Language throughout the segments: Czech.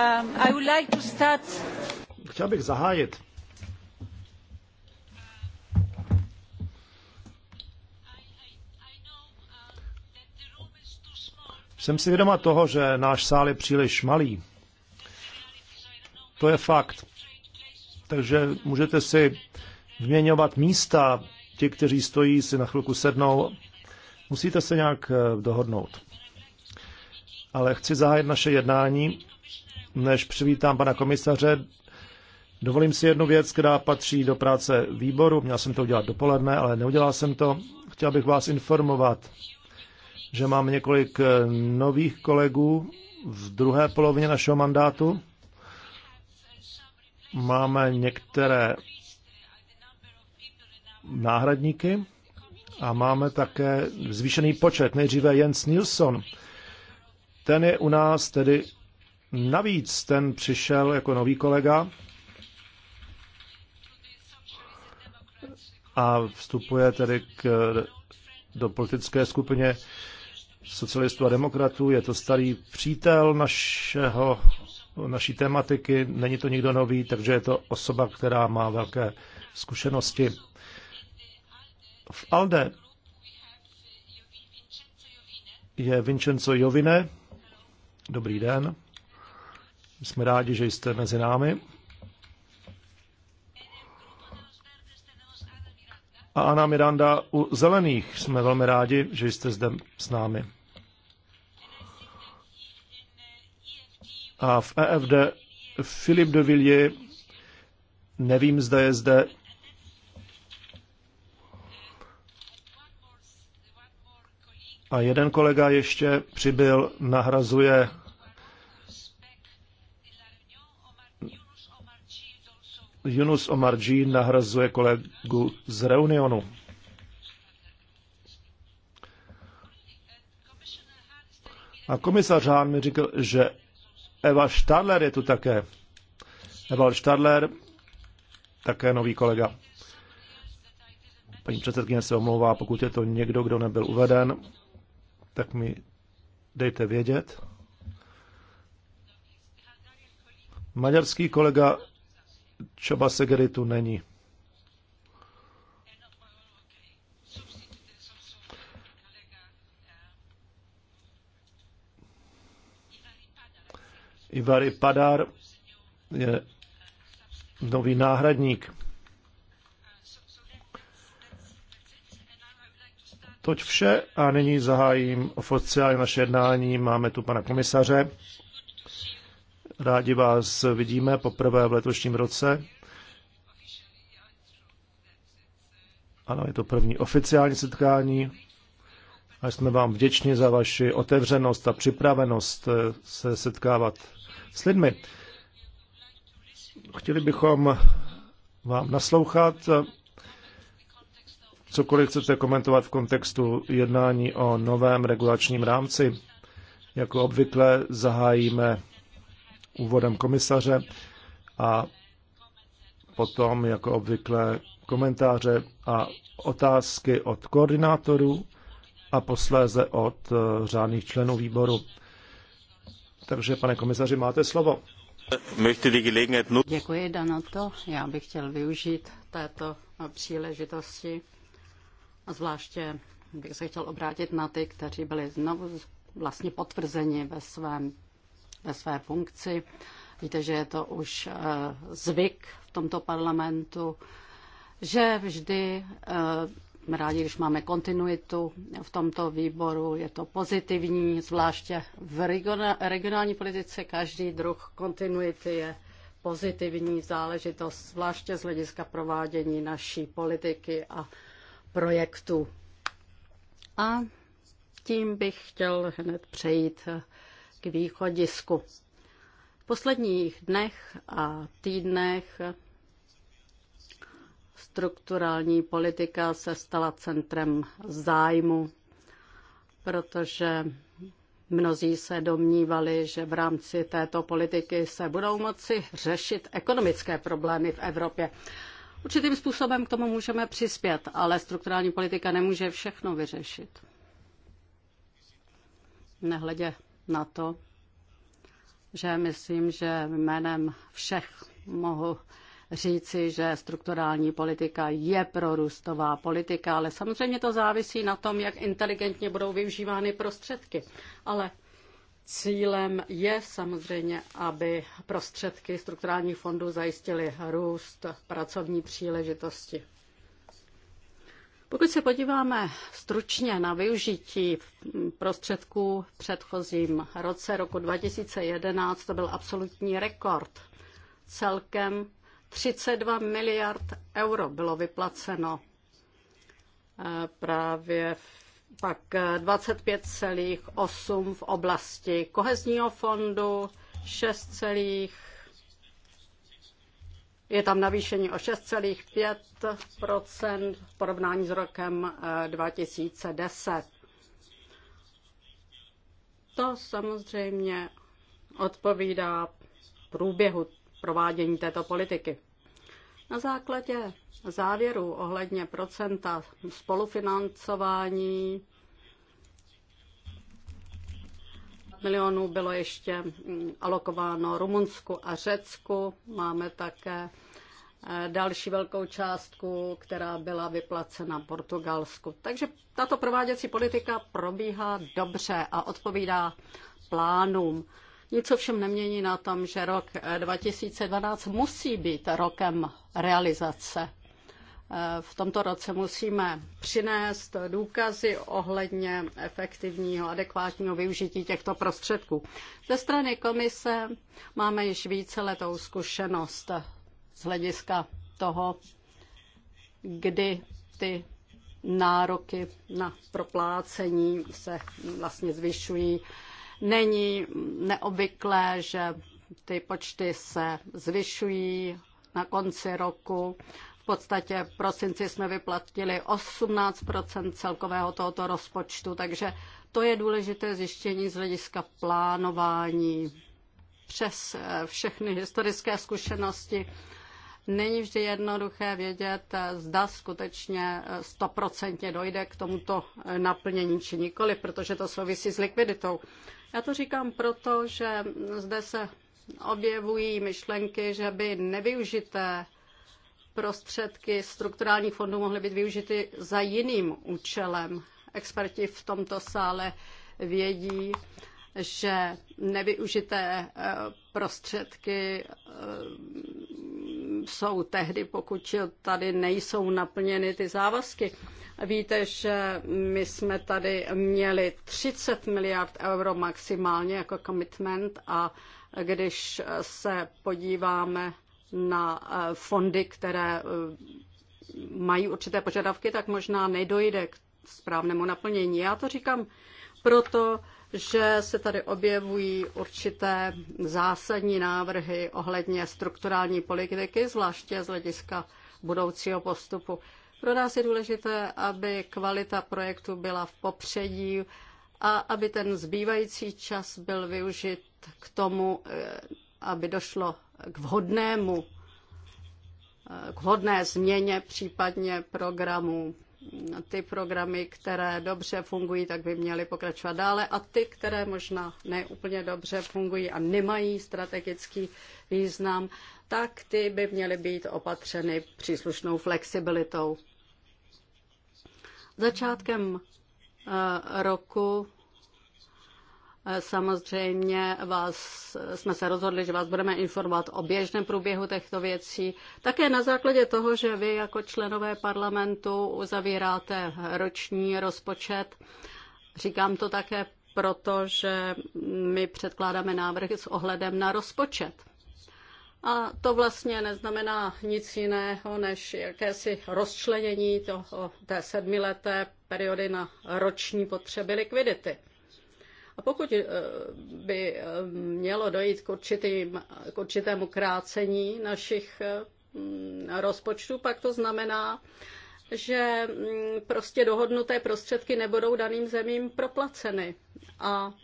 Um, Chtěl bych zahájit. Jsem si vědoma toho, že náš sál je příliš malý. To je fakt. Takže můžete si vyměňovat místa. Ti, kteří stojí, si na chvilku sednou. Musíte se nějak eh, dohodnout. Ale chci zahájit naše jednání než přivítám pana komisaře, dovolím si jednu věc, která patří do práce výboru. Měl jsem to udělat dopoledne, ale neudělal jsem to. Chtěl bych vás informovat, že mám několik eh, nových kolegů v druhé polovině našeho mandátu. Máme některé náhradníky a máme také zvýšený počet. Nejdříve Jens Nilsson. Ten je u nás tedy Navíc ten přišel jako nový kolega a vstupuje tedy k, do politické skupině socialistů a demokratů. Je to starý přítel našeho, naší tematiky, není to nikdo nový, takže je to osoba, která má velké zkušenosti. V ALDE je Vincenzo Jovine. Dobrý den. Jsme rádi, že jste mezi námi. A Ana Miranda u Zelených. Jsme velmi rádi, že jste zde s námi. A v EFD Filip de Villiers, nevím, zda je zde. A jeden kolega ještě přibyl, nahrazuje Yunus Omarji nahrazuje kolegu z Reunionu. A komisař Hahn mi říkal, že Eva Stadler je tu také. Eva Stadler, také nový kolega. Paní předsedkyně se omlouvá, pokud je to někdo, kdo nebyl uveden, tak mi dejte vědět. Maďarský kolega třeba Segery tu není. Ivary Padar je nový náhradník. Toť vše a nyní zahájím oficiálně naše jednání. Máme tu pana komisaře. Rádi vás vidíme poprvé v letošním roce. Ano, je to první oficiální setkání a jsme vám vděční za vaši otevřenost a připravenost se setkávat s lidmi. Chtěli bychom vám naslouchat, cokoliv chcete komentovat v kontextu jednání o novém regulačním rámci. Jako obvykle zahájíme úvodem komisaře a potom, jako obvykle, komentáře a otázky od koordinátorů a posléze od eh, řádných členů výboru. Takže, pane komisaři, máte slovo. Děkuji, Danoto. Já bych chtěl využít této eh, příležitosti. A zvláště bych se chtěl obrátit na ty, kteří byli znovu vlastně potvrzeni ve svém ve své funkci. Víte, že je to už eh, zvyk v tomto parlamentu, že vždy eh, rádi, když máme kontinuitu v tomto výboru. Je to pozitivní, zvláště v regionální politice každý druh kontinuity je pozitivní záležitost, zvláště z hlediska provádění naší politiky a projektu. A tím bych chtěl hned přejít k východisku. V posledních dnech a týdnech strukturální politika se stala centrem zájmu, protože Mnozí se domnívali, že v rámci této politiky se budou moci řešit ekonomické problémy v Evropě. Určitým způsobem k tomu můžeme přispět, ale strukturální politika nemůže všechno vyřešit. Nehledě na to, že myslím, že jménem všech mohu říci, že strukturální politika je prorůstová politika, ale samozřejmě to závisí na tom, jak inteligentně budou využívány prostředky. Ale cílem je samozřejmě, aby prostředky strukturálních fondů zajistily růst pracovní příležitosti. Pokud se podíváme stručně na využití prostředků v předchozím roce, roku 2011, to byl absolutní rekord. Celkem 32 miliard euro bylo vyplaceno. Eh, právě pak 25,8 v oblasti kohezního fondu, je tam navýšení o 6,5 v porovnání s rokem 2010. Eh, to samozřejmě odpovídá průběhu provádění této politiky. Na základě závěrů ohledně procenta spolufinancování milionů bylo ještě mm, alokováno Rumunsku a Řecku. Máme také eh, další velkou částku, která byla vyplacena Portugalsku. Takže tato prováděcí politika probíhá dobře a odpovídá plánům. Nic ovšem nemění na tom, že rok eh, 2012 musí být rokem realizace Eh, v tomto roce musíme přinést důkazy ohledně efektivního, adekvátního využití těchto prostředků. Ze strany komise máme již víceletou zkušenost z hlediska toho, kdy ty nároky na proplácení se vlastně zvyšují. Není neobvyklé, že ty počty se zvyšují na konci roku podstatě v prosinci jsme vyplatili 18 celkového tohoto rozpočtu, takže to je důležité zjištění z hlediska plánování. Přes eh, všechny historické zkušenosti není vždy jednoduché vědět, eh, zda skutečně eh, stoprocentně dojde k tomuto naplnění či nikoli, protože to souvisí s likviditou. Já to říkám proto, že mm, zde se objevují myšlenky, že by nevyužité prostředky strukturálních fondů mohly být využity za jiným účelem. Experti v tomto sále vědí, že nevyužité eh, prostředky eh, jsou tehdy, pokud tady nejsou naplněny ty závazky. Víte, že my jsme tady měli 30 miliard euro maximálně jako commitment a když se podíváme na eh, fondy, které eh, mají určité požadavky, tak možná nedojde k správnému naplnění. Já to říkám proto, že se tady objevují určité zásadní návrhy ohledně strukturální politiky, zvláště z hlediska budoucího postupu. Pro nás je důležité, aby kvalita projektu byla v popředí a aby ten zbývající čas byl využit k tomu, eh, aby došlo k vhodnému k vhodné změně případně programu. Ty programy, které dobře fungují, tak by měly pokračovat dále a ty, které možná neúplně dobře fungují a nemají strategický význam, tak ty by měly být opatřeny příslušnou flexibilitou. Začátkem eh, roku Samozřejmě vás, jsme se rozhodli, že vás budeme informovat o běžném průběhu těchto věcí. Také na základě toho, že vy jako členové parlamentu uzavíráte roční rozpočet, říkám to také proto, že my předkládáme návrhy s ohledem na rozpočet. A to vlastně neznamená nic jiného, než jakési rozčlenění toho, té sedmileté periody na roční potřeby likvidity. A pokud eh, by eh, mělo dojít k, určitým, k určitému krácení našich eh, mm, rozpočtů, pak to znamená, že mm, prostě dohodnuté prostředky nebudou daným zemím proplaceny. A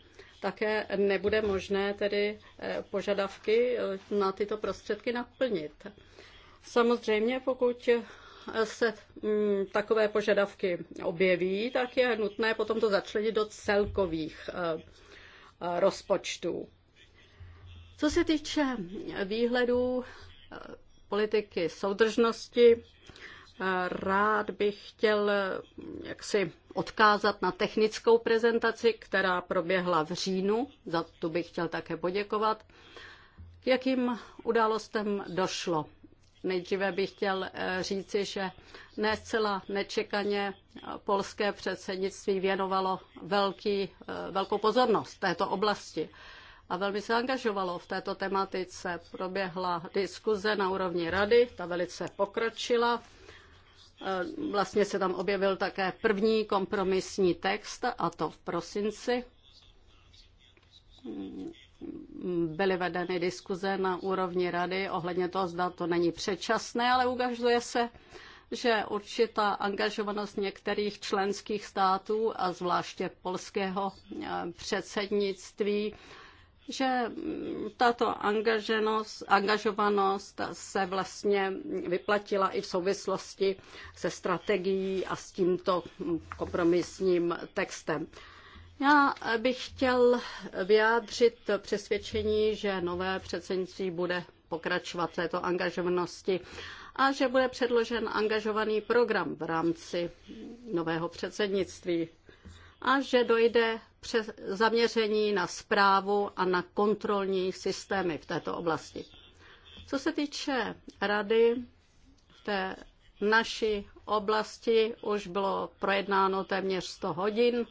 také nebude možné tedy požadavky na tyto prostředky naplnit. Samozřejmě, pokud se mm, takové požadavky objeví, tak je nutné potom to začlenit do celkových eh, eh, rozpočtů. Co se týče výhledů eh, politiky soudržnosti, rád bych chtěl jaksi odkázat na technickou prezentaci, která proběhla v říjnu. Za tu bych chtěl také poděkovat. K jakým událostem došlo? Nejdříve bych chtěl eh, říci, že ne zcela nečekaně polské předsednictví věnovalo velký, eh, velkou pozornost této oblasti a velmi se angažovalo v této tematice. Proběhla diskuze na úrovni rady, ta velice pokročila. Eh, vlastně se tam objevil také první kompromisní text, a to v prosinci byly vedeny diskuze na úrovni rady ohledně toho, zda to není předčasné, ale ukazuje se, že určitá angažovanost některých členských států a zvláště polského eh, předsednictví, že mm, tato angaženost, angažovanost se vlastně vyplatila i v souvislosti se strategií a s tímto mm, kompromisním textem. Já bych chtěl vyjádřit přesvědčení, že nové předsednictví bude pokračovat této angažovanosti a že bude předložen angažovaný program v rámci nového předsednictví a že dojde přes zaměření na zprávu a na kontrolní systémy v této oblasti. Co se týče rady, v té naší oblasti už bylo projednáno téměř 100 hodin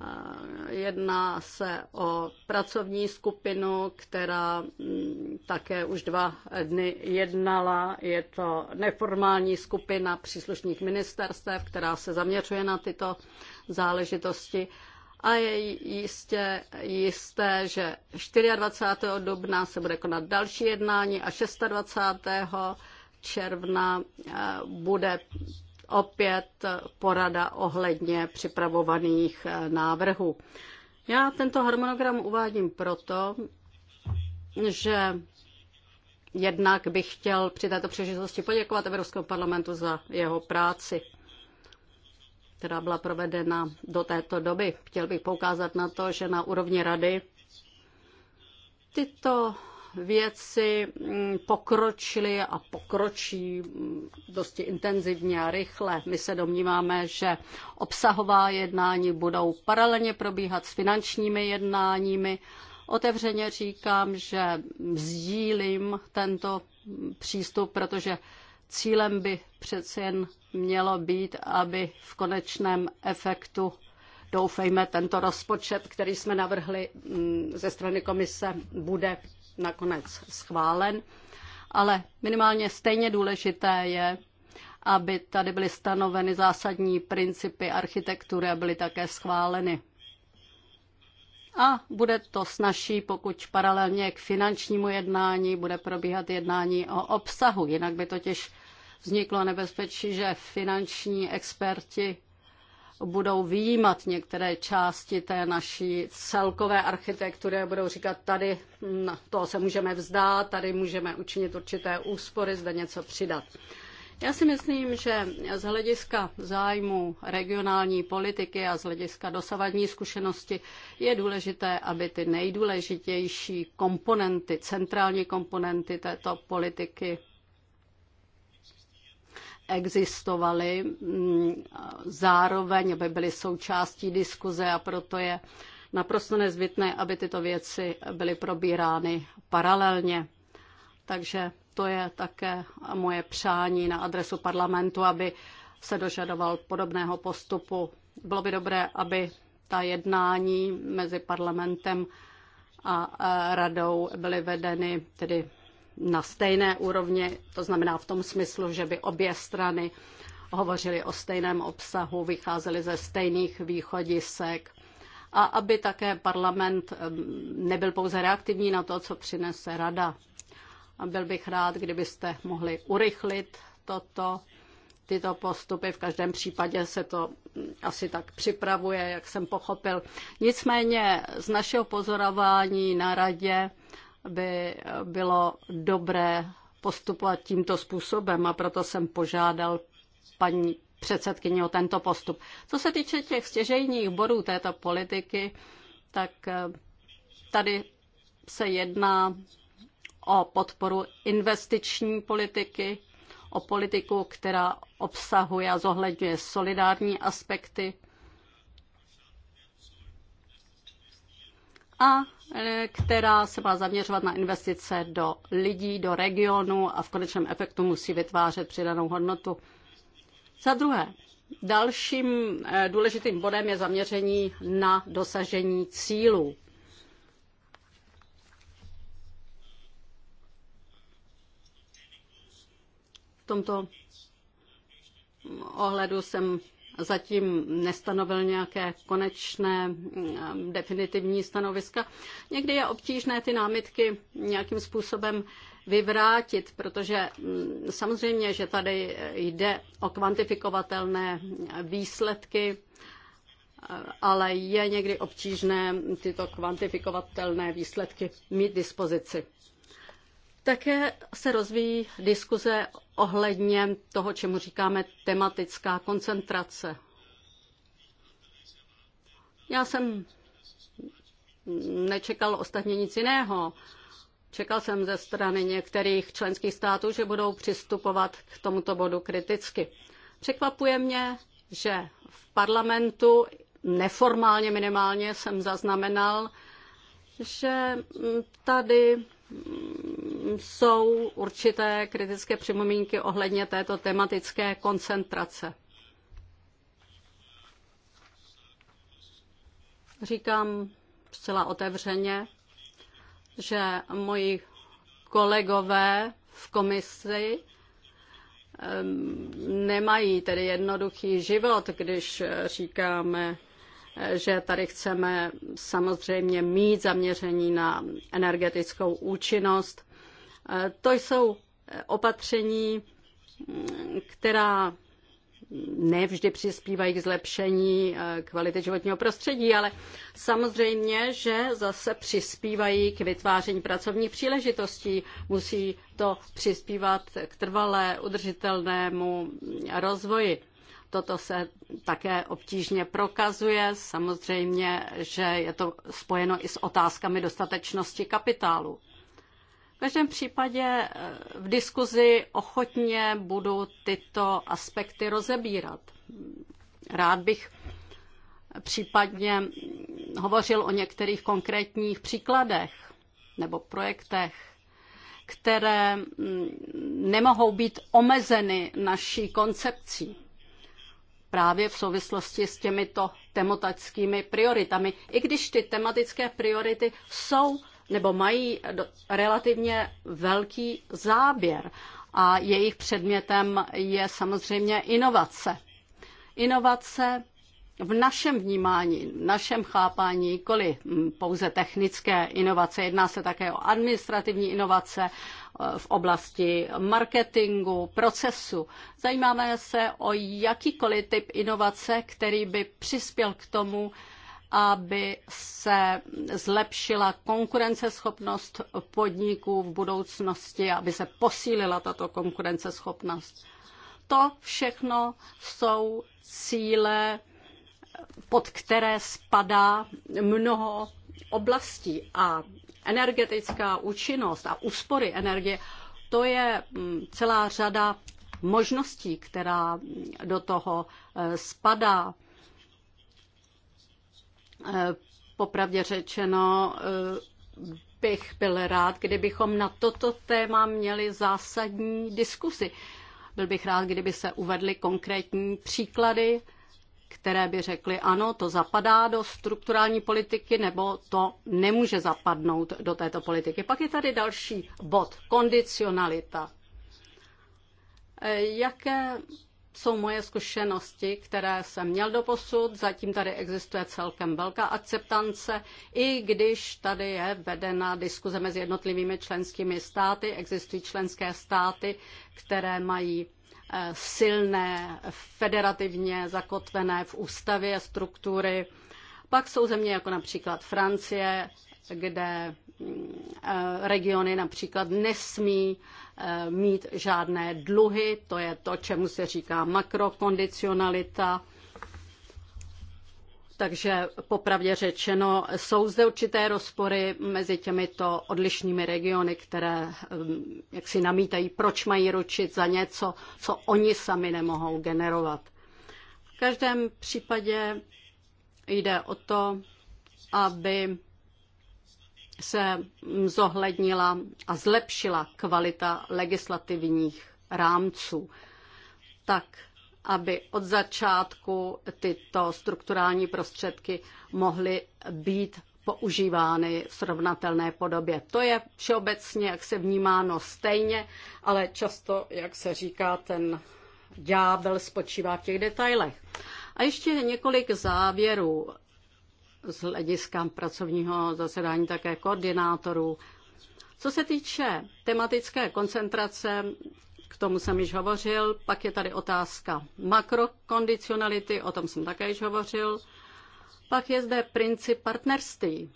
Eh, jedná se o pracovní skupinu, která mm, také už dva dny jednala. Je to neformální skupina příslušných ministerstev, která se zaměřuje na tyto záležitosti. A je jistě, jisté, že 24. dubna se bude konat další jednání a 26. června eh, bude opět porada ohledně připravovaných eh, návrhů. Já tento harmonogram uvádím proto, že jednak bych chtěl při této příležitosti poděkovat Evropskému parlamentu za jeho práci, která byla provedena do této doby. Chtěl bych poukázat na to, že na úrovni rady tyto věci mm, pokročily a pokročí mm, dosti intenzivně a rychle. My se domníváme, že obsahová jednání budou paralelně probíhat s finančními jednáními. Otevřeně říkám, že sdílím tento přístup, protože cílem by přece jen mělo být, aby v konečném efektu doufejme, tento rozpočet, který jsme navrhli mm, ze strany komise, bude nakonec schválen, ale minimálně stejně důležité je, aby tady byly stanoveny zásadní principy architektury a byly také schváleny. A bude to snažší, pokud paralelně k finančnímu jednání bude probíhat jednání o obsahu. Jinak by totiž vzniklo nebezpečí, že finanční experti budou výjímat některé části té naší celkové architektury a budou říkat, tady no, to se můžeme vzdát, tady můžeme učinit určité úspory, zde něco přidat. Já si myslím, že z hlediska zájmu regionální politiky a z hlediska dosavadní zkušenosti je důležité, aby ty nejdůležitější komponenty, centrální komponenty této politiky existovaly, mm, zároveň aby byly součástí diskuze a proto je naprosto nezbytné, aby tyto věci byly probírány paralelně. Takže to je také moje přání na adresu parlamentu, aby se dožadoval podobného postupu. Bylo by dobré, aby ta jednání mezi parlamentem a radou byly vedeny tedy na stejné úrovni, to znamená v tom smyslu, že by obě strany hovořily o stejném obsahu, vycházely ze stejných východisek a aby také parlament nebyl pouze reaktivní na to, co přinese rada. A byl bych rád, kdybyste mohli urychlit toto, tyto postupy. V každém případě se to mm, asi tak připravuje, jak jsem pochopil. Nicméně z našeho pozorování na radě by bylo dobré postupovat tímto způsobem a proto jsem požádal paní předsedkyni o tento postup. Co se týče těch stěžejních bodů této politiky, tak eh, tady se jedná o podporu investiční politiky, o politiku, která obsahuje a zohledňuje solidární aspekty a e, která se má zaměřovat na investice do lidí, do regionu a v konečném efektu musí vytvářet přidanou hodnotu. Za druhé, dalším e, důležitým bodem je zaměření na dosažení cílů. V tomto ohledu jsem zatím nestanovil nějaké konečné mm, eh, definitivní stanoviska. Někdy je obtížné ty námitky nějakým způsobem vyvrátit, protože mm, samozřejmě, že tady jde o kvantifikovatelné výsledky, eh, ale je někdy obtížné tyto kvantifikovatelné výsledky mít dispozici. Také se rozvíjí diskuze ohledně toho, čemu říkáme tematická koncentrace. Já jsem nečekal ostatně nic jiného. Čekal jsem ze strany některých členských států, že budou přistupovat k tomuto bodu kriticky. Překvapuje mě, že v parlamentu neformálně minimálně jsem zaznamenal, že tady jsou určité kritické připomínky ohledně této tematické koncentrace. Říkám zcela otevřeně, že moji kolegové v komisi ehm, nemají tedy jednoduchý život, když říkáme, že tady chceme samozřejmě mít zaměření na energetickou účinnost. Eh, to jsou eh, opatření, mm, která nevždy přispívají k zlepšení eh, kvality životního prostředí, ale samozřejmě, že zase přispívají k vytváření pracovních příležitostí. Musí to přispívat k trvalé udržitelnému rozvoji. Toto se také obtížně prokazuje. Samozřejmě, že je to spojeno i s otázkami dostatečnosti kapitálu každém případě eh, v diskuzi ochotně budu tyto aspekty rozebírat. Rád bych případně hovořil o některých konkrétních příkladech nebo projektech, které mm, nemohou být omezeny naší koncepcí právě v souvislosti s těmito tematickými prioritami. I když ty tematické priority jsou nebo mají relativně velký záběr a jejich předmětem je samozřejmě inovace. Inovace v našem vnímání, v našem chápání, koli hm, pouze technické inovace, jedná se také o administrativní inovace eh, v oblasti marketingu, procesu. Zajímáme se o jakýkoliv typ inovace, který by přispěl k tomu, aby se zlepšila konkurenceschopnost podniků v budoucnosti, aby se posílila tato konkurenceschopnost. To všechno jsou cíle, pod které spadá mnoho oblastí a energetická účinnost a úspory energie, to je mm, celá řada možností, která do toho eh, spadá. Eh, popravdě řečeno, eh, bych byl rád, kdybychom na toto téma měli zásadní diskusy. Byl bych rád, kdyby se uvedly konkrétní příklady, které by řekly, ano, to zapadá do strukturální politiky, nebo to nemůže zapadnout do této politiky. Pak je tady další bod, kondicionalita. Eh, jaké jsou moje zkušenosti, které jsem měl do posud. Zatím tady existuje celkem velká akceptance, i když tady je vedena diskuze mezi jednotlivými členskými státy. Existují členské státy, které mají eh, silné, federativně zakotvené v ústavě struktury. Pak jsou země jako například Francie, kde eh, regiony například nesmí eh, mít žádné dluhy, to je to, čemu se říká makrokondicionalita. Takže popravdě řečeno, jsou zde určité rozpory mezi těmito odlišnými regiony, které eh, jak si namítají, proč mají ručit za něco, co oni sami nemohou generovat. V každém případě jde o to, aby se zohlednila a zlepšila kvalita legislativních rámců, tak aby od začátku tyto strukturální prostředky mohly být používány v srovnatelné podobě. To je všeobecně, jak se vnímáno stejně, ale často, jak se říká, ten ďábel spočívá v těch detailech. A ještě několik závěrů z hlediska pracovního zasedání také koordinátorů. Co se týče tematické koncentrace, k tomu jsem již hovořil, pak je tady otázka makrokondicionality, o tom jsem také již hovořil. Pak je zde princip partnerství.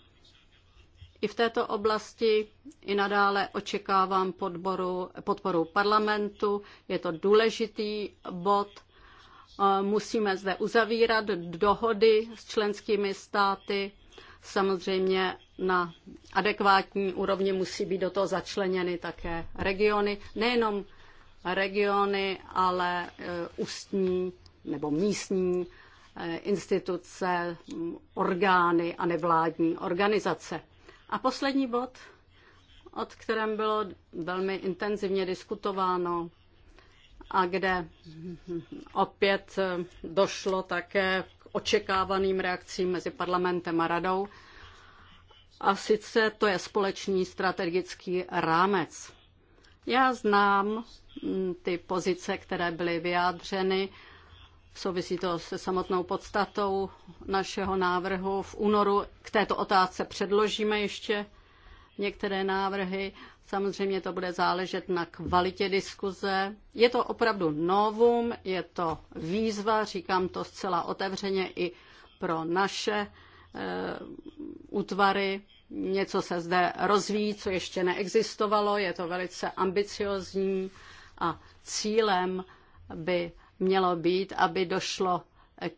I v této oblasti i nadále očekávám podporu, podporu parlamentu. Je to důležitý bod Eh, musíme zde uzavírat dohody s členskými státy. Samozřejmě na adekvátní úrovni musí být do toho začleněny také regiony, nejenom regiony, ale eh, ústní nebo místní eh, instituce, orgány a nevládní organizace. A poslední bod, od kterém bylo velmi intenzivně diskutováno, a kde opět eh, došlo také k očekávaným reakcím mezi parlamentem a radou. A sice to je společný strategický rámec. Já znám mm, ty pozice, které byly vyjádřeny. Souvisí to se samotnou podstatou našeho návrhu. V únoru k této otázce předložíme ještě některé návrhy Samozřejmě to bude záležet na kvalitě diskuze. Je to opravdu novum, je to výzva, říkám to zcela otevřeně i pro naše e, útvary. Něco se zde rozvíjí, co ještě neexistovalo, je to velice ambiciozní a cílem by mělo být, aby došlo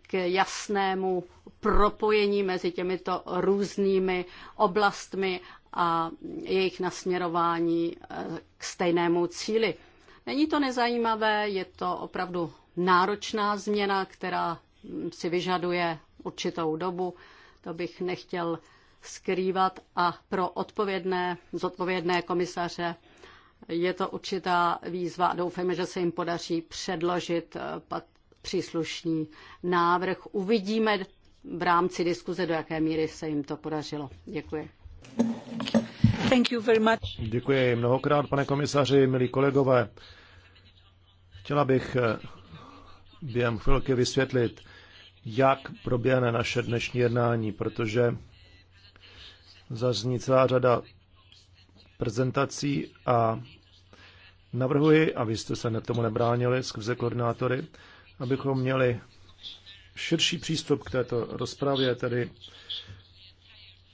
k jasnému propojení mezi těmito různými oblastmi a jejich nasměrování eh, k stejnému cíli. Není to nezajímavé, je to opravdu náročná změna, která hm, si vyžaduje určitou dobu. To bych nechtěl skrývat a pro odpovědné, zodpovědné komisaře je to určitá výzva a doufejme, že se jim podaří předložit eh, příslušný návrh. Uvidíme v rámci diskuze, do jaké míry se jim to podařilo. Děkuji. Děkuji mnohokrát, pane komisaři, milí kolegové. Chtěla bych eh, během chvilky vysvětlit, jak proběhne naše dnešní jednání, protože zazní celá řada prezentací a navrhuji, a vy jste se na tomu nebránili skrze koordinátory, abychom měli širší přístup k této rozpravě, tedy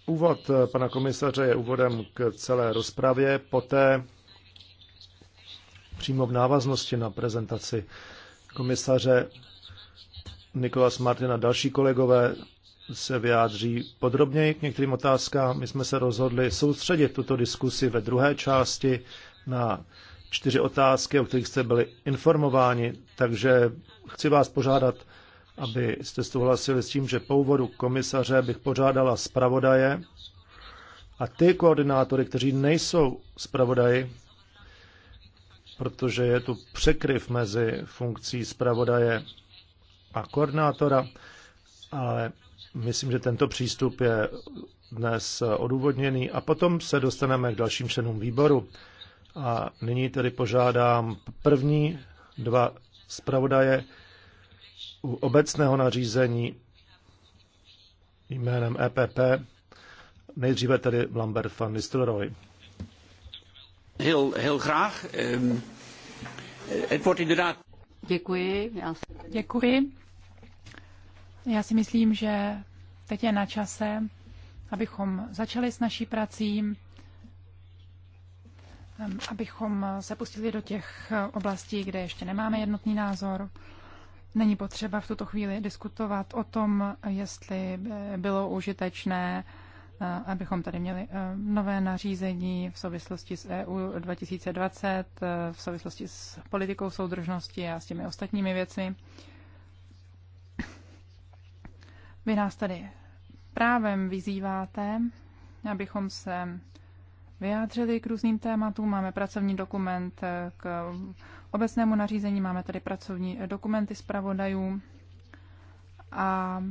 Úvod eh, pana komisaře je úvodem k celé rozpravě, poté přímo v návaznosti na prezentaci komisaře Nikolas Martin a další kolegové se vyjádří podrobněji k některým otázkám. My jsme se rozhodli soustředit tuto diskusi ve druhé části na čtyři otázky, o kterých jste byli informováni, takže chci vás požádat abyste souhlasili s tím, že po úvodu komisaře bych požádala zpravodaje a ty koordinátory, kteří nejsou zpravodaji, protože je tu překryv mezi funkcí zpravodaje a koordinátora, ale myslím, že tento přístup je dnes odůvodněný a potom se dostaneme k dalším členům výboru. A nyní tedy požádám první dva zpravodaje, u obecného nařízení jménem EPP, nejdříve tedy Lambert van Nistelrooy. Heel, heel graag. Um, inderdaad... Děkuji. Já si... Děkuji. Já si myslím, že teď je na čase, abychom začali s naší prací, ehm, abychom se pustili do těch oblastí, kde ještě nemáme jednotný názor. Není potřeba v tuto chvíli diskutovat o tom, jestli bylo užitečné, eh, abychom tady měli eh, nové nařízení v souvislosti s EU 2020, eh, v souvislosti s politikou soudržnosti a s těmi ostatními věcmi. Vy nás tady právem vyzýváte, abychom se vyjádřili k různým tématům. Máme pracovní dokument k obecnému nařízení, máme tady pracovní dokumenty zpravodajů a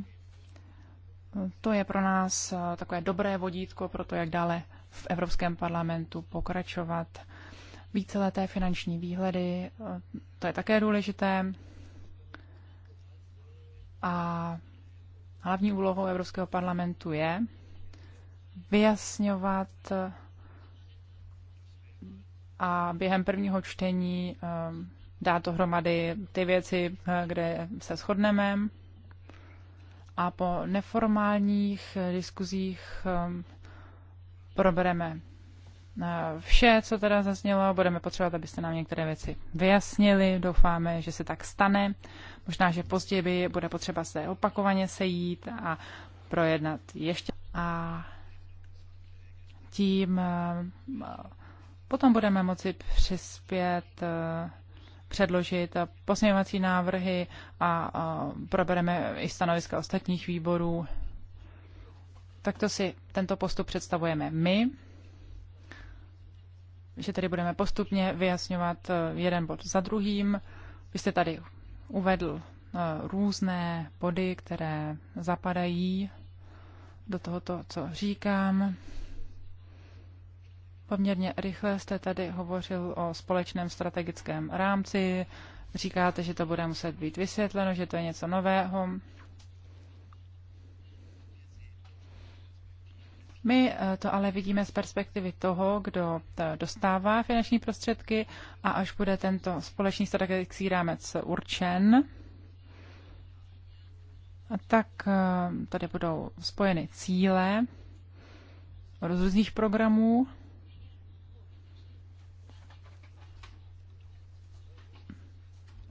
to je pro nás eh, takové dobré vodítko pro to, jak dále v Evropském parlamentu pokračovat. Víceleté finanční výhledy, eh, to je také důležité. A hlavní úlohou Evropského parlamentu je vyjasňovat eh, a během prvního čtení ehm, dát dohromady ty věci, eh, kde se shodneme. A po neformálních eh, diskuzích ehm, probereme eh, vše, co teda zaznělo. Budeme potřebovat, abyste nám některé věci vyjasnili. Doufáme, že se tak stane. Možná, že později by bude potřeba se opakovaně sejít a projednat ještě. A tím Potom budeme moci přispět, eh, předložit eh, posměvací návrhy a eh, probereme i stanoviska ostatních výborů. Takto si tento postup představujeme my, že tedy budeme postupně vyjasňovat jeden bod za druhým. Vy jste tady uvedl různé body, které zapadají do tohoto, co říkám. Poměrně rychle jste tady hovořil o společném strategickém rámci. Říkáte, že to bude muset být vysvětleno, že to je něco nového. My eh, to ale vidíme z perspektivy toho, kdo eh, dostává finanční prostředky a až bude tento společný strategický rámec určen, tak eh, tady budou spojeny cíle různých programů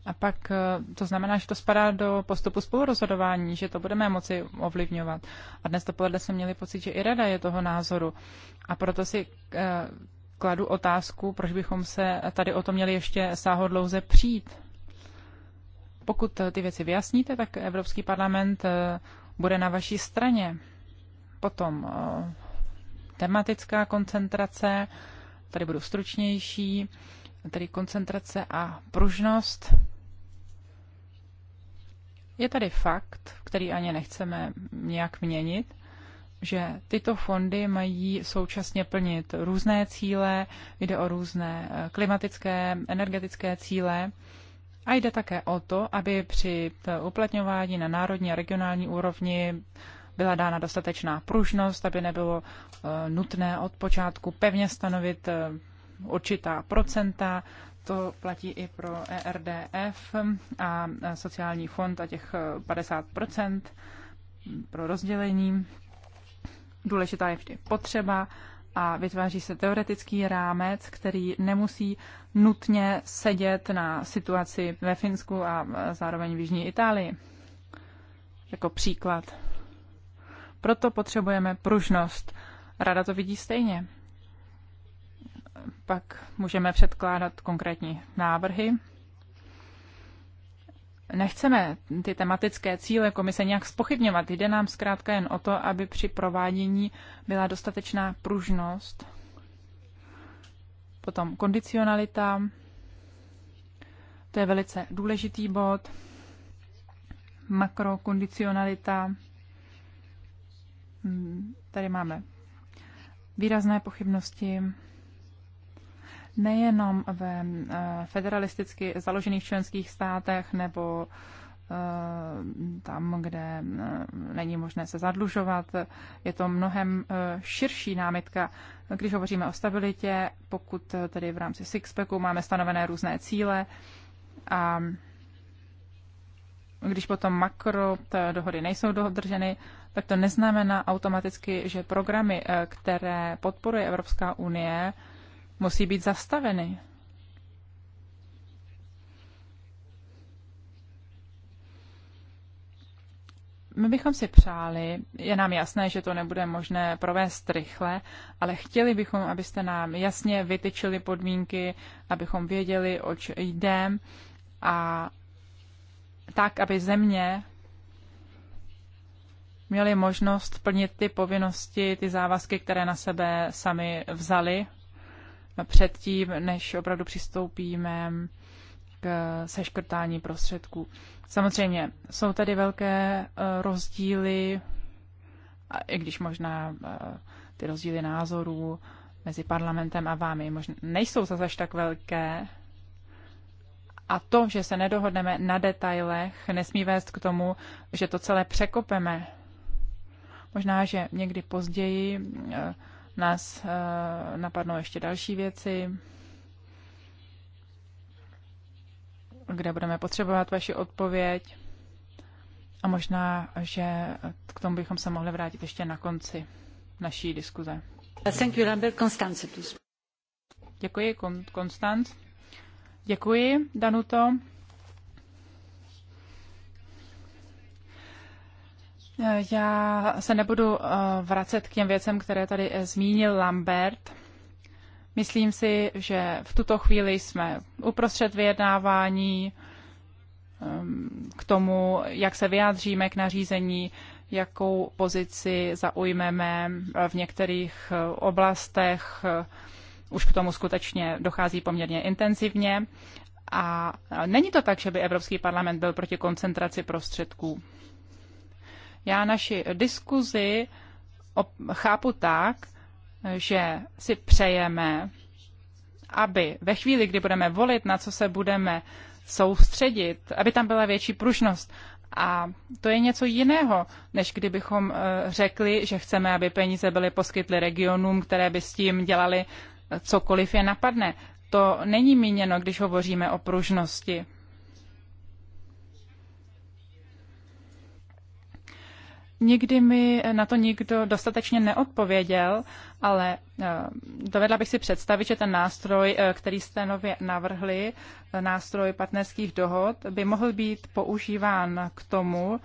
A pak eh, to znamená, že to spadá do postupu spolurozhodování, že to budeme moci ovlivňovat. A dnes dopoledne jsme měli pocit, že i rada je toho názoru. A proto si eh, kladu otázku, proč bychom se tady o to měli ještě sáhodlouze přijít. Pokud ty věci vyjasníte, tak Evropský parlament eh, bude na vaší straně. Potom tematická koncentrace, tady budu stručnější, tedy koncentrace a pružnost. Je tady fakt, který ani nechceme nějak měnit, že tyto fondy mají současně plnit různé cíle, jde o různé eh, klimatické, energetické cíle a jde také o to, aby při eh, uplatňování na národní a regionální úrovni byla dána dostatečná pružnost, aby nebylo eh, nutné od počátku pevně stanovit určitá procenta, to platí i pro ERDF a sociální fond a těch 50 pro rozdělení. Důležitá je vždy potřeba a vytváří se teoretický rámec, který nemusí nutně sedět na situaci ve Finsku a zároveň v Jižní Itálii. Jako příklad. Proto potřebujeme pružnost. Rada to vidí stejně pak můžeme předkládat konkrétní návrhy. Nechceme ty tematické cíle komise nějak spochybňovat. Jde nám zkrátka jen o to, aby při provádění byla dostatečná pružnost, potom kondicionalita, to je velice důležitý bod, makrokondicionalita, tady máme výrazné pochybnosti, nejenom ve eh, federalisticky založených členských státech nebo eh, tam, kde eh, není možné se zadlužovat. Je to mnohem širší námitka. Když hovoříme o stabilitě, pokud tedy v rámci Sixpacku máme stanovené různé cíle a když potom makro dohody nejsou dodrženy, tak to neznamená automaticky, že programy, které podporuje Evropská unie, musí být zastaveny. My bychom si přáli, je nám jasné, že to nebude možné provést rychle, ale chtěli bychom, abyste nám jasně vytyčili podmínky, abychom věděli, oč jde a tak, aby země měly možnost plnit ty povinnosti, ty závazky, které na sebe sami vzali předtím, než opravdu přistoupíme k seškrtání prostředků. Samozřejmě jsou tady velké eh, rozdíly, i když možná eh, ty rozdíly názorů mezi parlamentem a vámi možná nejsou zase tak velké. A to, že se nedohodneme na detailech, nesmí vést k tomu, že to celé překopeme. Možná, že někdy později eh, nás eh, napadnou ještě další věci, kde budeme potřebovat vaši odpověď. A možná, že k tomu bychom se mohli vrátit ještě na konci naší diskuze. Thank you, Děkuji, Konstanc. Děkuji, Danuto. Já se nebudu eh, vracet k těm věcem, které tady eh, zmínil Lambert. Myslím si, že v tuto chvíli jsme uprostřed vyjednávání ehm, k tomu, jak se vyjádříme k nařízení, jakou pozici zaujmeme eh, v některých oblastech. Už k tomu skutečně dochází poměrně intenzivně. A není to tak, že by Evropský parlament byl proti koncentraci prostředků. Já naši diskuzi chápu tak, že si přejeme, aby ve chvíli, kdy budeme volit, na co se budeme soustředit, aby tam byla větší pružnost. A to je něco jiného, než kdybychom eh, řekli, že chceme, aby peníze byly poskytly regionům, které by s tím dělali eh, cokoliv je napadne. To není míněno, když hovoříme o pružnosti. Nikdy mi na to nikdo dostatečně neodpověděl, ale eh, dovedla bych si představit, že ten nástroj, eh, který jste nově navrhli, eh, nástroj partnerských dohod, by mohl být používán k tomu,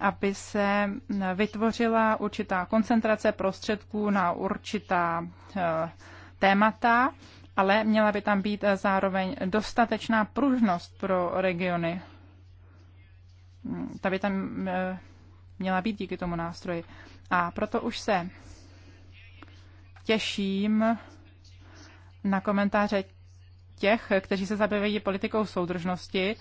aby se mm, vytvořila určitá koncentrace prostředků na určitá témata, ale měla by tam být zároveň dostatečná pružnost pro regiony. Mm, ta by tam měla být díky tomu nástroji. A proto už se těším na komentáře těch, kteří se zabývají politikou soudržnosti,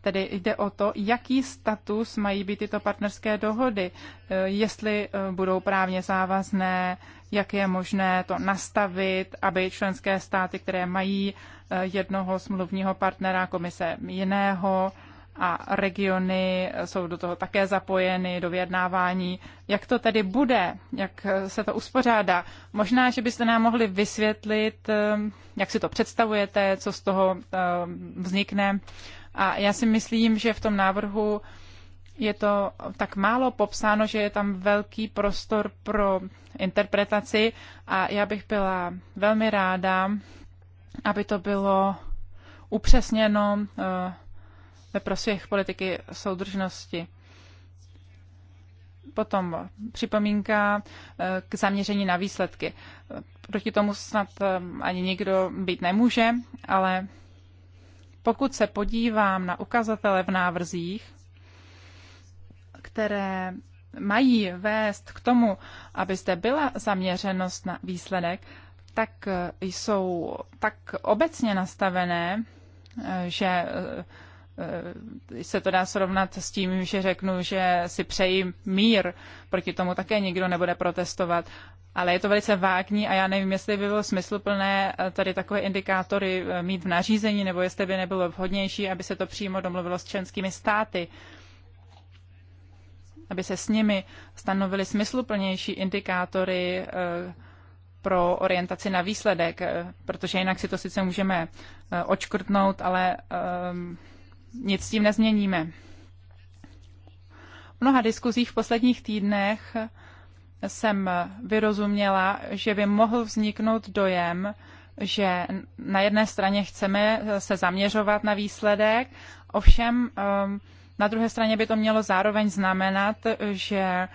Tedy jde o to, jaký status mají být tyto partnerské dohody, eh, jestli eh, budou právně závazné, jak je možné to nastavit, aby členské státy, které mají eh, jednoho smluvního partnera, komise jiného, a regiony jsou do toho také zapojeny, do vyjednávání. Jak to tedy bude? Jak se to uspořádá? Možná, že byste nám mohli vysvětlit, ehm, jak si to představujete, co z toho ehm, vznikne. A já si myslím, že v tom návrhu je to tak málo popsáno, že je tam velký prostor pro interpretaci a já bych byla velmi ráda, aby to bylo upřesněno ehm, ve prospěch politiky soudržnosti. Potom připomínka eh, k zaměření na výsledky. Proti tomu snad eh, ani nikdo být nemůže, ale pokud se podívám na ukazatele v návrzích, které mají vést k tomu, aby zde byla zaměřenost na výsledek, tak eh, jsou tak obecně nastavené, že Eh, se to dá srovnat s tím, že řeknu, že si přeji mír, proti tomu také nikdo nebude protestovat. Ale je to velice vágní a já nevím, jestli by bylo smysluplné eh, tady takové indikátory eh, mít v nařízení, nebo jestli by nebylo vhodnější, aby se to přímo domluvilo s členskými státy aby se s nimi stanovily smysluplnější indikátory pro orientaci na výsledek, protože jinak si to sice můžeme očkrtnout, ale ehm, nic s tím nezměníme. V mnoha diskuzích v posledních týdnech jsem vyrozuměla, že by mohl vzniknout dojem, že na jedné straně chceme se zaměřovat na výsledek, ovšem ehm, na druhé straně by to mělo zároveň znamenat, že e,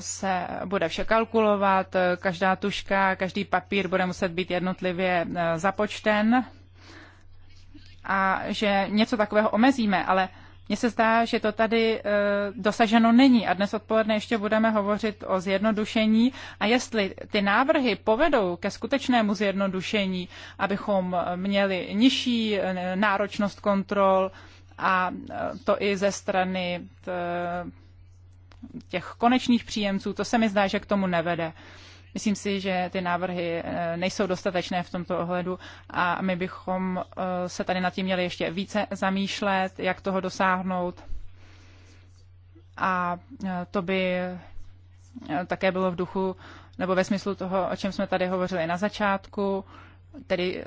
se bude vše kalkulovat, e, každá tuška, každý papír bude muset být jednotlivě e, započten a že něco takového omezíme, ale mně se zdá, že to tady e, dosaženo není a dnes odpoledne ještě budeme hovořit o zjednodušení a jestli ty návrhy povedou ke skutečnému zjednodušení, abychom měli nižší e, náročnost kontrol a e, to i ze strany e, těch konečných příjemců, to se mi zdá, že k tomu nevede. Myslím si, že ty návrhy eh, nejsou dostatečné v tomto ohledu a my bychom eh, se tady nad tím měli ještě více zamýšlet, jak toho dosáhnout. A eh, to by také bylo v duchu nebo ve smyslu toho, o čem jsme tady hovořili na začátku, tedy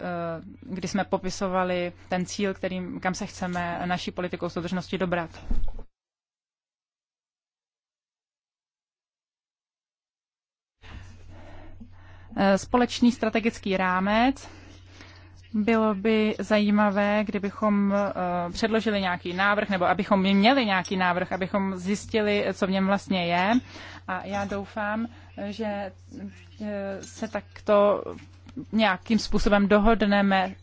kdy jsme popisovali ten cíl, kterým, kam se chceme naší politikou soudržnosti dobrat. Eh, společný strategický rámec. Bylo by zajímavé, kdybychom eh, předložili nějaký návrh, nebo abychom měli nějaký návrh, abychom zjistili, co v něm vlastně je. A já doufám, že eh, se takto nějakým způsobem dohodneme,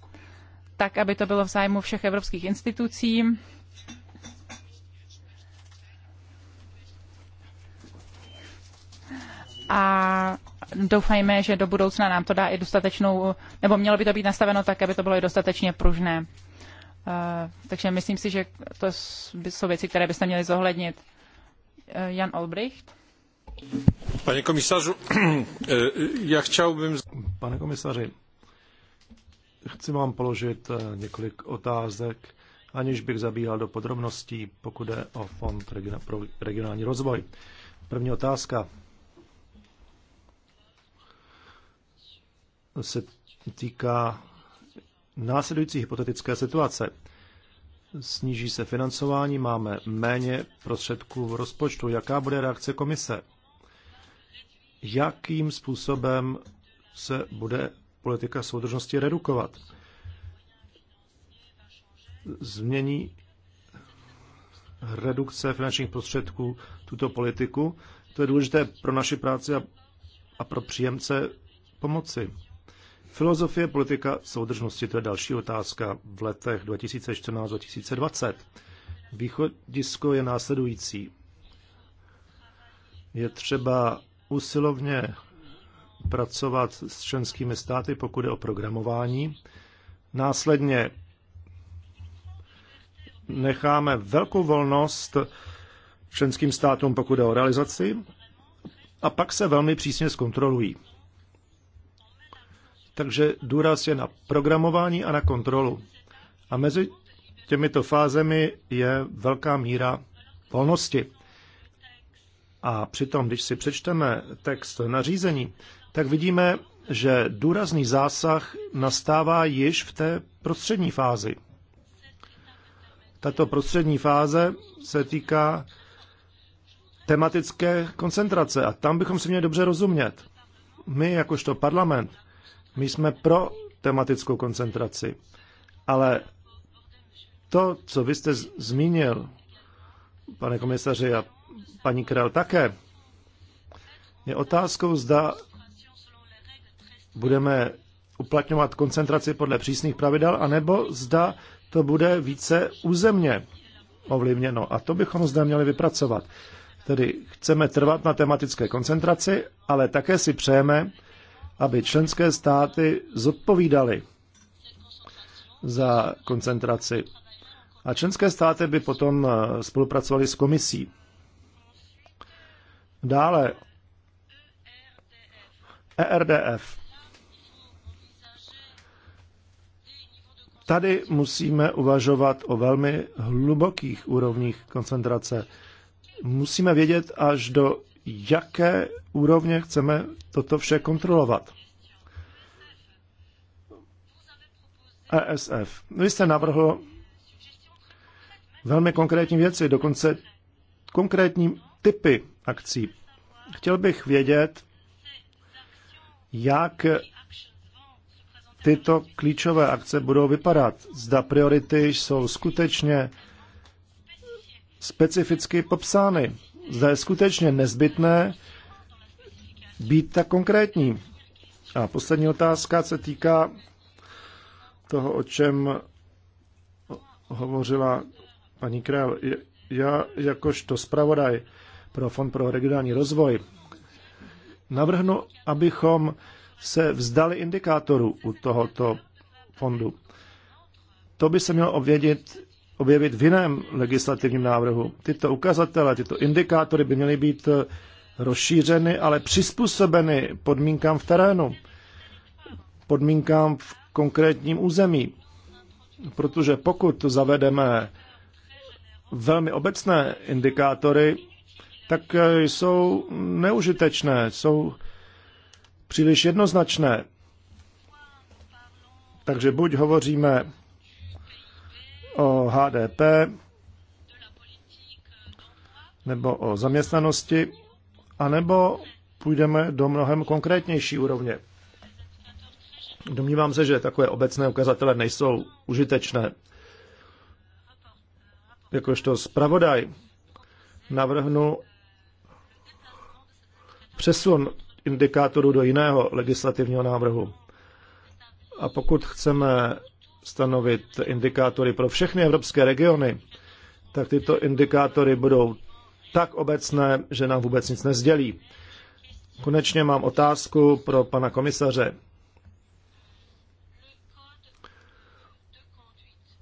tak, aby to bylo v zájmu všech evropských institucí. A doufajme, že do budoucna nám to dá i dostatečnou, nebo mělo by to být nastaveno tak, aby to bylo i dostatečně pružné. Eh, takže myslím si, že to jsou věci, které byste měli zohlednit. Eh, Jan Olbricht. Pane komisařu, eh, já bym... Pane komisaři, chci vám položit několik otázek, aniž bych zabíhal do podrobností, pokud je o Fond pro regionální rozvoj. První otázka. se týká následující hypotetické situace. Sníží se financování, máme méně prostředků v rozpočtu. Jaká bude reakce komise? Jakým způsobem se bude politika soudržnosti redukovat? Změní redukce finančních prostředků tuto politiku? To je důležité pro naši práci a, a pro příjemce pomoci. Filozofie politika soudržnosti, to je další otázka v letech 2014-2020. Východisko je následující. Je třeba usilovně pracovat s členskými státy, pokud je o programování. Následně necháme velkou volnost členským státům, pokud je o realizaci, a pak se velmi přísně zkontrolují. Takže důraz je na programování a na kontrolu. A mezi těmito fázemi je velká míra volnosti. A přitom, když si přečteme text nařízení, tak vidíme, že důrazný zásah nastává již v té prostřední fázi. Tato prostřední fáze se týká tematické koncentrace a tam bychom si měli dobře rozumět. My, jakožto parlament, my jsme pro tematickou koncentraci, ale to, co vy jste zmínil, pane komisaři a paní král také, je otázkou, zda budeme uplatňovat koncentraci podle přísných pravidel, anebo zda to bude více územně ovlivněno. A to bychom zde měli vypracovat. Tedy chceme trvat na tematické koncentraci, ale také si přejeme, aby členské státy zodpovídaly za koncentraci. A členské státy by potom eh, spolupracovaly s komisí. Dále ERDF. Tady musíme uvažovat o velmi hlubokých úrovních koncentrace. Musíme vědět až do jaké úrovně chceme toto vše kontrolovat. ESF. Vy jste navrhl velmi konkrétní věci, dokonce konkrétní typy akcí. Chtěl bych vědět, jak tyto klíčové akce budou vypadat. Zda priority jsou skutečně specificky popsány zda je skutečně nezbytné být tak konkrétní. A poslední otázka se týká toho, o čem hovořila paní Král. Já jakožto zpravodaj pro Fond pro regionální rozvoj navrhnu, abychom se vzdali indikátoru u tohoto fondu. To by se mělo ovědět objevit v jiném legislativním návrhu. Tyto ukazatele, tyto indikátory by měly být eh, rozšířeny, ale přizpůsobeny podmínkám v terénu, podmínkám v konkrétním území. Protože pokud zavedeme velmi obecné indikátory, tak eh, jsou neužitečné, jsou příliš jednoznačné. Takže buď hovoříme o HDP nebo o zaměstnanosti, anebo půjdeme do mnohem konkrétnější úrovně. Domnívám se, že takové obecné ukazatele nejsou užitečné. Jakožto zpravodaj navrhnu přesun indikátorů do jiného legislativního návrhu. A pokud chceme stanovit indikátory pro všechny evropské regiony, tak tyto indikátory budou tak obecné, že nám vůbec nic nezdělí. Konečně mám otázku pro pana komisaře.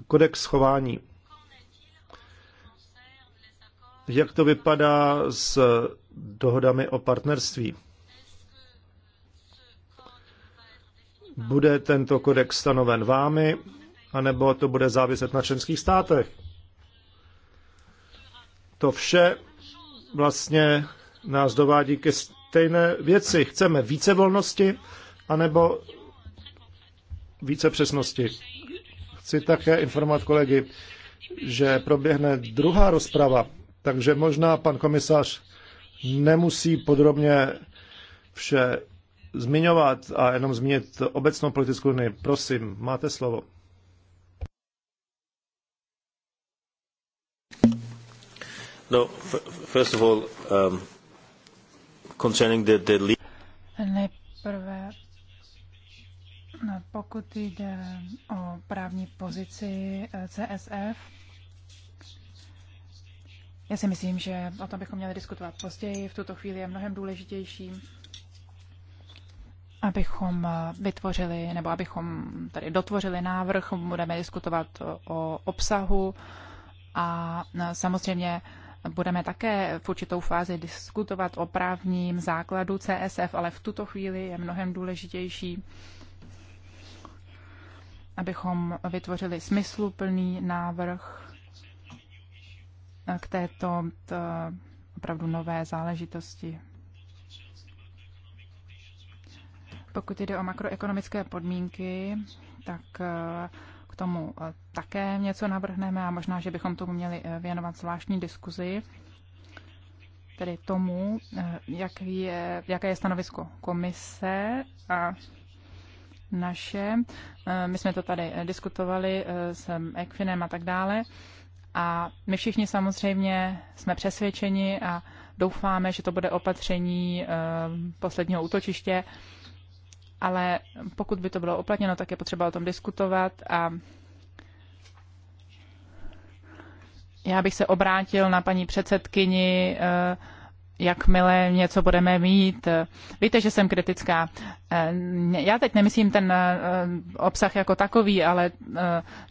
Kodex chování. Jak to vypadá s dohodami o partnerství? Bude tento kodex stanoven vámi, anebo to bude záviset na členských státech? To vše vlastně nás dovádí ke stejné věci. Chceme více volnosti, anebo více přesnosti. Chci také informovat kolegy, že proběhne druhá rozprava, takže možná pan komisař nemusí podrobně vše zmiňovat a jenom zmínit obecnou politickou unii. Prosím, máte slovo. No, first of all, um, concerning the, the Nejprve, no, pokud jde o právní pozici eh, CSF, já si myslím, že o tom bychom měli diskutovat později. V tuto chvíli je mnohem důležitější abychom eh, vytvořili, nebo abychom tady dotvořili návrh, budeme diskutovat o obsahu a eh, samozřejmě budeme také v určitou fázi diskutovat o právním základu CSF, ale v tuto chvíli je mnohem důležitější, abychom vytvořili smysluplný návrh eh, k této opravdu nové záležitosti. Pokud jde o makroekonomické podmínky, tak eh, k tomu eh, také něco navrhneme a možná, že bychom tomu měli eh, věnovat zvláštní diskuzi, tedy tomu, jak je, jaké je stanovisko komise a naše. My jsme to tady diskutovali s Ekfinem a tak dále. A my všichni samozřejmě jsme přesvědčeni a doufáme, že to bude opatření posledního útočiště, ale pokud by to bylo uplatněno, tak je potřeba o tom diskutovat a já bych se obrátil na paní předsedkyni, eh, jakmile něco budeme mít. Víte, že jsem kritická. Eh, já teď nemyslím ten eh, obsah jako takový, ale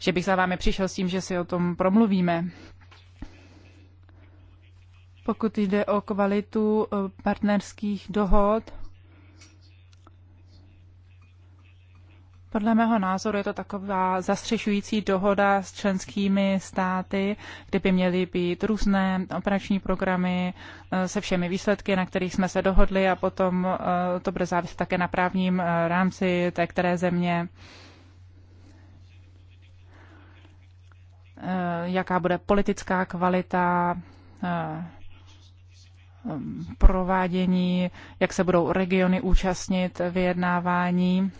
že bych za vámi přišel s tím, že si o tom promluvíme. Pokud jde o kvalitu partnerských dohod, Podle mého názoru je to taková zastřešující dohoda s členskými státy, kde by měly být různé operační programy eh, se všemi výsledky, na kterých jsme se dohodli a potom eh, to bude záviset také na právním eh, rámci té které země. jaká bude politická kvalita mm, provádění, jak se budou regiony účastnit vyjednávání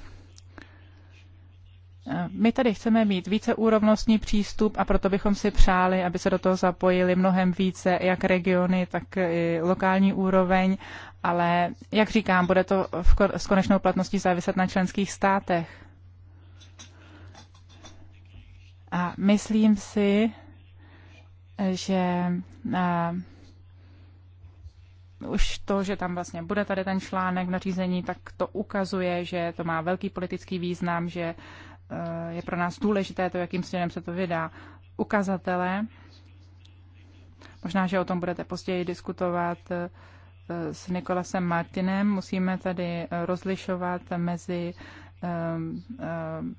my tady chceme mít více úrovnostní přístup a proto bychom si přáli, aby se do toho zapojili mnohem více jak regiony, tak i lokální úroveň, ale jak říkám, bude to s konečnou platností záviset na členských státech. A myslím si, že už to, že tam vlastně bude tady ten článek v nařízení, tak to ukazuje, že to má velký politický význam, že je pro nás důležité to, jakým směrem se to vydá. Ukazatele, možná, že o tom budete později diskutovat eh, s Nikolasem Martinem, musíme tady eh, rozlišovat mezi ehm, ehm,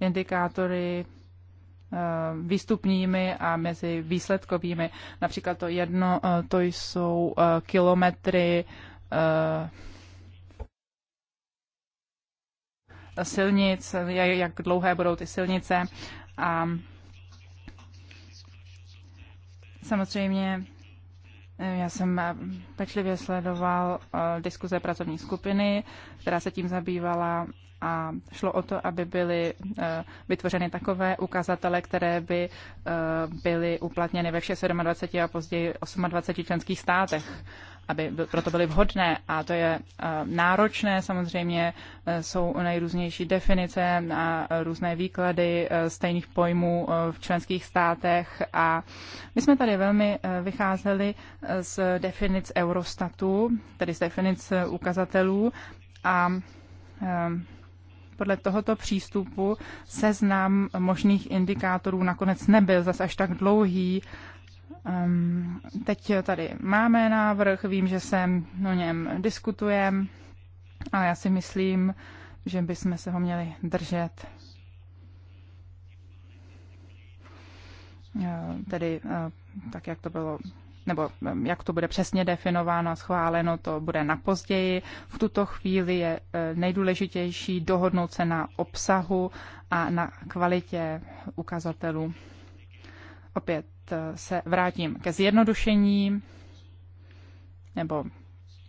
indikátory eh, výstupními a mezi výsledkovými. Například to jedno, to jsou kilometry silnic, jak dlouhé budou ty silnice a samozřejmě eh, já jsem eh, pečlivě sledoval eh, diskuze pracovní skupiny, která se tím zabývala a šlo o to, aby byly vytvořeny takové ukazatele, které by byly uplatněny ve všech 27 a později 28 členských státech aby proto byly vhodné. A to je eh, náročné, samozřejmě eh, jsou nejrůznější definice a různé výklady eh, stejných pojmů v členských státech. A my jsme tady velmi vycházeli z definic Eurostatu, tedy z definic ukazatelů. A podle tohoto přístupu seznam možných indikátorů nakonec nebyl zas až tak dlouhý Um, teď tady máme návrh, vím, že se o něm diskutujeme, ale já si myslím, že bychom se ho měli držet. Ehm, tedy ehm, tak, jak to bylo nebo jak to bude přesně definováno a schváleno, to bude na později. V tuto chvíli je nejdůležitější dohodnout se na obsahu a na kvalitě ukazatelů. Opět se vrátím ke zjednodušení, nebo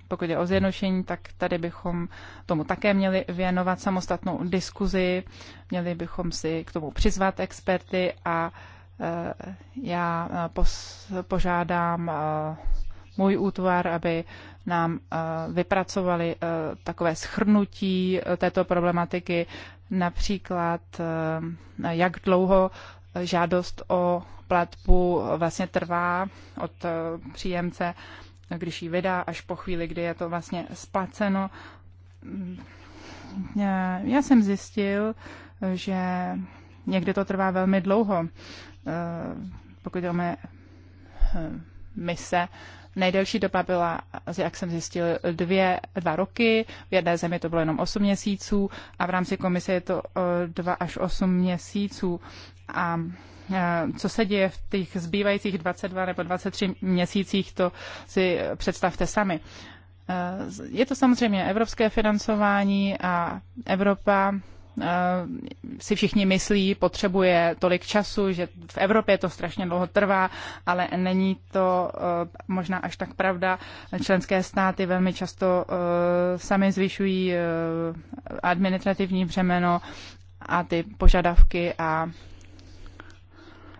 pokud je o zjednodušení, tak tady bychom tomu také měli věnovat samostatnou diskuzi, měli bychom si k tomu přizvat experty a eh, já eh, požádám eh, můj útvar, aby nám vypracovali takové schrnutí této problematiky, například jak dlouho žádost o platbu vlastně trvá od eh, příjemce, když ji vydá, až po chvíli, kdy je to vlastně splaceno. Mm, já jsem zjistil, že někdy to trvá velmi dlouho, eh, pokud jde eh, mise. Nejdelší doba byla, jak jsem zjistil, dvě, dva roky, v jedné zemi to bylo jenom 8 měsíců a v rámci komise je to 2 až 8 měsíců. A Eh, co se děje v těch zbývajících 22 nebo 23 měsících, to si představte sami. Eh, je to samozřejmě evropské financování a Evropa eh, si všichni myslí, potřebuje tolik času, že v Evropě to strašně dlouho trvá, ale není to možná až tak pravda. Členské státy velmi často sami zvyšují administrativní břemeno a ty požadavky a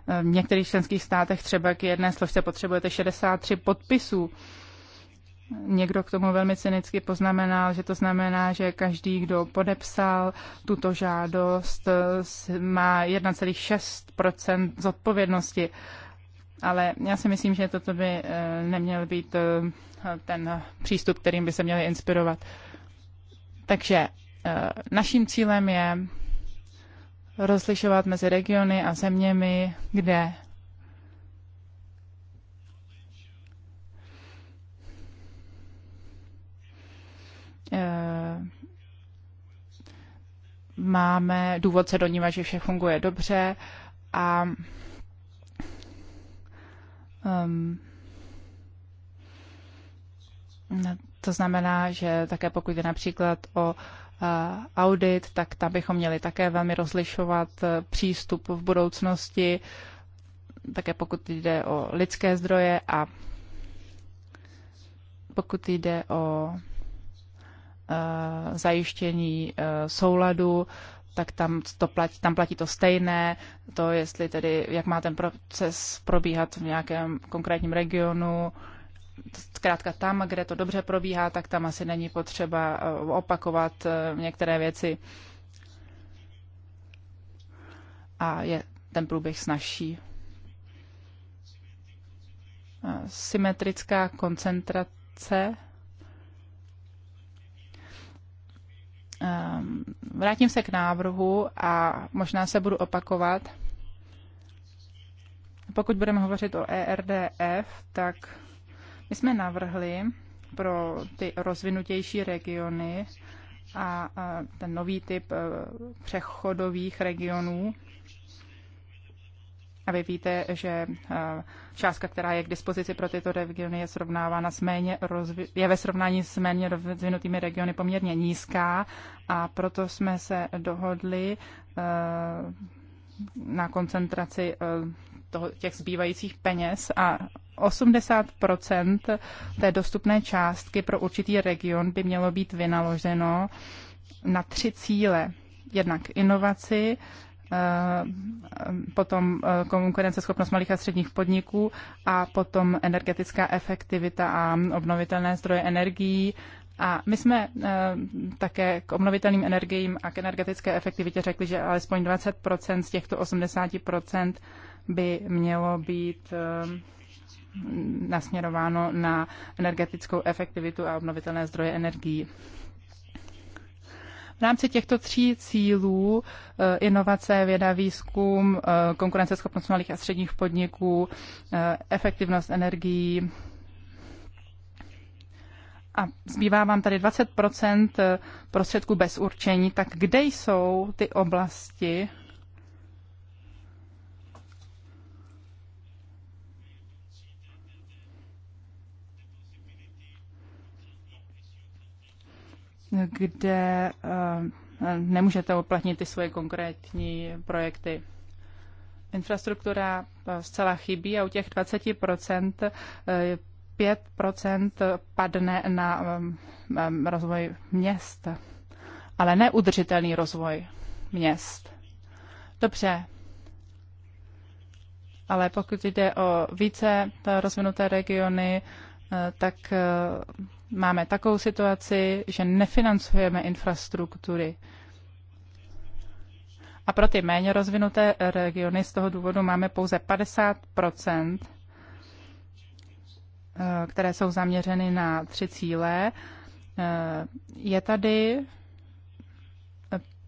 v některých členských státech třeba k jedné složce potřebujete 63 podpisů. Někdo k tomu velmi cynicky poznamenal, že to znamená, že každý, kdo podepsal tuto žádost, má 1,6 zodpovědnosti. Ale já si myslím, že toto by eh, neměl být eh, ten přístup, kterým by se měli inspirovat. Takže eh, naším cílem je rozlišovat mezi regiony a zeměmi, kde eh, máme důvod se donívat, že vše funguje dobře a um, to znamená, že také pokud je například o Eh, audit, tak tam bychom měli také velmi rozlišovat eh, přístup v budoucnosti, také pokud jde o lidské zdroje a pokud jde o eh, zajištění souladu, tak tam, to platí, tam platí to stejné, to jestli tedy, jak má ten proces probíhat v nějakém konkrétním regionu, zkrátka tam, kde to dobře probíhá, tak tam asi není potřeba eh, opakovat eh, některé věci. A je ten průběh snažší. Eh, symetrická koncentrace. Ehm, vrátím se k návrhu a možná se budu opakovat. Pokud budeme hovořit o ERDF, tak my jsme navrhli pro ty rozvinutější regiony a ten nový typ e, přechodových regionů. A vy víte, že e, částka, která je k dispozici pro tyto regiony, je srovnávána s méně rozvi- je ve srovnání s méně rozvinutými regiony poměrně nízká a proto jsme se dohodli e, na koncentraci toho, těch zbývajících peněz a 80 té dostupné částky pro určitý region by mělo být vynaloženo na tři cíle. Jednak inovaci, eh, potom eh, konkurenceschopnost malých a středních podniků a potom energetická efektivita a obnovitelné zdroje energií. A my jsme eh, také k obnovitelným energiím a k energetické efektivitě řekli, že alespoň 20 z těchto 80 by mělo být eh, nasměrováno na energetickou efektivitu a obnovitelné zdroje energií. V rámci těchto tří cílů eh, inovace, věda, výzkum, eh, konkurenceschopnost malých a středních podniků, efektivnost energií. A zbývá vám tady 20 prostředků bez určení, tak kde jsou ty oblasti, kde eh, nemůžete uplatnit ty svoje konkrétní projekty. Infrastruktura eh, zcela chybí a u těch 20% 5% eh, padne na rozvoj měst, ale neudržitelný rozvoj měst. Dobře, ale pokud jde o více rozvinuté regiony, tak máme takovou situaci, že nefinancujeme infrastruktury. A pro ty méně rozvinuté regiony z toho důvodu máme pouze 50 eh, které jsou zaměřeny na tři cíle. Eh, je tady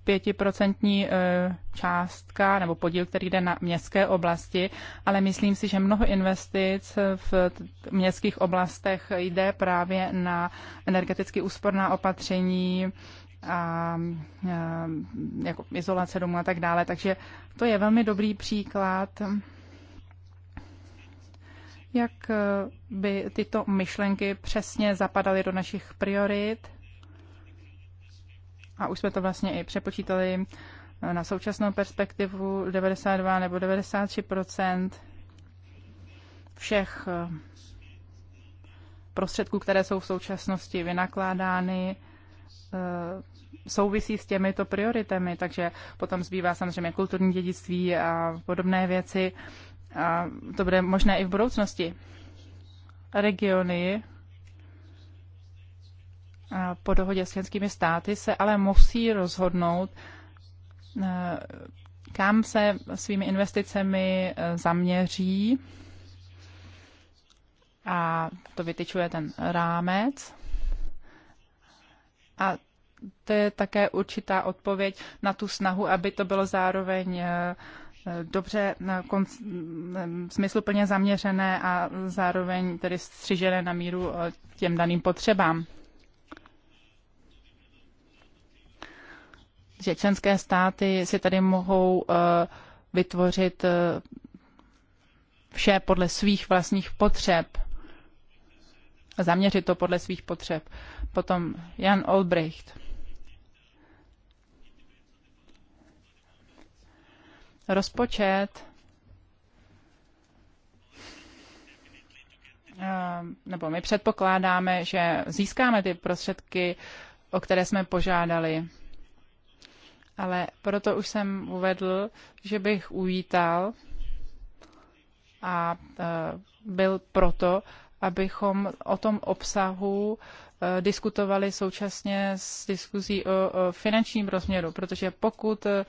pětiprocentní eh, částka nebo podíl, který jde na městské oblasti, ale myslím si, že mnoho investic v městských oblastech jde právě na energeticky úsporná opatření, a eh, jako izolace domu a tak dále. Takže to je velmi dobrý příklad, jak eh, by tyto myšlenky přesně zapadaly do našich priorit a už jsme to vlastně i přepočítali eh, na současnou perspektivu 92 nebo 93 všech eh, prostředků, které jsou v současnosti vynakládány, eh, souvisí s těmito prioritami, takže potom zbývá samozřejmě kulturní dědictví a podobné věci a to bude možné i v budoucnosti. Regiony po dohodě s členskými státy se ale musí rozhodnout, eh, kam se svými investicemi eh, zaměří a to vytyčuje ten rámec. A to je také určitá odpověď na tu snahu, aby to bylo zároveň eh, dobře smysluplně zaměřené a zároveň tedy střižené na míru těm daným potřebám. že členské státy si tady mohou eh, vytvořit eh, vše podle svých vlastních potřeb a zaměřit to podle svých potřeb. Potom Jan Olbricht. Rozpočet eh, nebo my předpokládáme, že získáme ty prostředky, o které jsme požádali ale proto už jsem uvedl, že bych uvítal a e, byl proto, abychom o tom obsahu e, diskutovali současně s diskuzí o finančním rozměru, protože pokud e,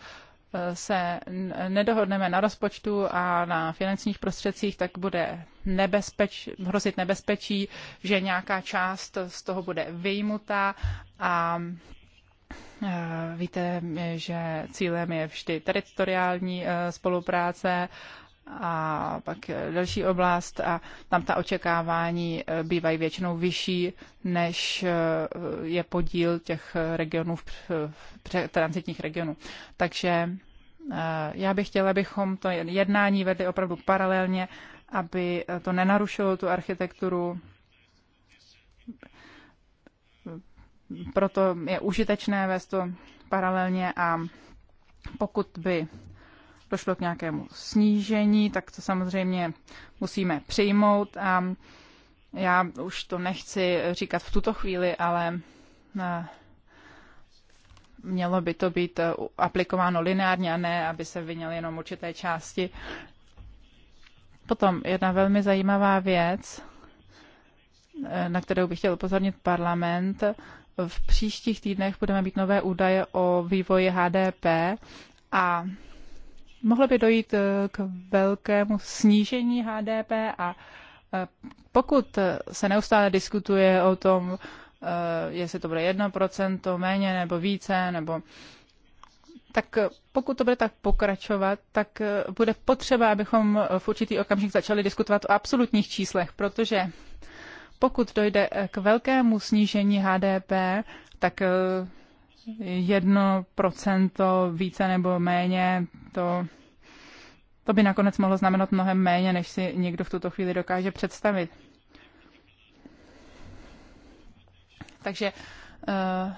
se nedohodneme na rozpočtu a na finančních prostředcích, tak bude nebezpeč, hrozit nebezpečí, že nějaká část z toho bude vyjmutá a Eh, víte, že cílem je vždy teritoriální eh, spolupráce a pak další oblast a tam ta očekávání eh, bývají většinou vyšší, než je podíl těch regionů, transitních regionů. Takže já bych chtěla, abychom to jednání vedli opravdu paralelně, aby to nenarušilo tu architekturu proto je užitečné vést to paralelně a pokud by došlo k nějakému snížení, tak to samozřejmě musíme přijmout a já už to nechci říkat v tuto chvíli, ale eh, mělo by to být eh, aplikováno lineárně a ne, aby se vyněly jenom určité části. Potom jedna velmi zajímavá věc, eh, na kterou bych chtěl upozornit parlament, v příštích týdnech budeme mít nové údaje o vývoji HDP a mohlo by dojít eh, k velkému snížení HDP a eh, pokud se neustále diskutuje o tom, eh, jestli to bude 1%, méně nebo více, nebo tak pokud to bude tak pokračovat, tak bude potřeba, abychom v určitý okamžik začali diskutovat o absolutních číslech, protože pokud dojde eh, k velkému snížení HDP, tak eh, jedno procento více nebo méně, to, to by nakonec mohlo znamenat mnohem méně, než si někdo v tuto chvíli dokáže představit. Takže uh,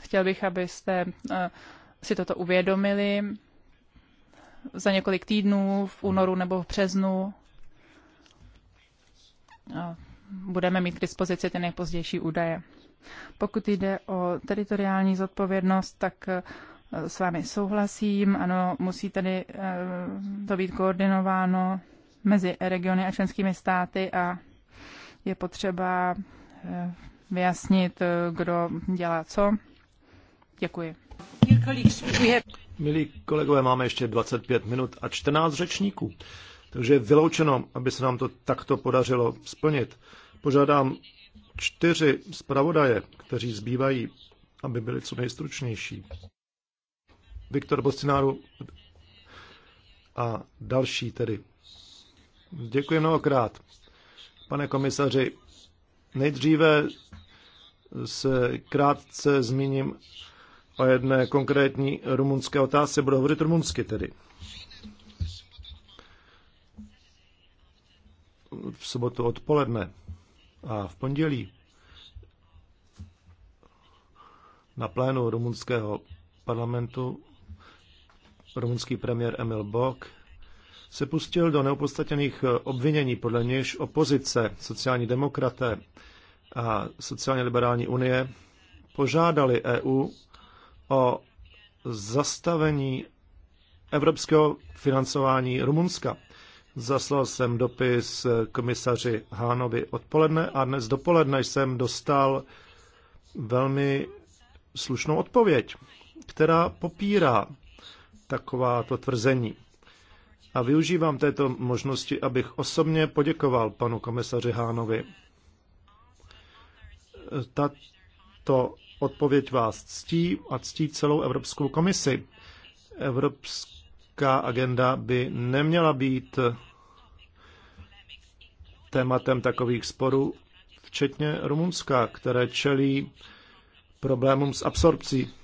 chtěl bych, abyste uh, si toto uvědomili za několik týdnů, v únoru nebo v březnu. Uh, budeme mít k dispozici ty nejpozdější údaje. Pokud jde o teritoriální zodpovědnost, tak eh, s vámi souhlasím. Ano, musí tedy eh, to být koordinováno mezi regiony a členskými státy a je potřeba eh, vyjasnit, kdo dělá co. Děkuji. Milí kolegové, máme ještě 25 minut a 14 řečníků. Takže je vyloučeno, aby se nám to takto podařilo splnit. Požádám čtyři zpravodaje, kteří zbývají, aby byli co nejstručnější. Viktor Bostináru a další tedy. Děkuji mnohokrát. Pane komisaři, nejdříve se krátce zmíním o jedné konkrétní rumunské otázce. Budu hovořit rumunsky tedy. v sobotu odpoledne a v pondělí na plénu rumunského parlamentu rumunský premiér Emil Bok se pustil do neopodstatněných obvinění, podle nějž opozice, sociální demokraté a sociálně liberální unie požádali EU o zastavení evropského financování Rumunska. Zaslal jsem dopis komisaři Hánovi odpoledne a dnes dopoledne jsem dostal velmi slušnou odpověď, která popírá takováto tvrzení. A využívám této možnosti, abych osobně poděkoval panu komisaři Hánovi. Tato odpověď vás ctí a ctí celou Evropskou komisi. Evropská evropská agenda by neměla být tématem takových sporů, včetně Rumunska, které čelí problémům s absorpcí.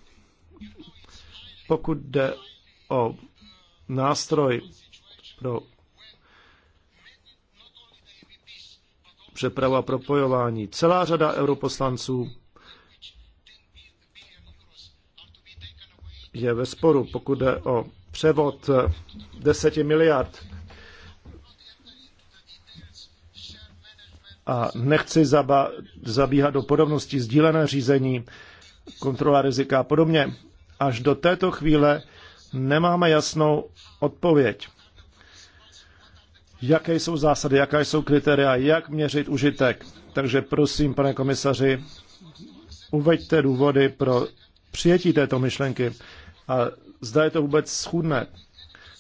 Pokud jde o nástroj pro přepravu a propojování, celá řada europoslanců je ve sporu, pokud jde o převod 10 miliard. A nechci zaba, zabíhat do podobností sdílené řízení, kontrola rizika a podobně. Až do této chvíle nemáme jasnou odpověď. Jaké jsou zásady, jaká jsou kritéria, jak měřit užitek. Takže prosím, pane komisaři, uveďte důvody pro přijetí této myšlenky a zda je to vůbec schůdné.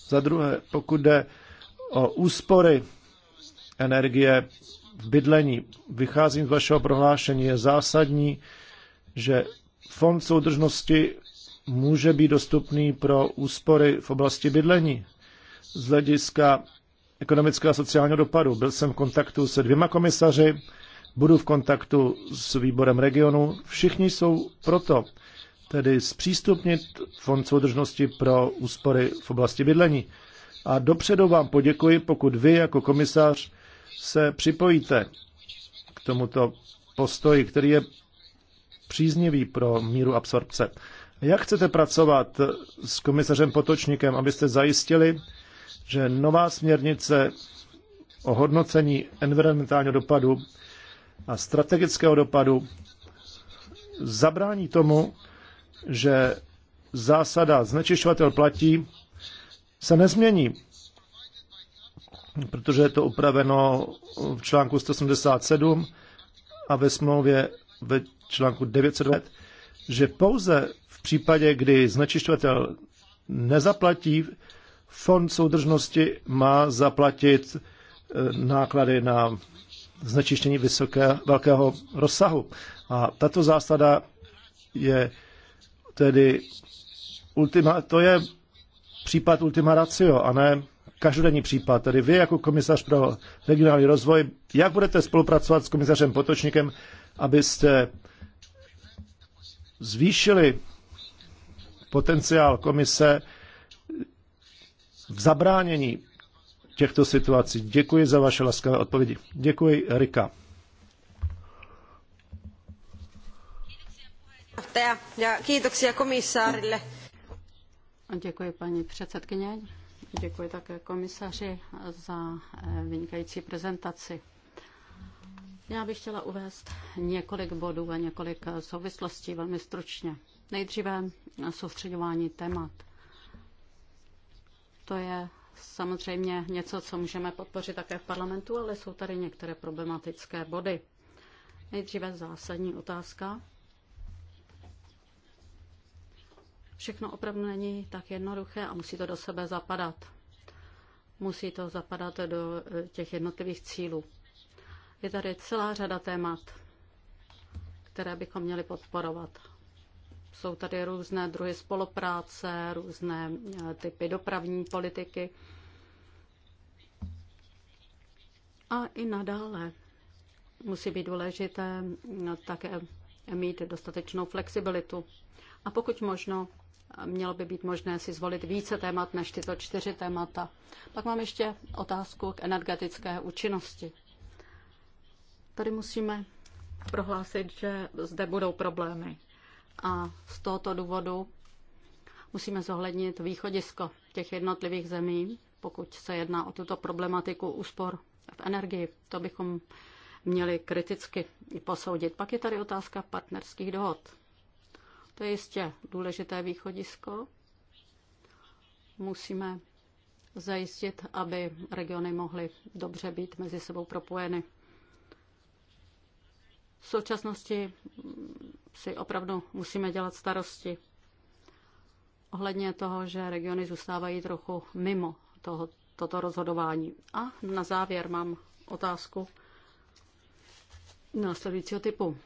Za druhé, pokud jde o úspory energie v bydlení, vycházím z vašeho prohlášení, je zásadní, že fond soudržnosti může být dostupný pro úspory v oblasti bydlení z hlediska ekonomického a sociálního dopadu. Byl jsem v kontaktu se dvěma komisaři, budu v kontaktu s výborem regionu. Všichni jsou proto tedy zpřístupnit Fond soudržnosti pro úspory v oblasti bydlení. A dopředu vám poděkuji, pokud vy jako komisař se připojíte k tomuto postoji, který je příznivý pro míru absorpce. Jak chcete pracovat s komisařem Potočníkem, abyste zajistili, že nová směrnice o hodnocení environmentálního dopadu a strategického dopadu zabrání tomu, že zásada znečišťovatel platí se nezmění, protože je to upraveno v článku 187 a ve smlouvě ve článku 909, že pouze v případě, kdy znečišťovatel nezaplatí, fond soudržnosti má zaplatit eh, náklady na znečištění vysoké, velkého rozsahu. A tato zásada je Tedy ultima, to je případ ultima ratio a ne každodenní případ. Tedy vy jako komisař pro regionální rozvoj, jak budete spolupracovat s komisařem Potočníkem, abyste zvýšili potenciál komise v zabránění těchto situací. Děkuji za vaše laskavé odpovědi. Děkuji, Rika. puheenjohtaja ja kiitoksia komissaarille. Děkuji paní předsedkyně, děkuji také komisaři za eh, vynikající prezentaci. Já bych chtěla uvést několik bodů a několik eh, souvislostí velmi stručně. Nejdříve soustředování témat. To je samozřejmě něco, co můžeme podpořit také v parlamentu, ale jsou tady některé problematické body. Nejdříve zásadní otázka. Všechno opravdu není tak jednoduché a musí to do sebe zapadat. Musí to zapadat do eh, těch jednotlivých cílů. Je tady celá řada témat, které bychom měli podporovat. Jsou tady různé druhy spolupráce, různé eh, typy dopravní politiky. A i nadále musí být důležité eh, také mít dostatečnou flexibilitu. A pokud možno mělo by být možné si zvolit více témat než tyto čtyři témata. Pak mám ještě otázku k energetické účinnosti. Tady musíme prohlásit, že zde budou problémy. A z tohoto důvodu musíme zohlednit východisko těch jednotlivých zemí, pokud se jedná o tuto problematiku úspor v energii. To bychom měli kriticky posoudit. Pak je tady otázka partnerských dohod. To je jistě důležité východisko. Musíme zajistit, aby regiony mohly dobře být mezi sebou propojeny. V současnosti si opravdu musíme dělat starosti ohledně toho, že regiony zůstávají trochu mimo toho, toto rozhodování. A na závěr mám otázku následujícího typu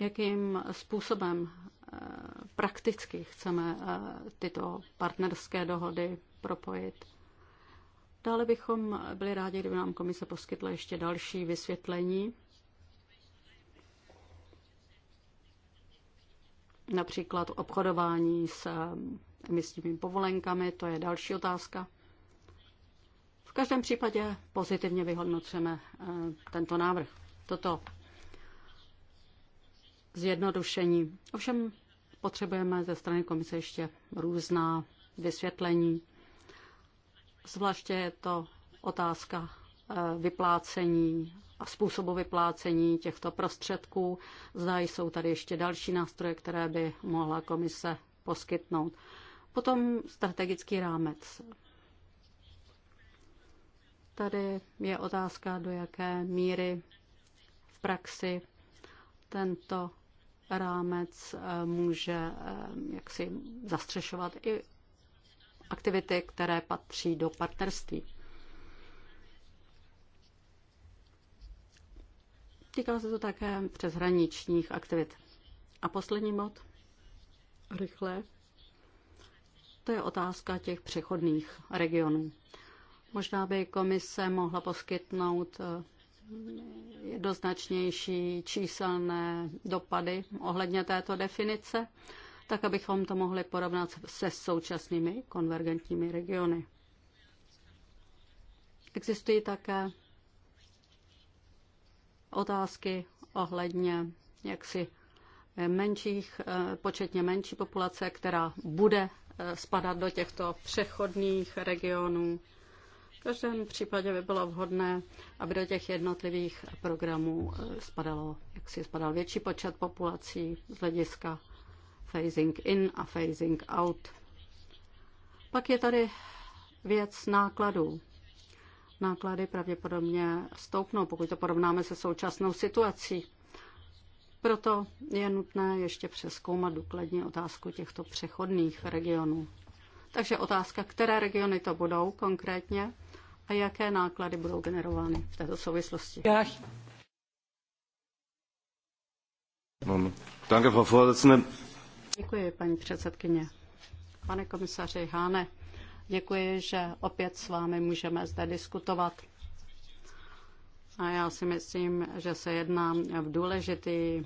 jakým způsobem eh, prakticky chceme eh, tyto partnerské dohody propojit. Dále bychom byli rádi, kdyby nám komise poskytla ještě další vysvětlení. Například obchodování s eh, emisními povolenkami, to je další otázka. V každém případě pozitivně vyhodnocujeme tento návrh. Toto zjednodušení. Ovšem potřebujeme ze strany komise ještě různá vysvětlení. Zvláště je to otázka eh, vyplácení a způsobu vyplácení těchto prostředků. Zda jsou tady ještě další nástroje, které by mohla komise poskytnout. Potom strategický rámec. Tady je otázka, do jaké míry v praxi tento rámec eh, může eh, jaksi zastřešovat i aktivity, které patří do partnerství. Týká se to také přeshraničních aktivit. A poslední mod, rychle, to je otázka těch přechodných regionů. Možná by komise mohla poskytnout eh, jednoznačnější číselné dopady ohledně této definice, tak abychom to mohli porovnat se současnými konvergentními regiony. Existují také otázky ohledně jaksi menších, početně menší populace, která bude spadat do těchto přechodných regionů. V každém případě by bylo vhodné, aby do těch jednotlivých programů eh, spadalo, jak si spadal větší počet populací z hlediska phasing in a phasing out. Pak je tady věc nákladů. Náklady pravděpodobně stoupnou, pokud to porovnáme se současnou situací. Proto je nutné ještě přeskoumat důkladně otázku těchto přechodných regionů. Takže otázka, které regiony to budou konkrétně a jaké náklady budou generovány v této souvislosti. Děkuji, paní předsedkyně. Pane komisaři Háne, děkuji, že opět s vámi můžeme zde diskutovat. A já si myslím, že se jedná v důležitý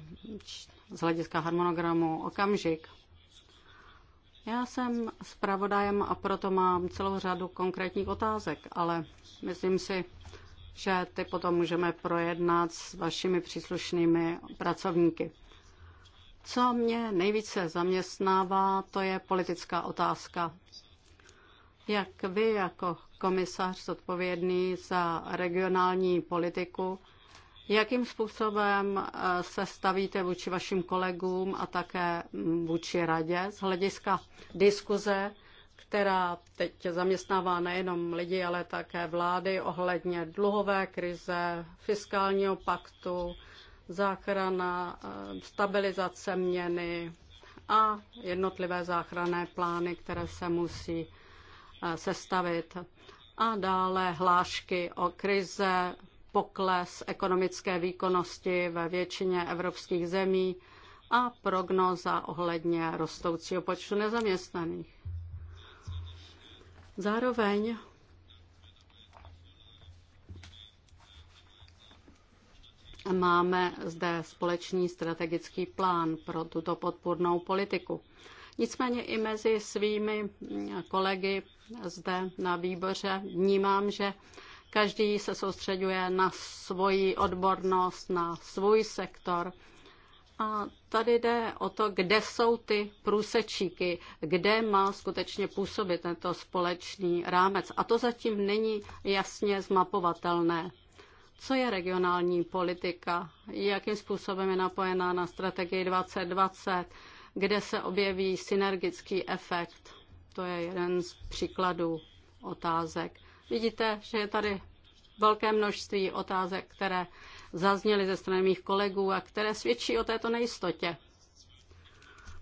z hlediska harmonogramu okamžik. Já jsem zpravodajem a proto mám celou řadu konkrétních otázek, ale myslím si, že ty potom můžeme projednat s vašimi příslušnými pracovníky. Co mě nejvíce zaměstnává, to je politická otázka. Jak vy jako komisař zodpovědný za regionální politiku Jakým způsobem eh, se stavíte vůči vašim kolegům a také mm, vůči radě z hlediska diskuze, která teď zaměstnává nejenom lidi, ale také vlády ohledně dluhové krize, fiskálního paktu, záchrana, eh, stabilizace měny a jednotlivé záchranné plány, které se musí eh, sestavit. A dále hlášky o krize pokles ekonomické výkonnosti ve většině evropských zemí a prognoza ohledně rostoucího počtu nezaměstnaných. Zároveň máme zde společný strategický plán pro tuto podpůrnou politiku. Nicméně i mezi svými kolegy zde na výboře vnímám, že Každý se soustředuje na svoji odbornost, na svůj sektor. A tady jde o to, kde jsou ty průsečíky, kde má skutečně působit tento společný rámec. A to zatím není jasně zmapovatelné. Co je regionální politika? Jakým způsobem je napojená na strategii 2020? Kde se objeví synergický efekt? To je jeden z příkladů otázek. Vidíte, že je tady velké množství otázek, které zazněly ze strany mých kolegů a které svědčí o této nejistotě.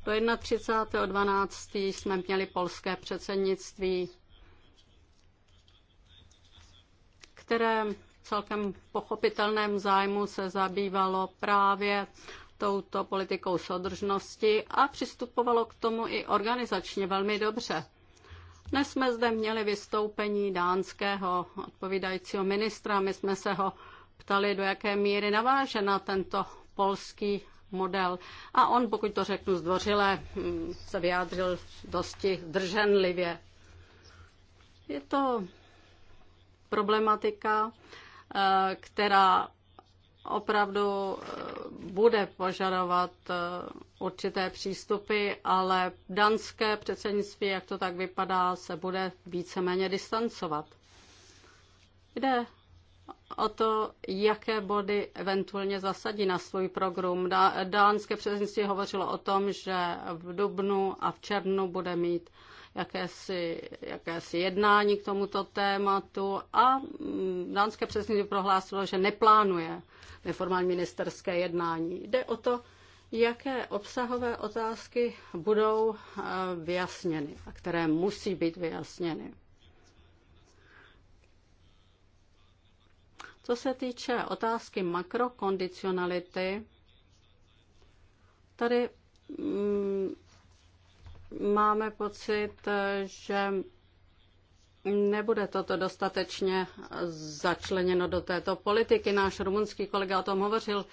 Do 31.12. jsme měli polské předsednictví, které v celkem pochopitelném zájmu se zabývalo právě touto politikou soudržnosti a přistupovalo k tomu i organizačně velmi dobře. Dnes jsme zde měli vystoupení dánského odpovídajícího ministra. My jsme se ho ptali, do jaké míry naváže na tento polský model. A on, pokud to řeknu zdvořile, hm, se vyjádřil dosti drženlivě. Je to problematika, eh, která opravdu eh, bude požadovat eh, určité přístupy, ale danské předsednictví, jak to tak vypadá, se bude víceméně distancovat. Jde o to, jaké body eventuálně zasadí na svůj program. Dánské předsednictví hovořilo o tom, že v dubnu a v červnu bude mít jakési, jakési jednání k tomuto tématu a mm, dánské předsednictví prohlásilo, že neplánuje neformální ministerské jednání. Jde o to, jaké obsahové otázky budou eh, vyjasněny a které musí být vyjasněny. Co se týče otázky makrokondicionality, tady mm, máme pocit, eh, že Nebude toto dostatečně začleněno do této politiky. Náš rumunský kolega o tom hovořil.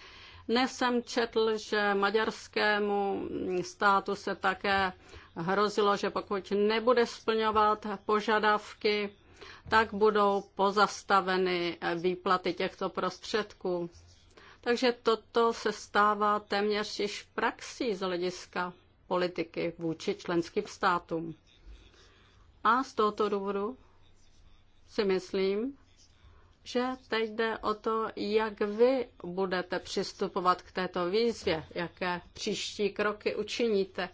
Dnes jsem četl, že maďarskému státu se také hrozilo, že pokud nebude splňovat požadavky, tak budou pozastaveny výplaty těchto prostředků. Takže toto se stává téměř již praxí z hlediska politiky vůči členským státům. A z tohoto důvodu si myslím, že teď jde o to, jak vy budete přistupovat k této výzvě, jaké příští kroky učiníte.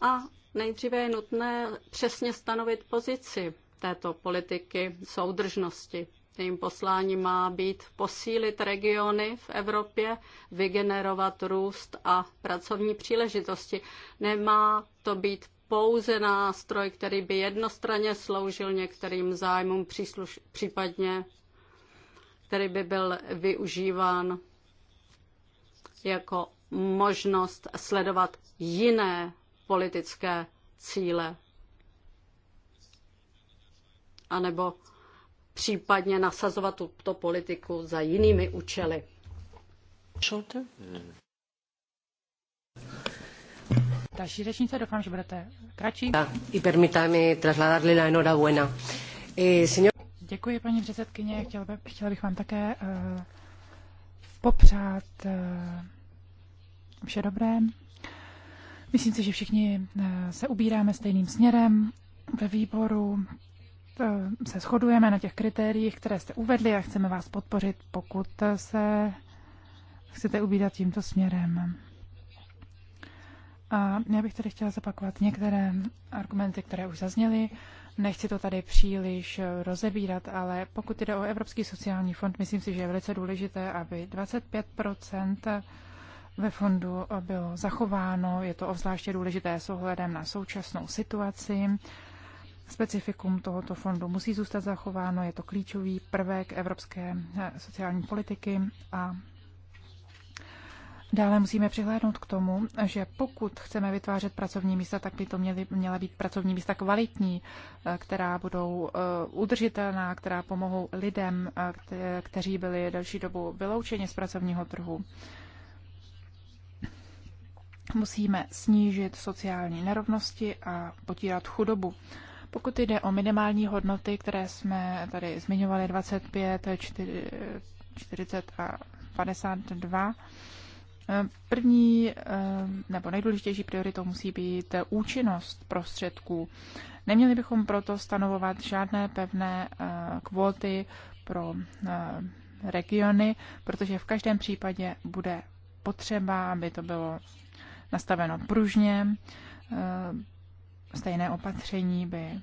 A nejdříve je nutné přesně stanovit pozici této politiky soudržnosti. Jejím poslání má být posílit regiony v Evropě, vygenerovat růst a pracovní příležitosti. Nemá to být pouze nástroj, který by jednostranně sloužil některým zájmům, přísluš, případně který by byl využíván jako možnost sledovat jiné politické cíle. A nebo případně nasazovat tuto politiku za jinými účely. Schulte? Další řečnice, doufám, že budete kratší. Y permítame trasladarle la enhorabuena. Eh, Děkuji, paní předsedkyně. Chtěl by, chtěla bych vám také uh, popřát uh, vše dobré. Myslím si, že všichni uh, se ubíráme stejným směrem ve výboru. Uh, se shodujeme na těch kritériích, které jste uvedli a chceme vás podpořit, pokud se chcete ubírat tímto směrem. A já bych tady chtěla zapakovat některé argumenty, které už zazněly. Nechci to tady příliš eh, rozebírat, ale pokud jde o Evropský sociální fond, myslím si, že je velice důležité, aby 25 ve fondu bylo zachováno. Je to obzvláště důležité s ohledem na současnou situaci. Specifikum tohoto fondu musí zůstat zachováno, je to klíčový prvek evropské eh, sociální politiky a Dále musíme přihlédnout k tomu, že pokud chceme vytvářet pracovní místa, tak by to měly, měla být pracovní místa kvalitní, eh, která budou eh, udržitelná, která pomohou lidem, eh, kteří byli další dobu vyloučeni z pracovního trhu. Musíme snížit sociální nerovnosti a potírat chudobu. Pokud jde o minimální hodnoty, které jsme tady zmiňovali 25, 40 a 52, První eh, nebo nejdůležitější prioritou musí být účinnost prostředků. Neměli bychom proto stanovovat žádné pevné eh, kvóty pro eh, regiony, protože v každém případě bude potřeba, aby to bylo nastaveno pružně. Stejné opatření by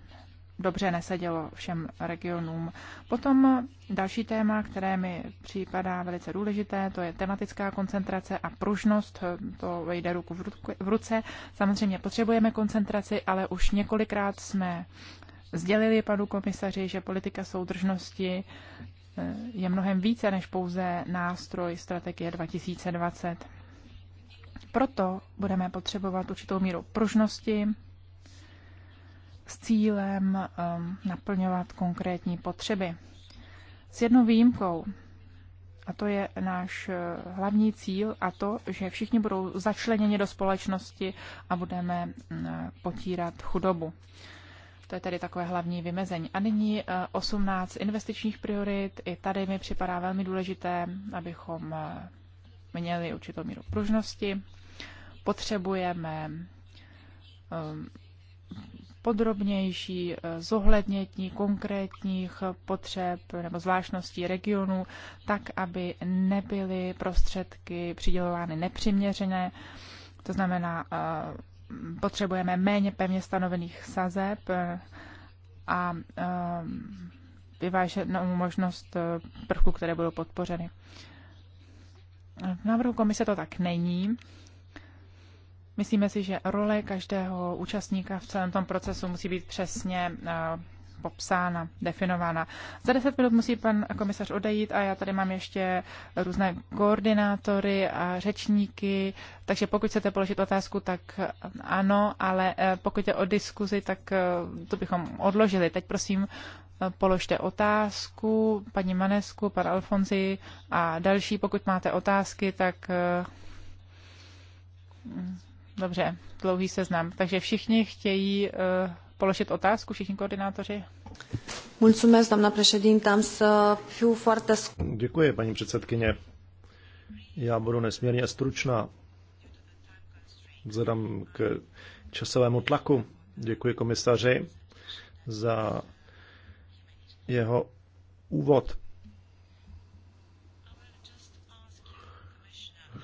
dobře nesedělo všem regionům. Potom další téma, které mi připadá velice důležité, to je tematická koncentrace a pružnost, to vejde ruku v ruce. Samozřejmě potřebujeme koncentraci, ale už několikrát jsme sdělili panu komisaři, že politika soudržnosti eh, je mnohem více než pouze nástroj strategie 2020. Proto budeme potřebovat určitou míru pružnosti, s cílem um, naplňovat konkrétní potřeby. S jednou výjimkou, a to je náš uh, hlavní cíl, a to, že všichni budou začleněni do společnosti a budeme uh, potírat chudobu. To je tedy takové hlavní vymezení. A nyní 18 uh, investičních priorit. I tady mi připadá velmi důležité, abychom měli určitou míru pružnosti. Potřebujeme um, podrobnější eh, zohlednění konkrétních potřeb nebo zvláštností regionu, tak, aby nebyly prostředky přidělovány nepřiměřené. To znamená, eh, potřebujeme méně pevně stanovených sazeb eh, a vyváženou možnost prvků, které budou podpořeny. V návrhu komise to tak není. Myslíme si, že role každého účastníka v celém tom procesu musí být přesně eh, popsána, definována. Za deset minut musí pan komisař odejít a já tady mám ještě různé koordinátory a řečníky, takže pokud chcete položit otázku, tak eh, ano, ale eh, pokud je o diskuzi, tak to bychom odložili. Teď prosím položte otázku, paní Manesku, pan Alfonzi a další, pokud máte otázky, tak Dobře, dlouhý seznam. Takže všichni chtějí uh, položit otázku, všichni koordinátoři? Mulțumesc, doamna președinte, am să fiu foarte... Děkuji, paní předsedkyně. Já budu nesmírně stručná. Vzhledem k časovému tlaku. Děkuji komisaři za jeho úvod.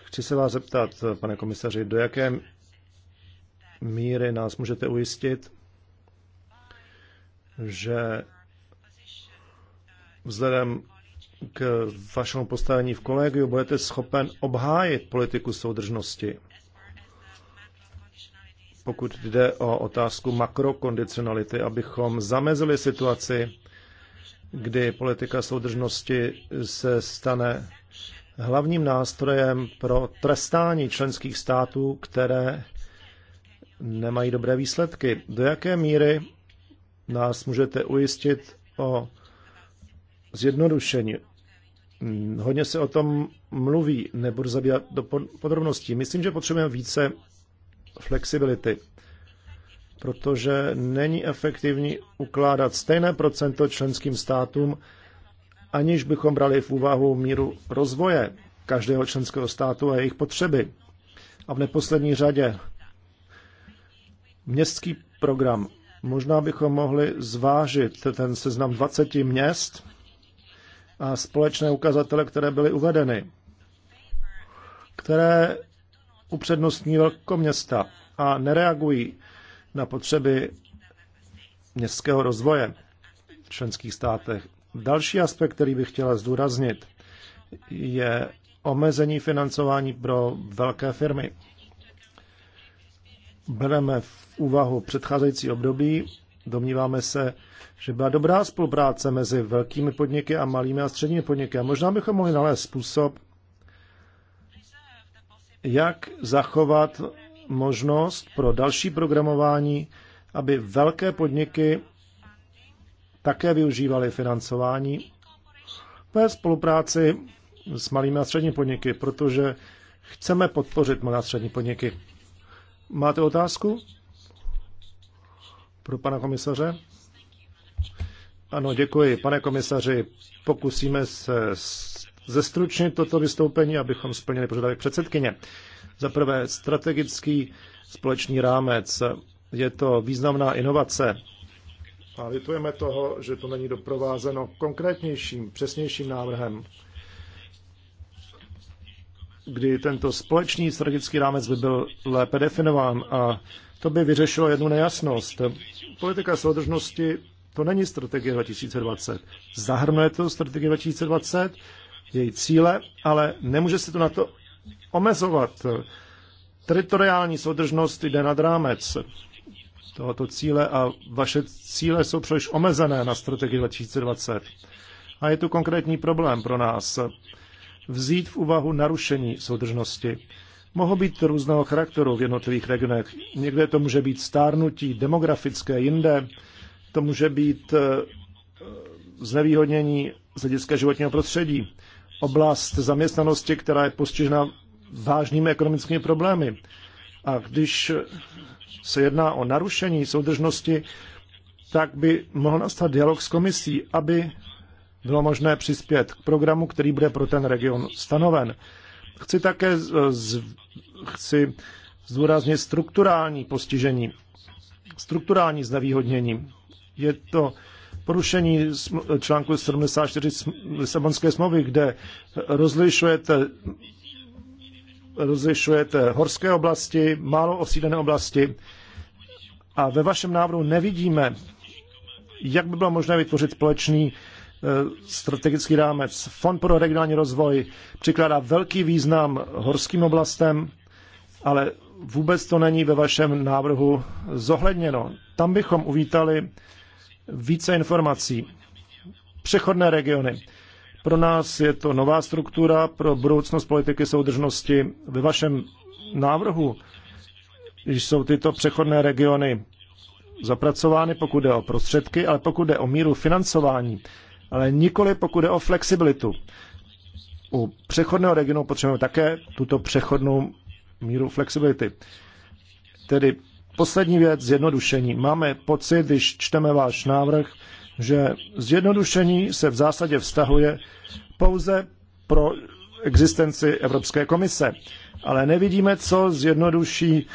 Chci se vás zeptat, pane komisaři, do jaké míry nás můžete ujistit, že vzhledem k vašemu postavení v kolegiu budete schopen obhájit politiku soudržnosti. Pokud jde o otázku makrokondicionality, abychom zamezili situaci, kdy politika soudržnosti se stane hlavním nástrojem pro trestání členských států, které nemají dobré výsledky. Do jaké míry nás můžete ujistit o zjednodušení? Hodně se o tom mluví, nebudu zabývat do podrobností. Myslím, že potřebujeme více flexibility, protože není efektivní ukládat stejné procento členským státům, aniž bychom brali v úvahu míru rozvoje každého členského státu a jejich potřeby. A v neposlední řadě Městský program. Možná bychom mohli zvážit ten seznam 20 měst a společné ukazatele, které byly uvedeny, které upřednostní velkoměsta a nereagují na potřeby městského rozvoje v členských státech. Další aspekt, který bych chtěla zdůraznit, je omezení financování pro velké firmy bereme v úvahu předcházející období, domníváme se, že byla dobrá spolupráce mezi velkými podniky a malými a středními podniky. A možná bychom mohli nalézt způsob, jak zachovat možnost pro další programování, aby velké podniky také využívaly financování ve spolupráci s malými a středními podniky, protože chceme podpořit malé a střední podniky. Máte otázku pro pana komisaře? Ano, děkuji. Pane komisaři, pokusíme se zestručnit toto vystoupení, abychom splnili požadavek předsedkyně. Za prvé, strategický společný rámec. Je to významná inovace. A litujeme toho, že to není doprovázeno konkrétnějším, přesnějším návrhem kdy tento společný strategický rámec by byl lépe definován a to by vyřešilo jednu nejasnost. Politika soudržnosti to není strategie 2020. Zahrnuje to strategie 2020, její cíle, ale nemůže se to na to omezovat. Teritoriální soudržnost jde nad rámec tohoto cíle a vaše cíle jsou příliš omezené na strategii 2020. A je tu konkrétní problém pro nás vzít v úvahu narušení soudržnosti. Mohou být různého charakteru v jednotlivých regionech. Někde to může být stárnutí demografické, jinde to může být eh, znevýhodnění z hlediska životního prostředí, oblast zaměstnanosti, která je postižena vážnými ekonomickými problémy. A když se jedná o narušení soudržnosti, tak by mohl nastat dialog s komisí, aby bylo možné přispět k programu, který bude pro ten region stanoven. Chci také z, chci zdůraznit strukturální postižení, strukturální znevýhodnění. Je to porušení článku 74 Lisabonské smlouvy, kde rozlišujete rozlišujete horské oblasti, málo osídlené oblasti a ve vašem návrhu nevidíme, jak by bylo možné vytvořit společný Eh, strategický rámec. Fond pro regionální rozvoj přikládá velký význam horským oblastem, ale vůbec to není ve vašem návrhu zohledněno. Tam bychom uvítali více informací. Přechodné regiony. Pro nás je to nová struktura pro budoucnost politiky soudržnosti. Ve vašem návrhu když jsou tyto přechodné regiony zapracovány, pokud jde o prostředky, ale pokud jde o míru financování, ale nikoli pokud je o flexibilitu. U přechodného regionu potřebujeme také tuto přechodnou míru flexibility. Tedy poslední věc, zjednodušení. Máme pocit, když čteme váš návrh, že zjednodušení se v zásadě vztahuje pouze pro existenci Evropské komise. Ale nevidíme, co zjednoduší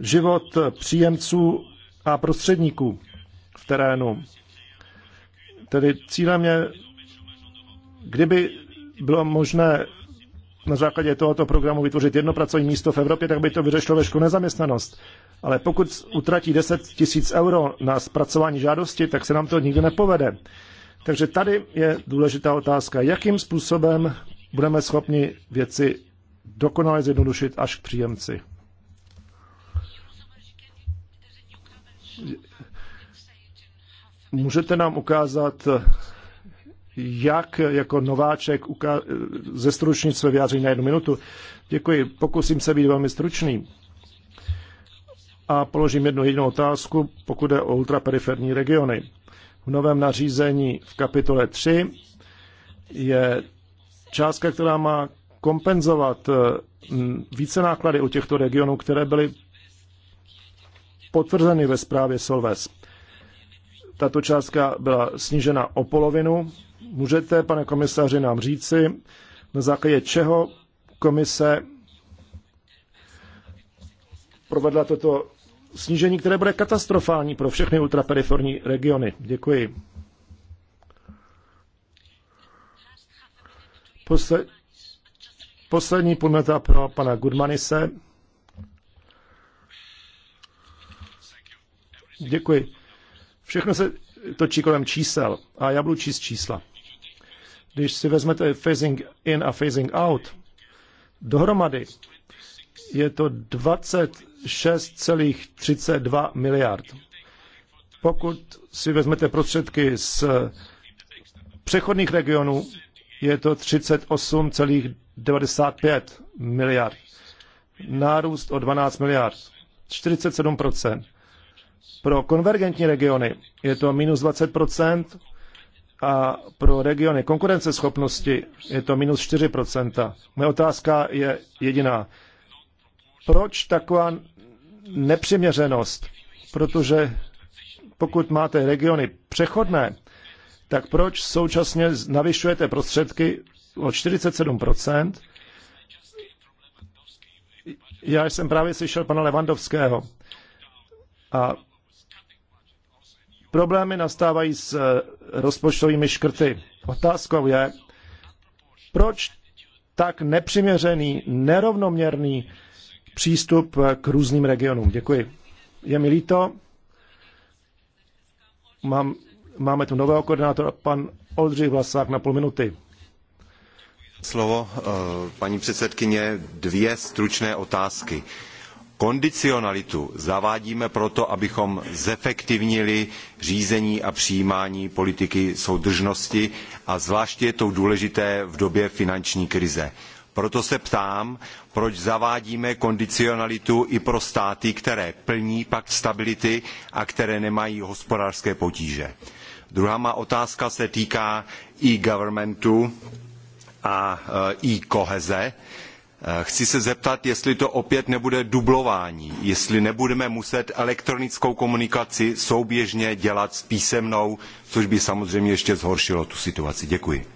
život příjemců a prostředníků v terénu. Tedy cílem je, kdyby bylo možné na základě tohoto programu vytvořit jedno pracovní místo v Evropě, tak by to vyřešilo veškerou nezaměstnanost. Ale pokud utratí 10 tisíc euro na zpracování žádosti, tak se nám to nikdy nepovede. Takže tady je důležitá otázka, jakým způsobem budeme schopni věci dokonale zjednodušit až k příjemci. Můžete nám ukázat, jak jako nováček ze své vyjádření na jednu minutu? Děkuji, pokusím se být velmi stručný. A položím jednu jedinou otázku, pokud je o ultraperiferní regiony. V novém nařízení v kapitole 3 je částka, která má kompenzovat eh, více náklady u těchto regionů, které byly potvrzeny ve zprávě Solves. Tato částka byla snížena o polovinu. Můžete, pane komisaři, nám říci, na základě čeho komise provedla toto snížení, které bude katastrofální pro všechny ultraperiferní regiony. Děkuji. Posle... Poslední podmeta pro pana Gudmanise. Děkuji. Všechno se točí kolem čísel a já budu číst čísla. Když si vezmete phasing in a phasing out, dohromady je to 26,32 miliard. Pokud si vezmete prostředky z přechodných regionů, je to 38,95 miliard. Nárůst o 12 miliard. 47 pro konvergentní regiony je to minus 20 a pro regiony konkurenceschopnosti je to minus 4 Moje otázka je jediná. Proč taková nepřiměřenost? Protože pokud máte regiony přechodné, tak proč současně navyšujete prostředky o 47 Já jsem právě slyšel pana Levandovského a Problémy nastávají s eh, rozpočtovými škrty. Otázkou je, proč tak nepřiměřený, nerovnoměrný přístup eh, k různým regionům. Děkuji. Je mi líto. Mám, máme tu nového koordinátora, pan Oldřich Vlasák na půl minuty. Slovo, eh, paní předsedkyně, dvě stručné otázky. Kondicionalitu zavádíme proto, abychom zefektivnili řízení a přijímání politiky soudržnosti a zvláště je to důležité v době finanční krize. Proto se ptám, proč zavádíme kondicionalitu i pro státy, které plní pakt stability a které nemají hospodářské potíže. Druhá má otázka se týká e-governmentu a e, e-koheze. Eh, chci se zeptat, jestli to opět nebude dublování, jestli nebudeme muset elektronickou komunikaci souběžně dělat s písemnou, což by samozřejmě ještě zhoršilo tu situaci. Děkuji.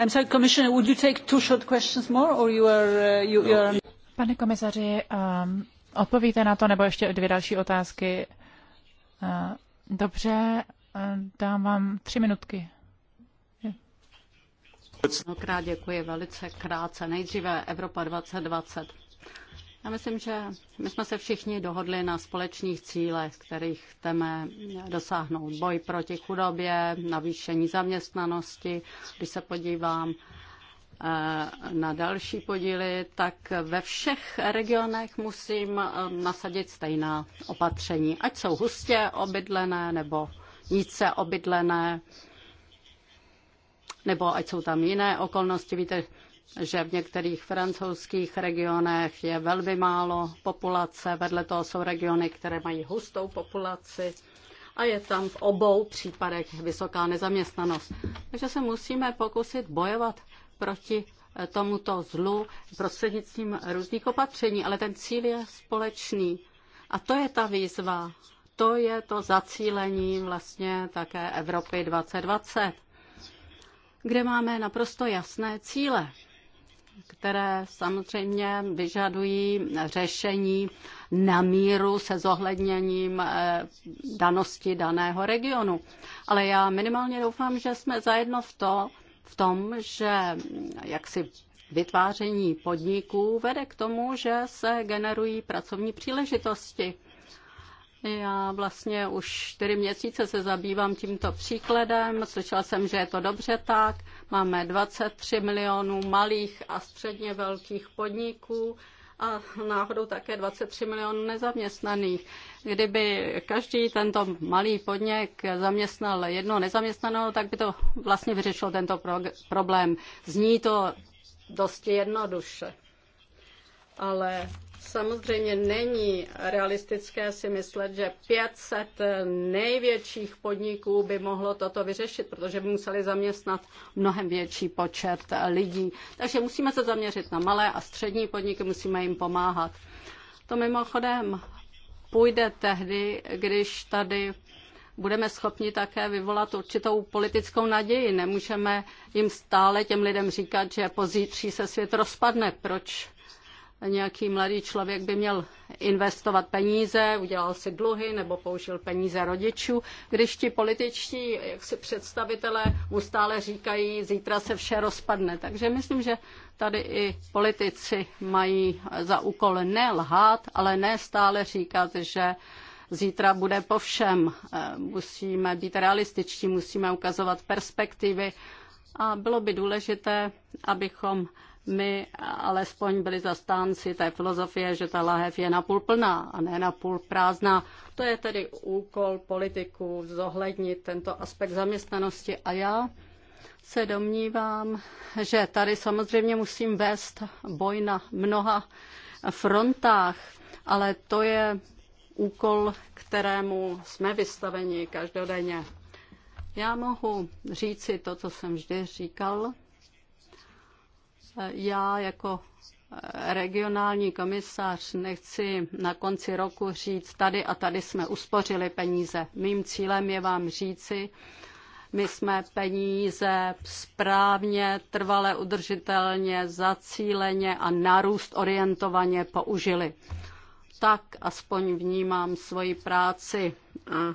Eh, no, Pane komisaři, um, odpovíte na to, nebo ještě dvě další otázky? Uh, dobře, uh, dám vám tři minutky. Mnohokrát děkuji velice krátce. Nejdříve Evropa 2020. Já myslím, že my jsme se všichni dohodli na společných cílech, kterých chceme dosáhnout. Boj proti chudobě, navýšení zaměstnanosti. Když se podívám eh, na další podíly, tak ve všech regionech musím eh, nasadit stejná opatření, ať jsou hustě obydlené nebo níce obydlené nebo ať jsou tam jiné okolnosti. Víte, že v některých francouzských regionech je velmi málo populace, vedle toho jsou regiony, které mají hustou populaci a je tam v obou případech vysoká nezaměstnanost. Takže se musíme pokusit bojovat proti eh, tomuto zlu prostřednictvím různých opatření, ale ten cíl je společný. A to je ta výzva, to je to zacílení vlastně také Evropy 2020 kde máme naprosto jasné cíle, které samozřejmě vyžadují řešení na míru se zohledněním eh, danosti daného regionu. Ale já minimálně doufám, že jsme zajedno v, to, v tom, že mm, jaksi vytváření podniků vede k tomu, že se generují pracovní příležitosti. Já vlastně už čtyři měsíce se zabývám tímto příkladem. Slyšela jsem, že je to dobře tak. Máme 23 milionů malých a středně velkých podniků a náhodou také 23 milionů nezaměstnaných. Kdyby každý tento malý podnik zaměstnal jedno nezaměstnaného, tak by to vlastně vyřešilo tento problém. Zní to dosti jednoduše. Ale Samozřejmě není realistické si myslet, že 500 největších podniků by mohlo toto vyřešit, protože by museli zaměstnat mnohem větší počet lidí. Takže musíme se zaměřit na malé a střední podniky, musíme jim pomáhat. To mimochodem půjde tehdy, když tady budeme schopni také vyvolat určitou politickou naději. Nemůžeme jim stále těm lidem říkat, že pozítří se svět rozpadne. Proč nějaký mladý člověk by měl investovat peníze, udělal si dluhy nebo použil peníze rodičů, když ti političtí jaksi představitelé mu stále říkají, zítra se vše rozpadne. Takže myslím, že tady i politici mají za úkol ne lhát, ale ne stále říkat, že zítra bude po všem. Eh, musíme být realističtí, musíme ukazovat perspektivy a bylo by důležité, abychom my alespoň byli zastánci té filozofie, že ta lahev je napůl plná a ne napůl prázdná. To je tedy úkol politiků zohlednit tento aspekt zaměstnanosti a já se domnívám, že tady samozřejmě musím vést boj na mnoha frontách, ale to je úkol, kterému jsme vystaveni každodenně. Já mohu říci to, co jsem vždy říkal, já jako eh, regionální komisař nechci na konci roku říct, tady a tady jsme uspořili peníze. Mým cílem je vám říci, my jsme peníze správně, trvale, udržitelně, zacíleně a narůst orientovaně použili. Tak aspoň vnímám svoji práci a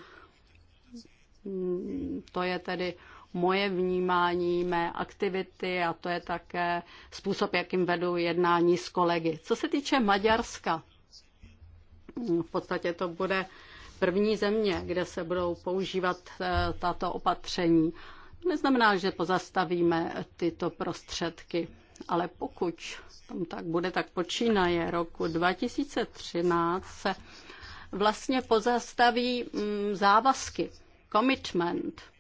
mm, to je tedy moje vnímání, mé aktivity a to je také způsob, jakým vedu jednání s kolegy. Co se týče Maďarska, v podstatě to bude první země, kde se budou používat eh, tato opatření. Neznamená, že pozastavíme tyto prostředky, ale pokud tam tak bude, tak počínaje roku 2013 se vlastně pozastaví mm, závazky, commitment –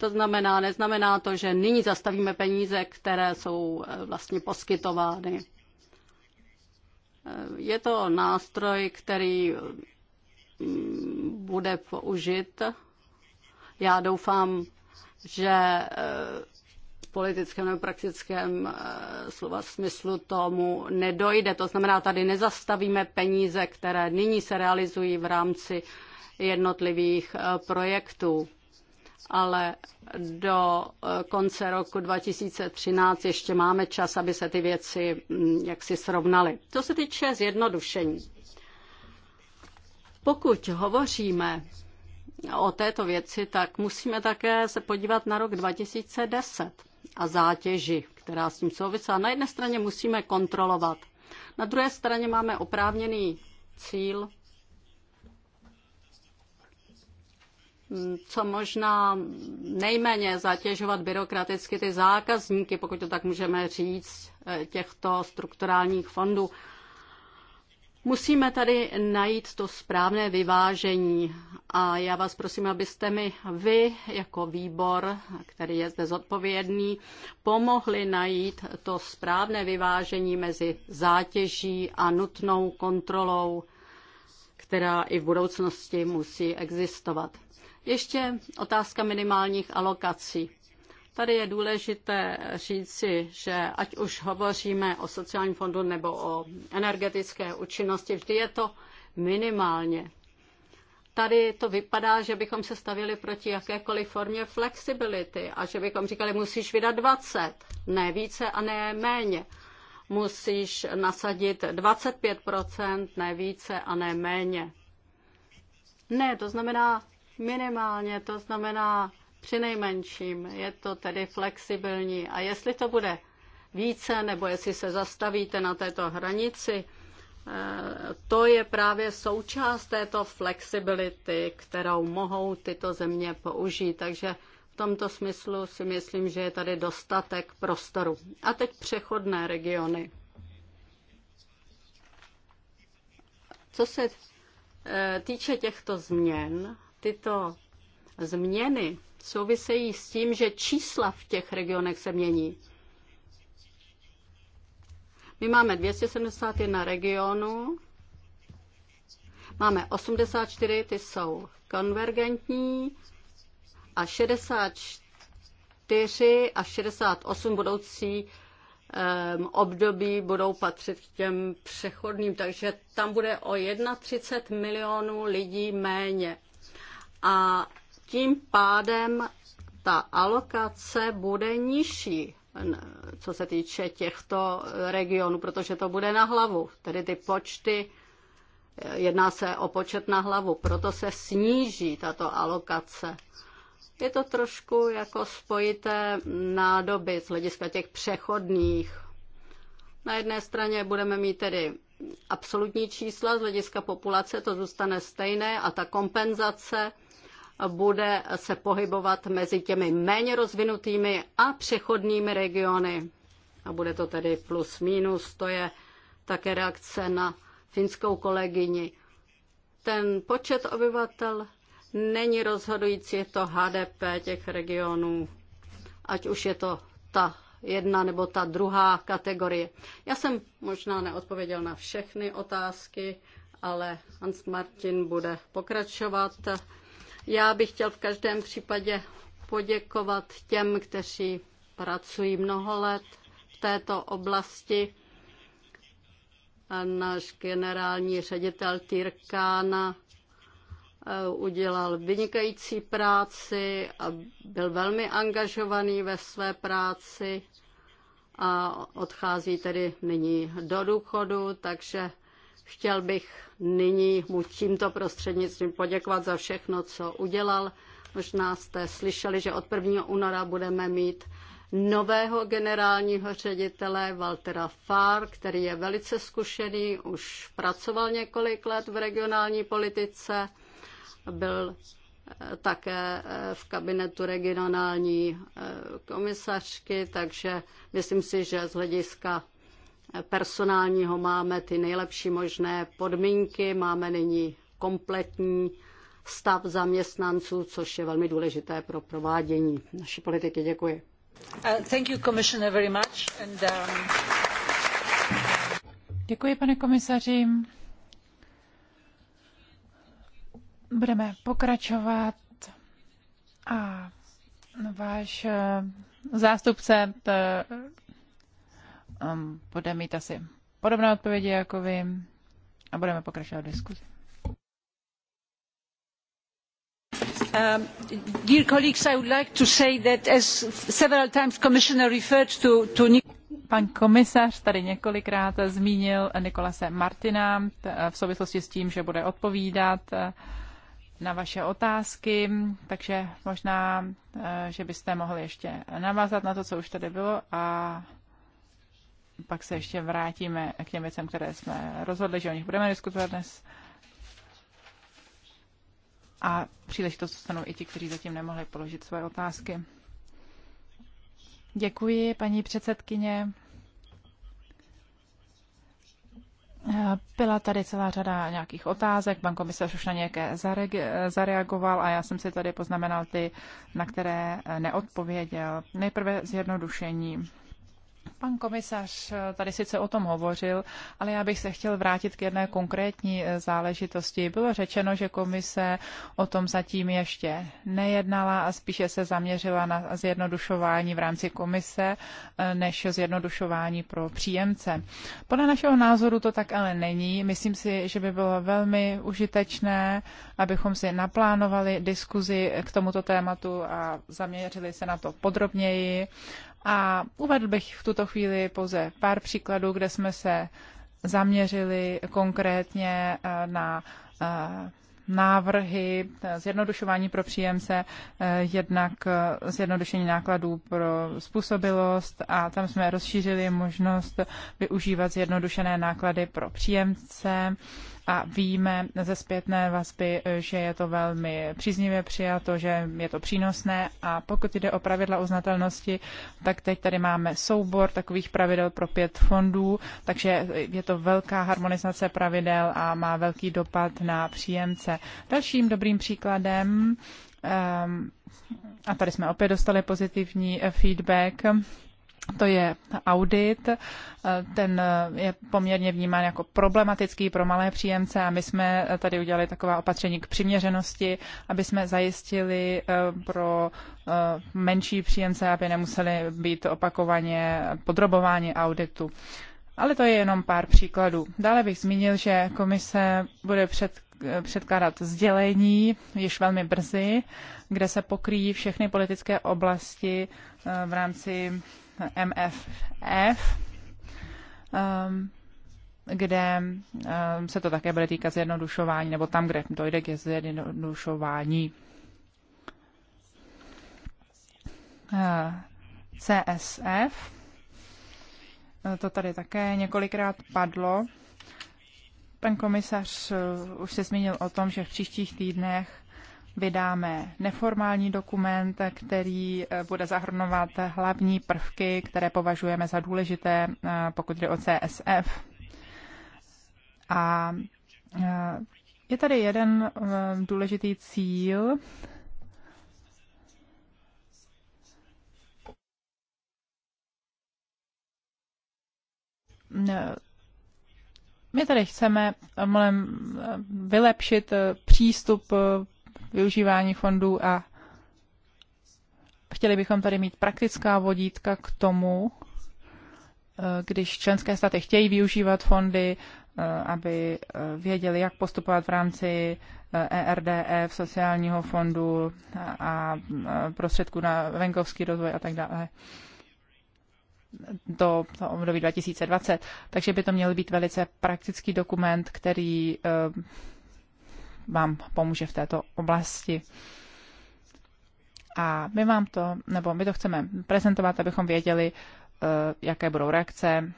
to znamená, neznamená to, že nyní zastavíme peníze, které jsou eh, vlastně poskytovány. Eh, je to nástroj, který mm, bude použit. Já doufám, že eh, v politickém nebo praktickém slova smyslu tomu nedojde. To znamená, tady nezastavíme peníze, které nyní se realizují v rámci jednotlivých projektů ale do eh, konce roku 2013 ještě máme čas, aby se ty věci mm, jaksi srovnaly. Co se týče zjednodušení, pokud hovoříme o této věci, tak musíme také se podívat na rok 2010 a zátěži, která s tím souvisela. Na jedné straně musíme kontrolovat, na druhé straně máme oprávněný cíl co možná nejméně zatěžovat byrokraticky ty zákazníky, pokud to tak můžeme říct, eh, těchto strukturálních fondů. Musíme tady najít to správné vyvážení a já vás prosím, abyste mi vy jako výbor, který je zde zodpovědný, pomohli najít to správné vyvážení mezi zátěží a nutnou kontrolou, která i v budoucnosti musí existovat. Ještě otázka minimálních alokací. Tady je důležité říci, že ať už hovoříme o sociálním fondu nebo o energetické účinnosti, vždy je to minimálně. Tady to vypadá, že bychom se stavili proti jakékoliv formě flexibility a že bychom říkali, musíš vydat 20, ne více a ne méně. Musíš nasadit 25%, ne více a ne méně. Ne, to znamená, Minimálně to znamená při nejmenším. Je to tedy flexibilní. A jestli to bude více, nebo jestli se zastavíte na této hranici, eh, to je právě součást této flexibility, kterou mohou tyto země použít. Takže v tomto smyslu si myslím, že je tady dostatek prostoru. A teď přechodné regiony. Co se eh, týče těchto změn, tyto změny souvisejí s tím, že čísla v těch regionech se mění. My máme 271 regionů, máme 84, ty jsou konvergentní a 64 a 68 budoucí um, období budou patřit k těm přechodným, takže tam bude o 31 milionů lidí méně a tím pádem ta alokace bude nižší, co se týče těchto regionů, protože to bude na hlavu. Tedy ty počty, eh, jedná se o počet na hlavu, proto se sníží tato alokace. Je to trošku jako spojité nádoby z hlediska těch přechodných. Na jedné straně budeme mít tedy absolutní čísla z hlediska populace, to zůstane stejné a ta kompenzace bude se pohybovat mezi těmi méně rozvinutými a přechodnými regiony. A bude to tedy plus minus, to je také reakce na finskou kolegyni. Ten počet obyvatel není rozhodující, je to HDP těch regionů, ať už je to ta jedna nebo ta druhá kategorie. Já jsem možná neodpověděl na všechny otázky, ale Hans Martin bude pokračovat já bych chtěl v každém případě poděkovat těm, kteří pracují mnoho let v této oblasti. náš generální ředitel Tyrkána eh, udělal vynikající práci a byl velmi angažovaný ve své práci a odchází tedy nyní do důchodu, takže Chtěl bych nyní mu tímto prostřednictvím poděkovat za všechno, co udělal. Možná jste slyšeli, že od 1. února budeme mít nového generálního ředitele Waltera Farr, který je velice zkušený, už pracoval několik let v regionální politice, byl eh, také eh, v kabinetu regionální eh, komisařky, takže myslím si, že z hlediska personálního máme ty nejlepší možné podmínky, máme nyní kompletní stav zaměstnanců, což je velmi důležité pro provádění naší politiky. Děkuji. Uh, um, Děkuji, pane komisaři. Budeme pokračovat a váš eh, zástupce eh, um, bude mít asi podobné odpovědi jako vy a budeme pokračovat v diskuzi. Um, dear colleagues, I would like to say that as several times Commissioner referred to, to Pan komisař tady několikrát zmínil Nikolase Martina eh, v souvislosti s tím, že bude odpovídat eh, na vaše otázky, takže možná, eh, že byste mohli ještě navázat na to, co už tady bylo a pak se ještě vrátíme k těm věcem, které jsme rozhodli, že o nich budeme diskutovat dnes. A příležitost dostanou i ti, kteří zatím nemohli položit své otázky. Děkuji, paní předsedkyně. Byla tady celá řada nějakých otázek, pan komisař už na nějaké zareagoval a já jsem si tady poznamenal ty, na které neodpověděl. Nejprve zjednodušení. Pan komisař eh, tady sice o tom hovořil, ale já bych se chtěl vrátit k jedné konkrétní eh, záležitosti. Bylo řečeno, že komise o tom zatím ještě nejednala a spíše se zaměřila na zjednodušování v rámci komise eh, než zjednodušování pro příjemce. Podle našeho názoru to tak ale není. Myslím si, že by bylo velmi užitečné, abychom si naplánovali diskuzi k tomuto tématu a zaměřili se na to podrobněji a uvedl bych v tuto chvíli pouze pár příkladů, kde jsme se zaměřili konkrétně eh, na eh, návrhy zjednodušování pro příjemce, eh, jednak zjednodušení nákladů pro způsobilost a tam jsme rozšířili možnost využívat zjednodušené náklady pro příjemce a víme ze zpětné vazby, že je to velmi příznivě přijato, že je to přínosné a pokud jde o pravidla uznatelnosti, tak teď tady máme soubor takových pravidel pro pět fondů, takže je to velká harmonizace pravidel a má velký dopad na příjemce. Dalším dobrým příkladem ehm, a tady jsme opět dostali pozitivní eh, feedback to je audit, eh, ten eh, je poměrně vnímán jako problematický pro malé příjemce a my jsme eh, tady udělali taková opatření k přiměřenosti, aby jsme zajistili pro menší příjemce, aby nemuseli být opakovaně podrobováni auditu. Ale to je jenom pár příkladů. Dále bych zmínil, že komise bude před, předkládat sdělení již velmi brzy, kde se pokryjí všechny politické oblasti v rámci MFF, um, kde um, se to také bude týkat zjednodušování, nebo tam, kde dojde k zjednodušování. Uh, CSF, to tady také několikrát padlo. Pan komisař uh, už se zmínil o tom, že v příštích týdnech vydáme neformální dokument, který eh, bude zahrnovat hlavní prvky, které považujeme za důležité, eh, pokud jde o CSF. A eh, je tady jeden důležitý cíl, My tady chceme vylepšit přístup využívání fondů a chtěli bychom tady mít praktická vodítka k tomu, eh, když členské státy chtějí využívat fondy, eh, aby eh, věděli, jak postupovat v rámci ERDF, e e, sociálního fondu a prostředků na venkovský rozvoj a tak dále do období 2020. Takže by to měl být velice praktický dokument, který vám pomůže v této oblasti. A my vám to, nebo my to chceme prezentovat, abychom věděli, eh, jaké budou reakce.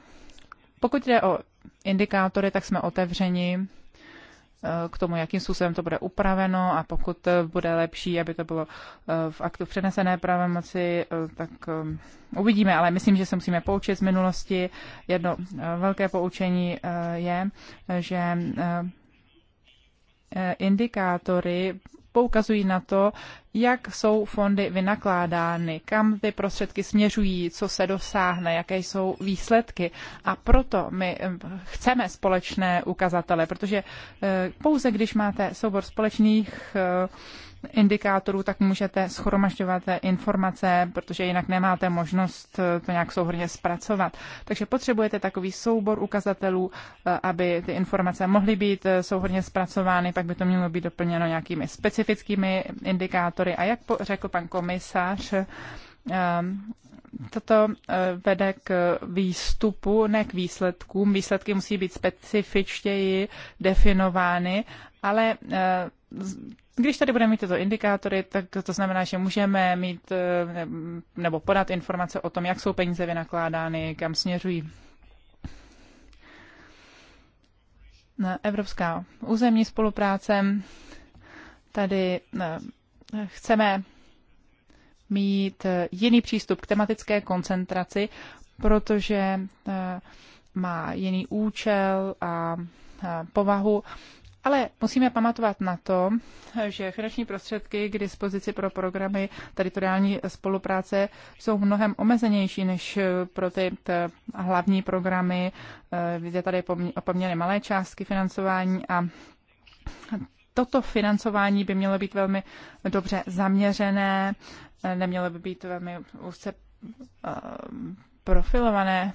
Pokud jde o indikátory, tak jsme otevřeni eh, k tomu, jakým způsobem to bude upraveno a pokud bude lepší, aby to bylo eh, v aktu přenesené pravomoci, tak uvidíme, ale myslím, že se musíme poučit z minulosti. Jedno velké poučení je, že Eh, indikátory poukazují na to, jak jsou fondy vynakládány, kam ty prostředky směřují, co se dosáhne, jaké jsou výsledky. A proto my eh, chceme společné ukazatele, protože eh, pouze když máte soubor společných indikátorů, tak můžete schromažďovat informace, protože jinak nemáte možnost eh, to nějak souhrně zpracovat. Takže potřebujete takový soubor ukazatelů, eh, aby ty informace mohly být eh, souhrně zpracovány, pak by to mělo být doplněno nějakými specifickými indikátory. A jak řekl pan komisař, ehm, toto vede k výstupu, ne k výsledkům. Výsledky musí být specifičtěji definovány, ale když tady budeme mít tyto indikátory, tak to znamená, že můžeme mít eh, nebo podat informace o tom, jak jsou peníze vynakládány, kam směřují. Evropská územní spolupráce. Tady eh, chceme mít eh, jiný přístup k tematické koncentraci, protože má jiný účel a povahu ale musíme pamatovat na to, že finanční prostředky k dispozici pro programy teritoriální spolupráce jsou mnohem omezenější než pro ty hlavní programy. Eh, je tady poměrně malé částky financování a toto financování by mělo být velmi dobře zaměřené, eh, nemělo by být velmi úzce eh, profilované.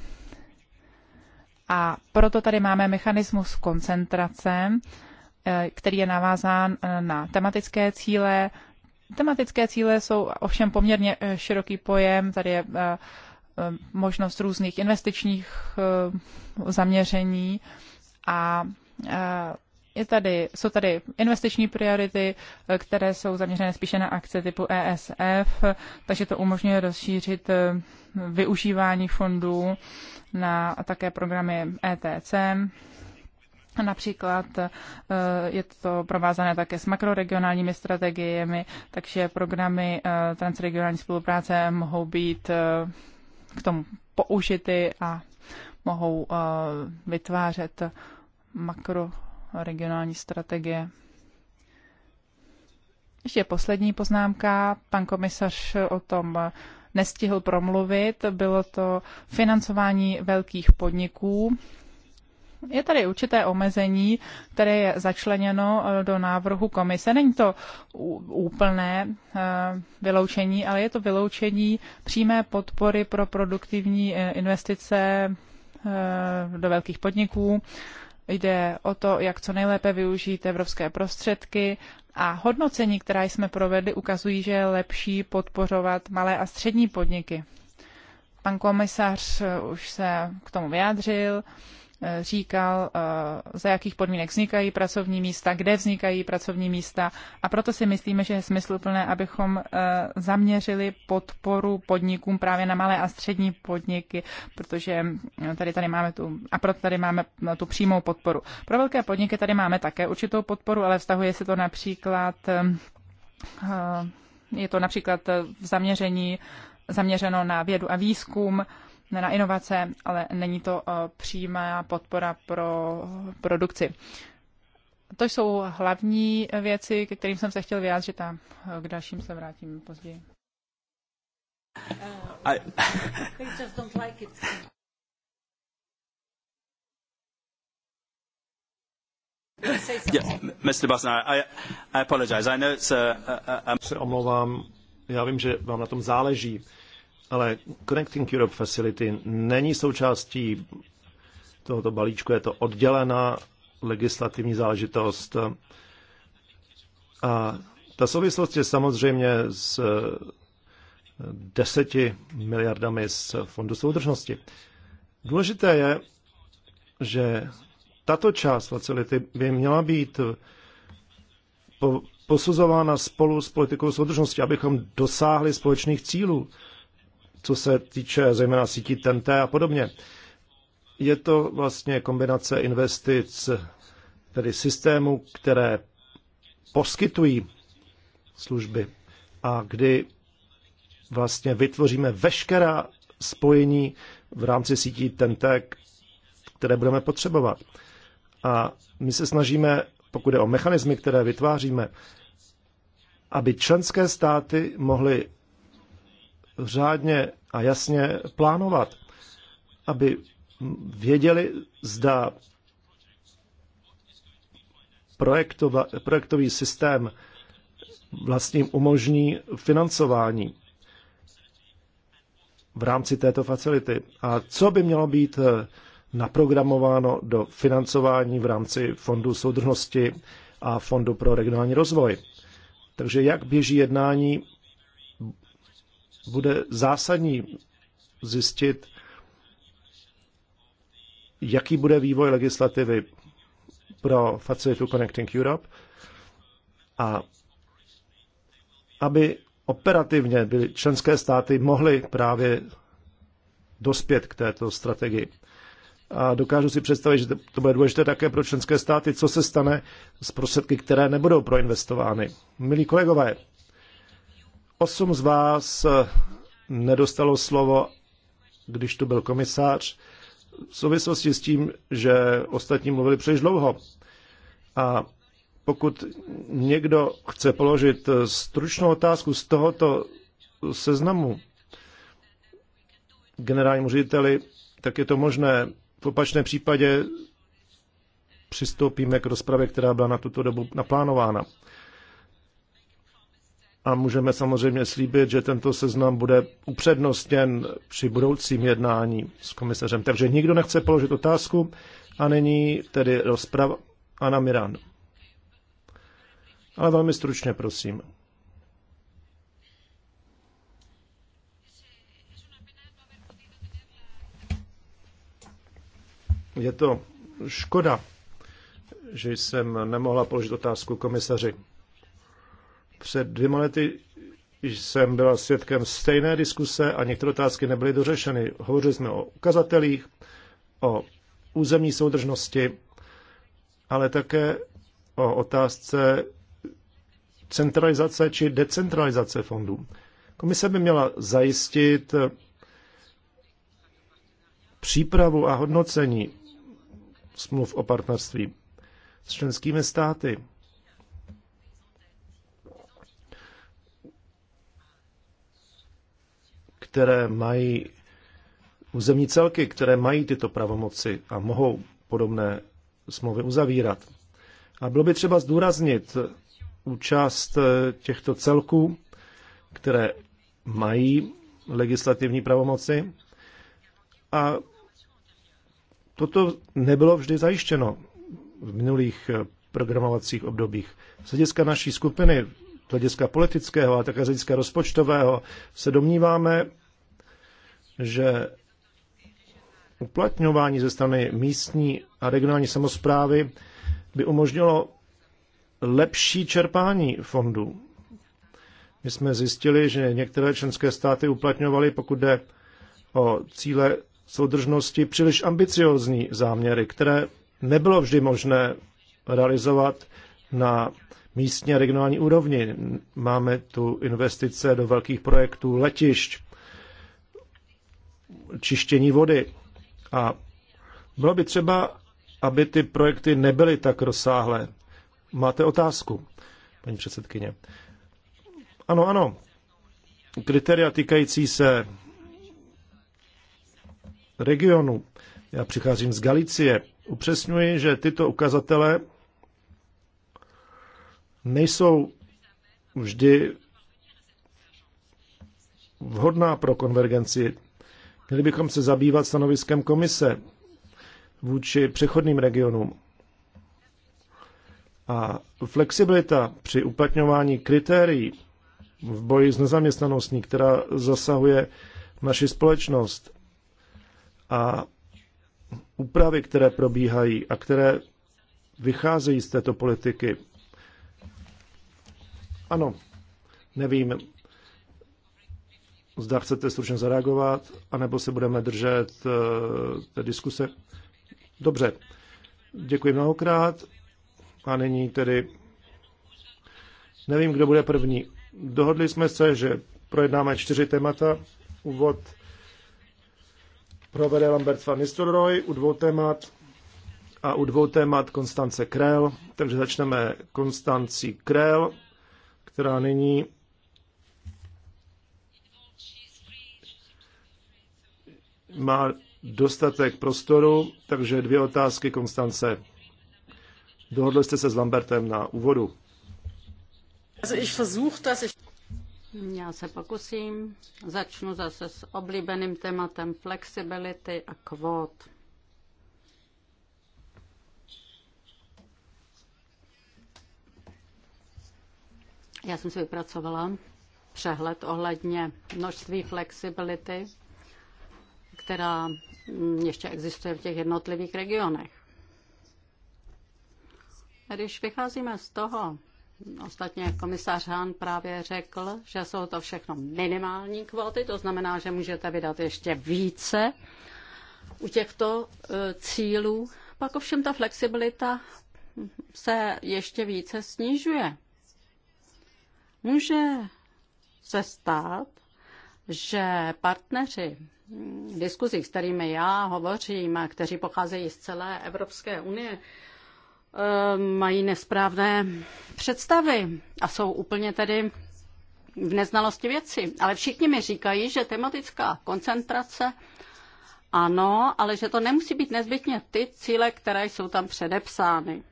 A proto tady máme mechanismus koncentrace, Eh, který je navázán eh, na tematické cíle. Tematické cíle jsou ovšem poměrně eh, široký pojem. Tady je možnost různých investičních zaměření a je tady, jsou tady investiční priority, které jsou zaměřené spíše na akce typu ESF, takže to umožňuje rozšířit využívání fondů na také programy ETC Například eh, je to provázané také s makroregionálními strategiemi, takže programy eh, transregionální spolupráce mohou být eh, k tomu použity a mohou vytvářet makroregionální strategie. Ještě poslední poznámka. Pan komisař o tom nestihl promluvit. Bylo to financování velkých podniků je tady určité omezení, které je začleněno eh, do návrhu komise. Není to úplné eh, vyloučení, ale je to vyloučení přímé podpory pro produktivní eh, investice do velkých podniků. Jde o to, jak co nejlépe využít evropské prostředky a hodnocení, která jsme provedli, ukazují, že je lepší podporovat malé a střední podniky. Pan komisař už se k tomu vyjádřil. Eh, říkal, eh, za jakých podmínek vznikají pracovní místa, kde vznikají pracovní místa a proto si myslíme, že je smysluplné, abychom eh, zaměřili podporu podnikům právě na malé a střední podniky, protože tady, tady máme tu, a proto tady máme tu přímou podporu. Pro velké podniky tady máme také určitou podporu, ale vztahuje se to například je to například v zaměření zaměřeno na vědu a výzkum, ne na inovace, ale není to eh, přímá podpora pro produkci. To jsou hlavní věci, ke kterým jsem se chtěl vyjádřit a eh, k dalším se vrátím později. Mr. I, I know it's a, Se omlouvám, já vím, že vám na tom záleží ale Connecting Europe Facility není součástí tohoto balíčku, je to oddělená legislativní záležitost. A ta souvislost je samozřejmě s eh, deseti miliardami z Fondu soudržnosti. Důležité je, že tato část facility by měla být eh, posuzována spolu s politikou soudržnosti, abychom dosáhli společných cílů co se týče zejména sítí TNT a podobně. Je to vlastně kombinace investic, tedy systémů, které poskytují služby a kdy vlastně vytvoříme veškerá spojení v rámci sítí TNT, které budeme potřebovat. A my se snažíme, pokud je o mechanismy, které vytváříme, aby členské státy mohly řádně a jasně plánovat, aby věděli, zda projektova, projektový systém vlastním umožní financování v rámci této facility. A co by mělo být eh, naprogramováno do financování v rámci Fondu soudržnosti a Fondu pro regionální rozvoj. Takže jak běží jednání bude zásadní zjistit, jaký bude vývoj legislativy pro facilitu Connecting Europe a aby operativně byly členské státy mohly právě dospět k této strategii. A dokážu si představit, že to bude důležité také pro členské státy, co se stane s prostředky, které nebudou proinvestovány. Milí kolegové, Osm z vás eh, nedostalo slovo, když tu byl komisář, v souvislosti s tím, že ostatní mluvili příliš dlouho. A pokud někdo chce položit eh, stručnou otázku z tohoto seznamu generálnímu řediteli, tak je to možné. V opačném případě přistoupíme k rozpravě, která byla na tuto dobu naplánována a můžeme samozřejmě slíbit, že tento seznam bude upřednostněn při budoucím jednání s komisařem. Takže nikdo nechce položit otázku a není tedy rozprava Ana Miran. Ale velmi stručně, prosím. Je to škoda, že jsem nemohla položit otázku komisaři. Před dvěma lety jsem byla svědkem stejné diskuse a některé otázky nebyly dořešeny. Hovořili jsme o ukazatelích, o územní soudržnosti, ale také o otázce centralizace či decentralizace fondů. Komise by měla zajistit přípravu a hodnocení smluv o partnerství s členskými státy. které mají územní celky, které mají tyto pravomoci a mohou podobné smlouvy uzavírat. A bylo by třeba zdůraznit účast eh, těchto celků, které mají legislativní pravomoci a toto nebylo vždy zajištěno v minulých eh, programovacích obdobích. Z hlediska naší skupiny z hlediska politického, a také z hlediska rozpočtového, se domníváme, že uplatňování ze strany místní a regionální samozprávy by umožnilo lepší čerpání fondů. My jsme zjistili, že některé členské státy uplatňovaly, pokud jde o cíle soudržnosti, příliš ambiciozní záměry, které nebylo vždy možné realizovat na místní a regionální úrovni. Máme tu investice do velkých projektů letišť, čištění vody. A bylo by třeba, aby ty projekty nebyly tak rozsáhlé. Máte otázku, paní předsedkyně? Ano, ano. Kritéria týkající se regionu. Já přicházím z Galicie. Upřesňuji, že tyto ukazatele nejsou vždy vhodná pro konvergenci. Měli bychom se zabývat stanoviskem komise vůči přechodným regionům. A flexibilita při uplatňování kritérií v boji s nezaměstnaností, která zasahuje naši společnost a úpravy, které probíhají a které vycházejí z této politiky, ano, nevím, zda chcete stručně zareagovat, anebo se budeme držet eh, té diskuse. Dobře, děkuji mnohokrát. A nyní tedy nevím, kdo bude první. Dohodli jsme se, že projednáme čtyři témata. Úvod provede Lambert van Nistelrooy u dvou témat a u dvou témat Konstance Krell. Takže začneme Konstancí Krell která nyní má dostatek prostoru, takže dvě otázky, Konstance. Dohodli jste se s Lambertem na úvodu. Já se pokusím. Začnu zase s oblíbeným tématem flexibility a kvót. Já jsem si vypracovala přehled ohledně množství flexibility, která mm, ještě existuje v těch jednotlivých regionech. Když vycházíme z toho, ostatně komisař Hahn právě řekl, že jsou to všechno minimální kvóty, to znamená, že můžete vydat ještě více u těchto e, cílů. Pak ovšem ta flexibilita se ještě více snižuje. Může se stát, že partneři diskuzí, s kterými já hovořím a kteří pocházejí z celé Evropské unie, eh, mají nesprávné představy a jsou úplně tedy v neznalosti věci. Ale všichni mi říkají, že tematická koncentrace ano, ale že to nemusí být nezbytně ty cíle, které jsou tam předepsány.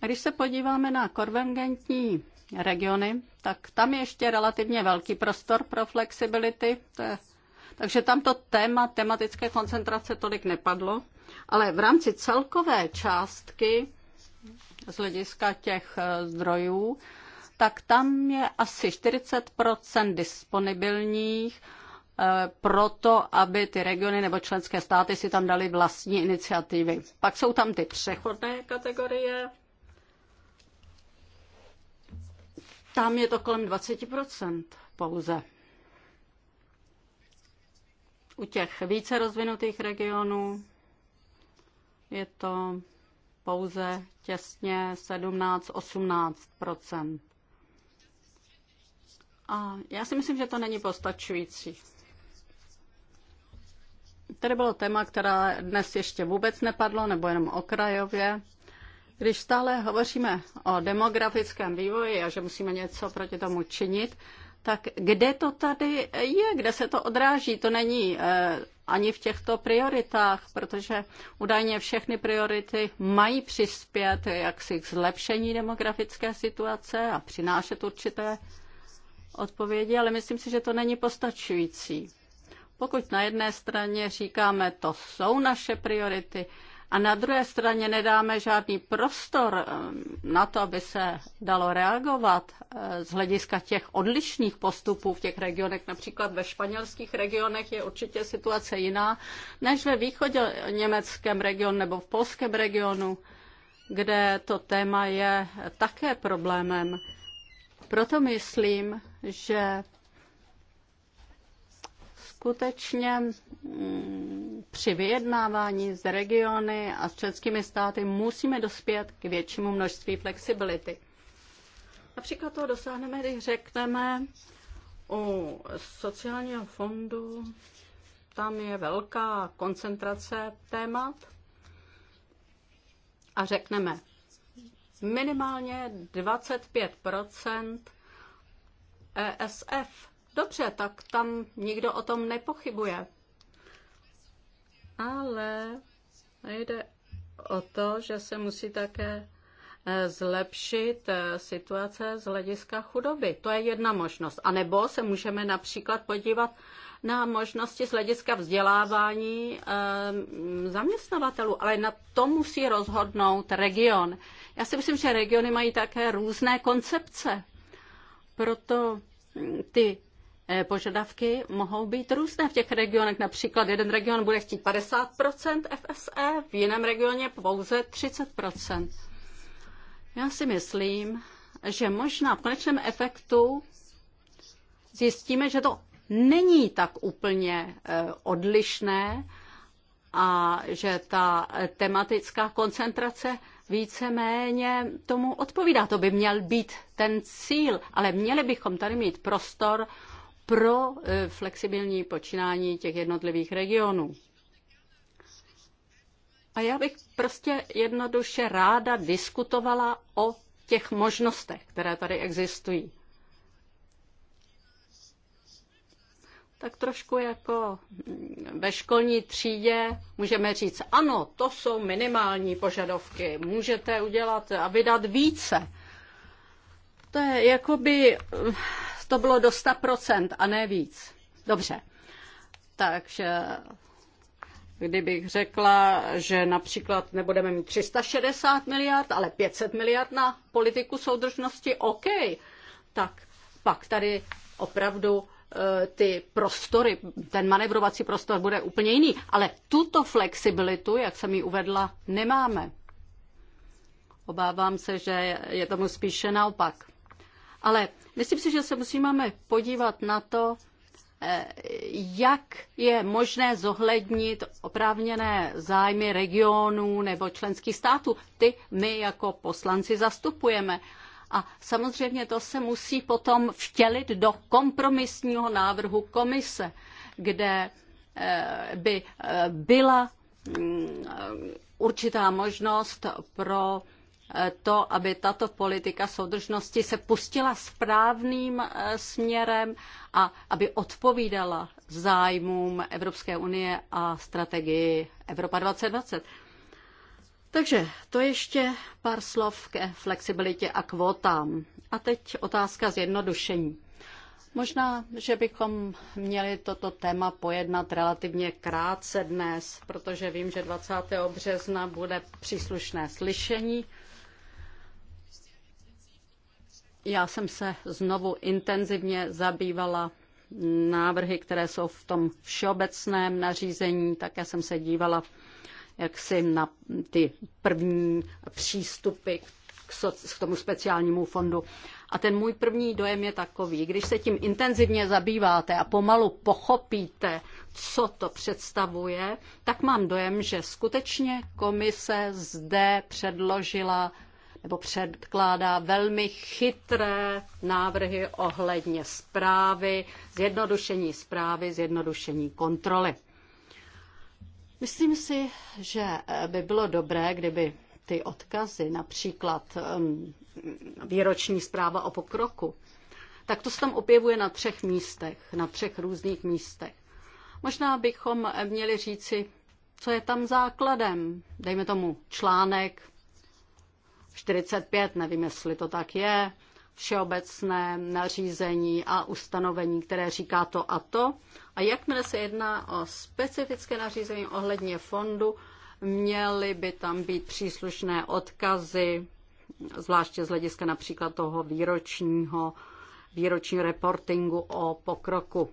Když se podíváme na konvergentní regiony, tak tam je ještě relativně velký prostor pro flexibility. To je, takže tam to téma tematické koncentrace tolik nepadlo, ale v rámci celkové částky z hlediska těch eh, zdrojů, tak tam je asi 40 disponibilních eh, proto, aby ty regiony nebo členské státy si tam dali vlastní iniciativy. Pak jsou tam ty přechodné kategorie, tam je to kolem 20% pouze. U těch více rozvinutých regionů je to pouze těsně 17-18 A já si myslím, že to není postačující. Tady bylo téma, která dnes ještě vůbec nepadlo, nebo jenom okrajově. Když stále hovoříme o demografickém vývoji a že musíme něco proti tomu činit, tak kde to tady je, kde se to odráží? To není eh, ani v těchto prioritách, protože údajně všechny priority mají přispět jaksi k zlepšení demografické situace a přinášet určité odpovědi, ale myslím si, že to není postačující. Pokud na jedné straně říkáme, to jsou naše priority, a na druhé straně nedáme žádný prostor eh, na to, aby se dalo reagovat eh, z hlediska těch odlišných postupů v těch regionech. Například ve španělských regionech je určitě situace jiná než ve východě německém regionu nebo v polském regionu, kde to téma je také problémem. Proto myslím, že skutečně mm, při vyjednávání z regiony a s českými státy musíme dospět k většímu množství flexibility. Například toho dosáhneme, když řekneme, u sociálního fondu tam je velká koncentrace témat a řekneme, minimálně 25 ESF Dobře, tak tam nikdo o tom nepochybuje. Ale jde o to, že se musí také e, zlepšit e, situace z hlediska chudoby. To je jedna možnost. A nebo se můžeme například podívat na možnosti z hlediska vzdělávání e, zaměstnavatelů, ale na to musí rozhodnout region. Já si myslím, že regiony mají také různé koncepce. Proto ty Eh, požadavky mohou být různé v těch regionech. Například jeden region bude chtít 50 FSE, v jiném regioně pouze 30 Já si myslím, že možná v konečném efektu zjistíme, že to není tak úplně eh, odlišné a že ta eh, tematická koncentrace víceméně tomu odpovídá. To by měl být ten cíl, ale měli bychom tady mít prostor pro e, flexibilní počínání těch jednotlivých regionů. A já bych prostě jednoduše ráda diskutovala o těch možnostech, které tady existují. Tak trošku jako ve školní třídě můžeme říct, ano, to jsou minimální požadovky, můžete udělat a vydat více. To je jakoby to bylo do 100% a ne víc. Dobře. Takže kdybych řekla, že například nebudeme mít 360 miliard, ale 500 miliard na politiku soudržnosti, OK, tak pak tady opravdu eh, ty prostory, ten manevrovací prostor bude úplně jiný. Ale tuto flexibilitu, jak jsem ji uvedla, nemáme. Obávám se, že je tomu spíše naopak. Ale myslím si, že se musíme podívat na to, eh, jak je možné zohlednit oprávněné zájmy regionů nebo členských států. Ty my jako poslanci zastupujeme. A samozřejmě to se musí potom vtělit do kompromisního návrhu komise, kde eh, by eh, byla mm, určitá možnost pro to, aby tato politika soudržnosti se pustila správným eh, směrem a aby odpovídala zájmům Evropské unie a strategii Evropa 2020. Takže to ještě pár slov ke flexibilitě a kvótám. A teď otázka zjednodušení. Možná, že bychom měli toto téma pojednat relativně krátce dnes, protože vím, že 20. března bude příslušné slyšení Já jsem se znovu intenzivně zabývala návrhy, které jsou v tom všeobecném nařízení. Také jsem se dívala jaksi na ty první přístupy k, so, k tomu speciálnímu fondu. A ten můj první dojem je takový, když se tím intenzivně zabýváte a pomalu pochopíte, co to představuje, tak mám dojem, že skutečně komise zde předložila nebo předkládá velmi chytré návrhy ohledně zprávy, zjednodušení zprávy, zjednodušení kontroly. Myslím si, že eh, by bylo dobré, kdyby ty odkazy, například ehm, výroční zpráva o pokroku, tak to se tam objevuje na třech místech, na třech různých místech. Možná bychom měli říci, co je tam základem. Dejme tomu článek 45, nevím, jestli to tak je, všeobecné nařízení a ustanovení, které říká to a to. A jakmile se jedná o specifické nařízení ohledně fondu, měly by tam být příslušné odkazy, zvláště z hlediska například toho výročního, výročního reportingu o pokroku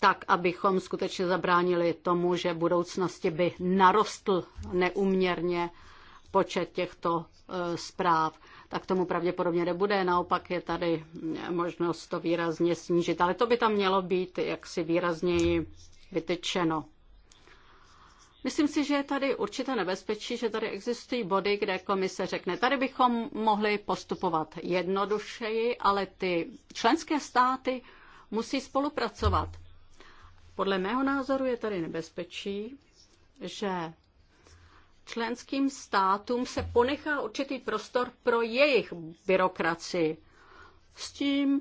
tak, abychom skutečně zabránili tomu, že v budoucnosti by narostl neuměrně počet těchto e, zpráv, tak tomu pravděpodobně nebude. Naopak je tady možnost to výrazně snížit. Ale to by tam mělo být jaksi výrazněji vytyčeno. Myslím si, že je tady určité nebezpečí, že tady existují body, kde komise řekne, tady bychom mohli postupovat jednodušeji, ale ty členské státy musí spolupracovat. Podle mého názoru je tady nebezpečí, že členským státům se ponechá určitý prostor pro jejich byrokracii. S tím,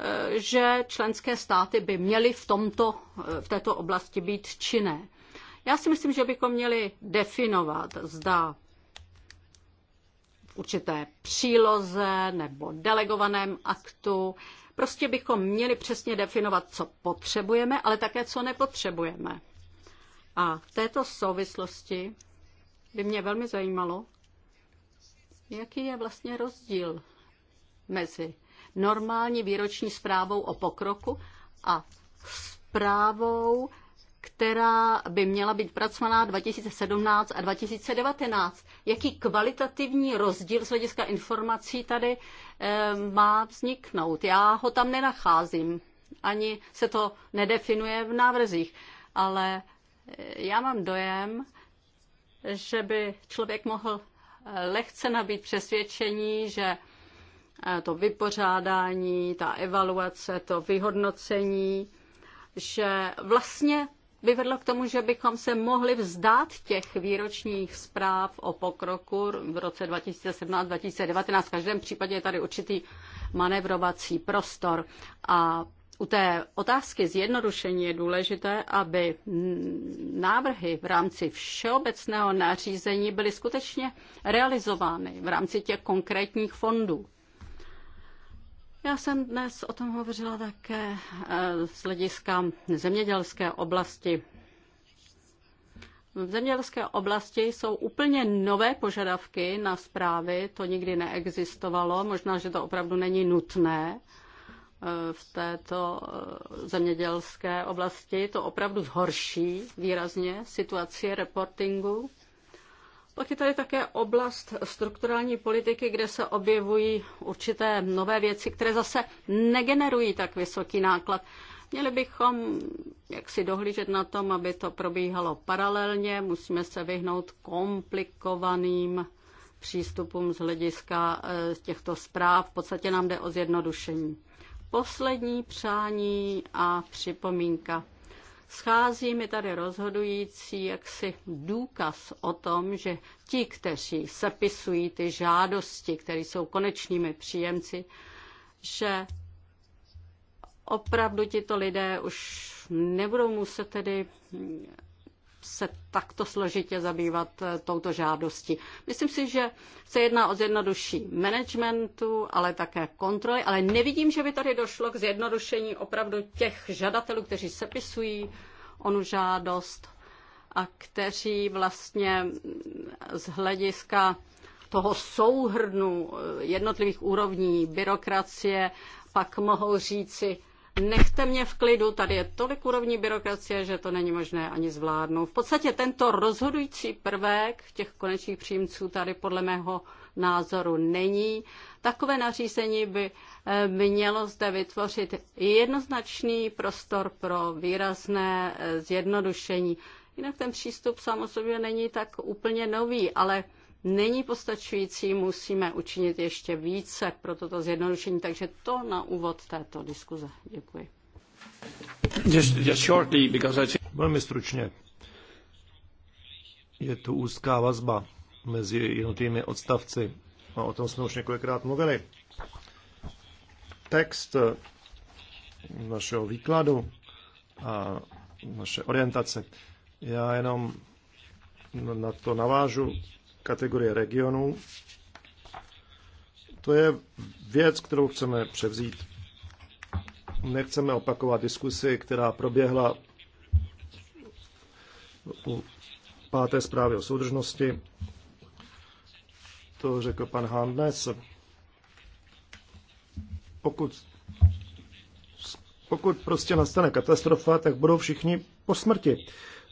eh, že členské státy by měly v, tomto, eh, v této oblasti být činné. Já si myslím, že bychom měli definovat, zda v určité příloze nebo delegovaném aktu. Prostě bychom měli přesně definovat, co potřebujeme, ale také, co nepotřebujeme. A v této souvislosti by mě velmi zajímalo, jaký je vlastně rozdíl mezi normální výroční zprávou o pokroku a zprávou, která by měla být pracovaná 2017 a 2019. Jaký kvalitativní rozdíl z hlediska informací tady e, má vzniknout? Já ho tam nenacházím, ani se to nedefinuje v návrzích, ale eh, já mám dojem, že by člověk mohl eh, lehce nabít přesvědčení, že eh, to vypořádání, ta evaluace, to vyhodnocení, že vlastně by vedlo k tomu, že bychom se mohli vzdát těch výročních zpráv o pokroku v roce 2017-2019. V každém případě je tady určitý manevrovací prostor a u té otázky zjednodušení je důležité, aby návrhy v rámci všeobecného nařízení byly skutečně realizovány v rámci těch konkrétních fondů. Já jsem dnes o tom hovořila také eh, z hlediska zemědělské oblasti. V zemědělské oblasti jsou úplně nové požadavky na zprávy, to nikdy neexistovalo, možná, že to opravdu není nutné, v této eh, zemědělské oblasti. To opravdu zhorší výrazně situaci reportingu. Pak je tady také oblast strukturální politiky, kde se objevují určité nové věci, které zase negenerují tak vysoký náklad. Měli bychom jak si dohlížet na tom, aby to probíhalo paralelně, musíme se vyhnout komplikovaným přístupům z hlediska eh, těchto zpráv. V podstatě nám jde o zjednodušení poslední přání a připomínka. Schází mi tady rozhodující jaksi důkaz o tom, že ti, kteří sepisují ty žádosti, které jsou konečnými příjemci, že opravdu tito lidé už nebudou muset tedy se takto složitě zabývat eh, touto žádostí. Myslím si, že se jedná o zjednodušší managementu, ale také kontroly, ale nevidím, že by tady došlo k zjednodušení opravdu těch žadatelů, kteří sepisují onu žádost a kteří vlastně z hlediska toho souhrnu eh, jednotlivých úrovní byrokracie pak mohou říci, nechte mě v klidu, tady je tolik úrovní byrokracie, že to není možné ani zvládnout. V podstatě tento rozhodující prvek těch konečných příjemců tady podle mého názoru není. Takové nařízení by eh, mělo zde vytvořit jednoznačný prostor pro výrazné eh, zjednodušení. Jinak ten přístup samozřejmě není tak úplně nový, ale není postačující, musíme učinit ještě více pro toto zjednodušení. Takže to na úvod této diskuze. Děkuji. Just, just shortly, because I think... Velmi stručně. Je tu úzká vazba mezi jednotlivými odstavci. A no, o tom jsme už několikrát mluvili. Text našeho eh, výkladu a naše orientace. Já jenom na to navážu kategorie regionů. To je věc, kterou chceme převzít. Nechceme opakovat diskusi, která proběhla u páté zprávy o soudržnosti. To řekl pan Hahn dnes. Pokud, pokud prostě nastane katastrofa, tak budou všichni po smrti.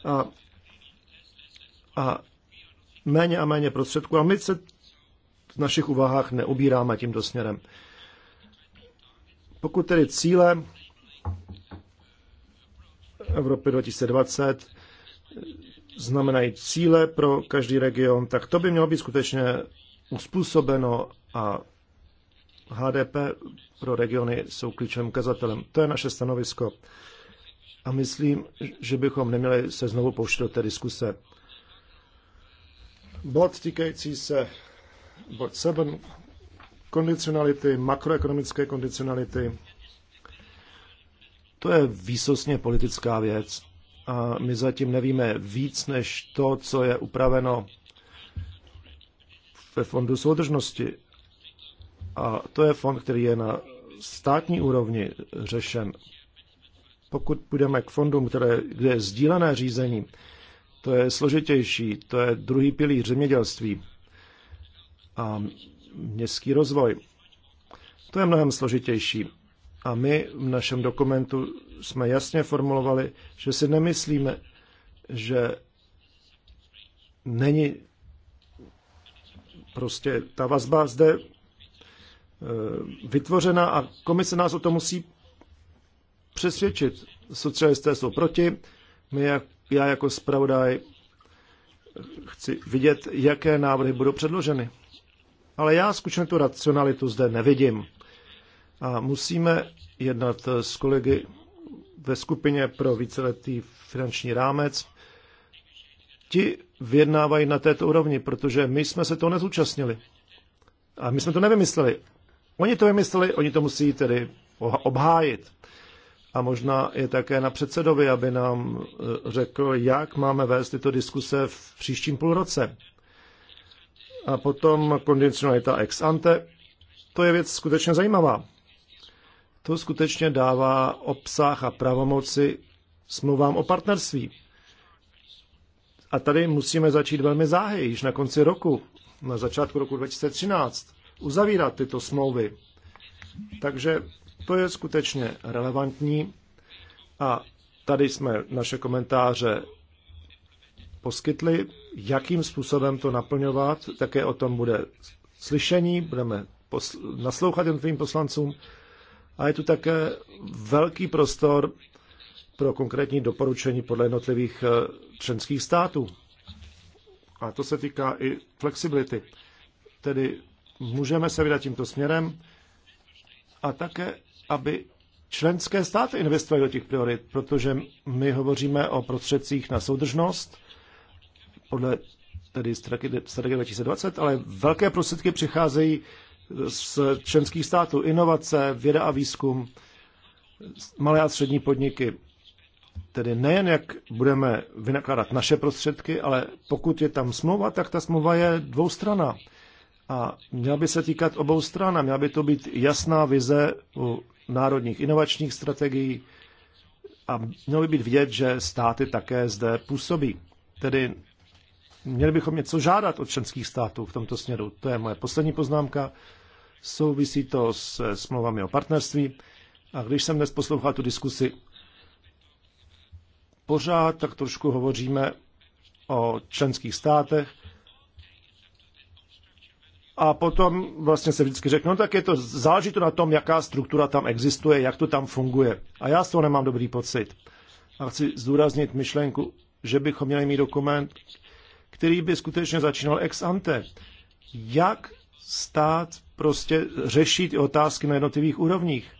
A, a méně a méně prostředků a my se v našich úvahách neubíráme tímto směrem. Pokud tedy cíle Evropy 2020 znamenají cíle pro každý region, tak to by mělo být skutečně uspůsobeno a HDP pro regiony jsou klíčovým ukazatelem. To je naše stanovisko. A myslím, že bychom neměli se znovu pouštět do té diskuse. Bod týkající se, bod 7, kondicionality, makroekonomické kondicionality. To je výsostně politická věc a my zatím nevíme víc než to, co je upraveno ve fondu soudržnosti. A to je fond, který je na státní úrovni řešen. Pokud půjdeme k fondům, které, kde je sdílené řízení, to je složitější, to je druhý pilíř zemědělství a městský rozvoj. To je mnohem složitější. A my v našem dokumentu jsme jasně formulovali, že si nemyslíme, že není prostě ta vazba zde e, vytvořena a komise nás o to musí přesvědčit. Socialisté jsou proti, my, jak, já jako zpravodaj chci vidět, jaké návrhy budou předloženy. Ale já skutečně tu racionalitu zde nevidím. A musíme jednat s kolegy ve skupině pro víceletý finanční rámec. Ti vyjednávají na této úrovni, protože my jsme se toho nezúčastnili. A my jsme to nevymysleli. Oni to vymysleli, oni to musí tedy obhájit a možná je také na předsedovi, aby nám eh, řekl, jak máme vést tyto diskuse v příštím půlroce. A potom kondicionalita ex ante. To je věc skutečně zajímavá. To skutečně dává obsah a pravomoci smluvám o partnerství. A tady musíme začít velmi záhy, již na konci roku, na začátku roku 2013, uzavírat tyto smlouvy. Takže to je skutečně relevantní a tady jsme naše komentáře poskytli, jakým způsobem to naplňovat, také o tom bude slyšení, budeme naslouchat jednotlivým poslancům a je tu také velký prostor pro konkrétní doporučení podle jednotlivých eh, členských států. A to se týká i flexibility. Tedy můžeme se vydat tímto směrem a také aby členské státy investovaly do těch priorit, protože my hovoříme o prostředcích na soudržnost podle tedy strategie 2020, ale velké prostředky přicházejí z členských států. Inovace, věda a výzkum, malé a střední podniky. Tedy nejen jak budeme vynakládat naše prostředky, ale pokud je tam smlouva, tak ta smlouva je dvoustrana a měl by se týkat obou stran a měla by to být jasná vize u národních inovačních strategií a mělo by být vidět, že státy také zde působí. Tedy měli bychom něco žádat od členských států v tomto směru. To je moje poslední poznámka. Souvisí to s smlouvami o partnerství. A když jsem dnes poslouchal tu diskusi, pořád tak trošku hovoříme o členských státech, a potom vlastně se vždycky řekne, no tak je to, záleží to na tom, jaká struktura tam existuje, jak to tam funguje. A já z toho nemám dobrý pocit. A chci zdůraznit myšlenku, že bychom měli mít dokument, který by skutečně začínal ex ante. Jak stát prostě řešit otázky na jednotlivých úrovních.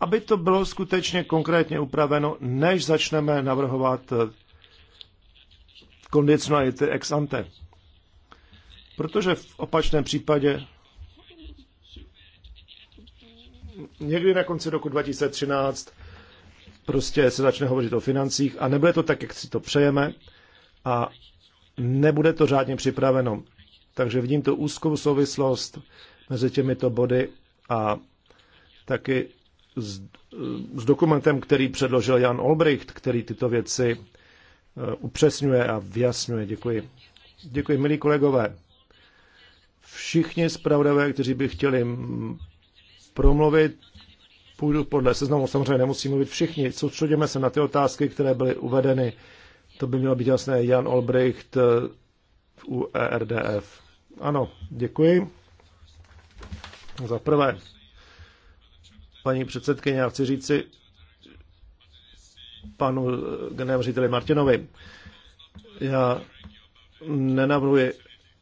Aby to bylo skutečně konkrétně upraveno, než začneme navrhovat kondicionality eh, ex ante. Protože v opačném případě někdy na konci roku 2013 prostě se začne hovořit o financích a nebude to tak, jak si to přejeme a nebude to řádně připraveno. Takže vidím tu úzkou souvislost mezi těmito body a taky s, s dokumentem, který předložil Jan Olbricht, který tyto věci eh, upřesňuje a vyjasňuje. Děkuji. Děkuji, milí kolegové všichni zpravodajové, kteří by chtěli promluvit, půjdu podle seznamu. Samozřejmě nemusí mluvit všichni. Soustředíme se na ty otázky, které byly uvedeny. To by mělo být jasné. Jan Olbricht eh, u ERDF. Ano, děkuji. Za prvé, paní předsedkyně, já chci říci panu generálu Martinovi, já nenavrhuji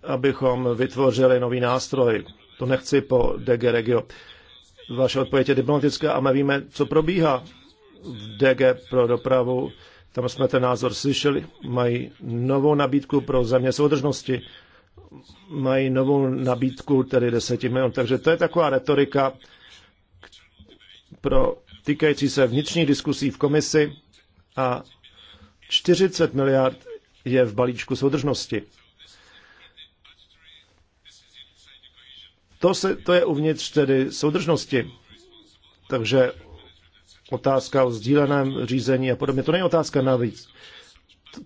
abychom vytvořili nový nástroj. To nechci po DG Regio. Vaše odpověď je diplomatická a my víme, co probíhá v DG pro dopravu. Tam jsme ten názor slyšeli. Mají novou nabídku pro země soudržnosti. Mají novou nabídku, tedy 10 milionů. Takže to je taková retorika pro týkající se vnitřních diskusí v komisi a 40 miliard je v balíčku soudržnosti. To, se, to je uvnitř tedy soudržnosti. Takže otázka o sdíleném řízení a podobně, to není otázka navíc.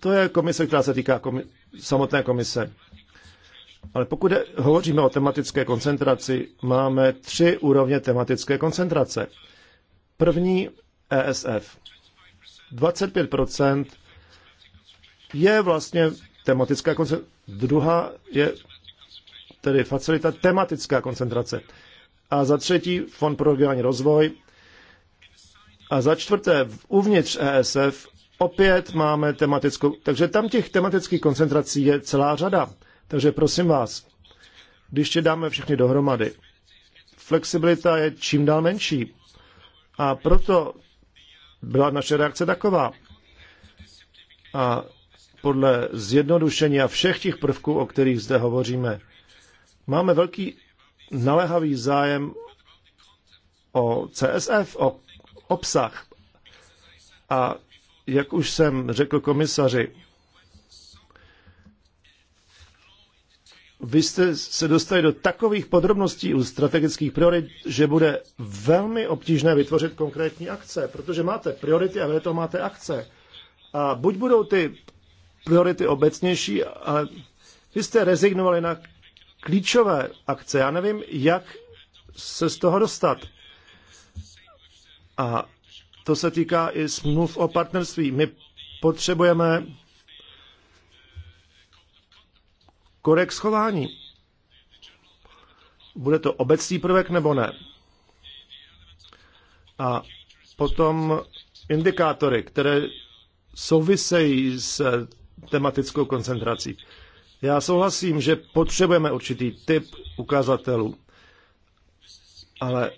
To je komise, která se týká komi- samotné komise. Ale pokud je, hovoříme o tematické koncentraci, máme tři úrovně tematické koncentrace. První ESF. 25 je vlastně tematická koncentrace. Druhá je tedy facilita tematická koncentrace. A za třetí Fond pro regionální rozvoj. A za čtvrté uvnitř ESF opět máme tematickou. Takže tam těch tematických koncentrací je celá řada. Takže prosím vás, když tě dáme všechny dohromady, flexibilita je čím dál menší. A proto byla naše reakce taková. A podle zjednodušení a všech těch prvků, o kterých zde hovoříme, Máme velký naléhavý zájem o CSF, o obsah. A jak už jsem řekl komisaři, vy jste se dostali do takových podrobností u strategických priorit, že bude velmi obtížné vytvořit konkrétní akce, protože máte priority a vy to máte akce. A buď budou ty priority obecnější, ale vy jste rezignovali na klíčové akce. Já nevím, jak se z toho dostat. A to se týká i smluv o partnerství. My potřebujeme korek schování. Bude to obecný prvek nebo ne? A potom indikátory, které souvisejí s tematickou koncentrací. Já souhlasím, že potřebujeme určitý typ ukazatelů, ale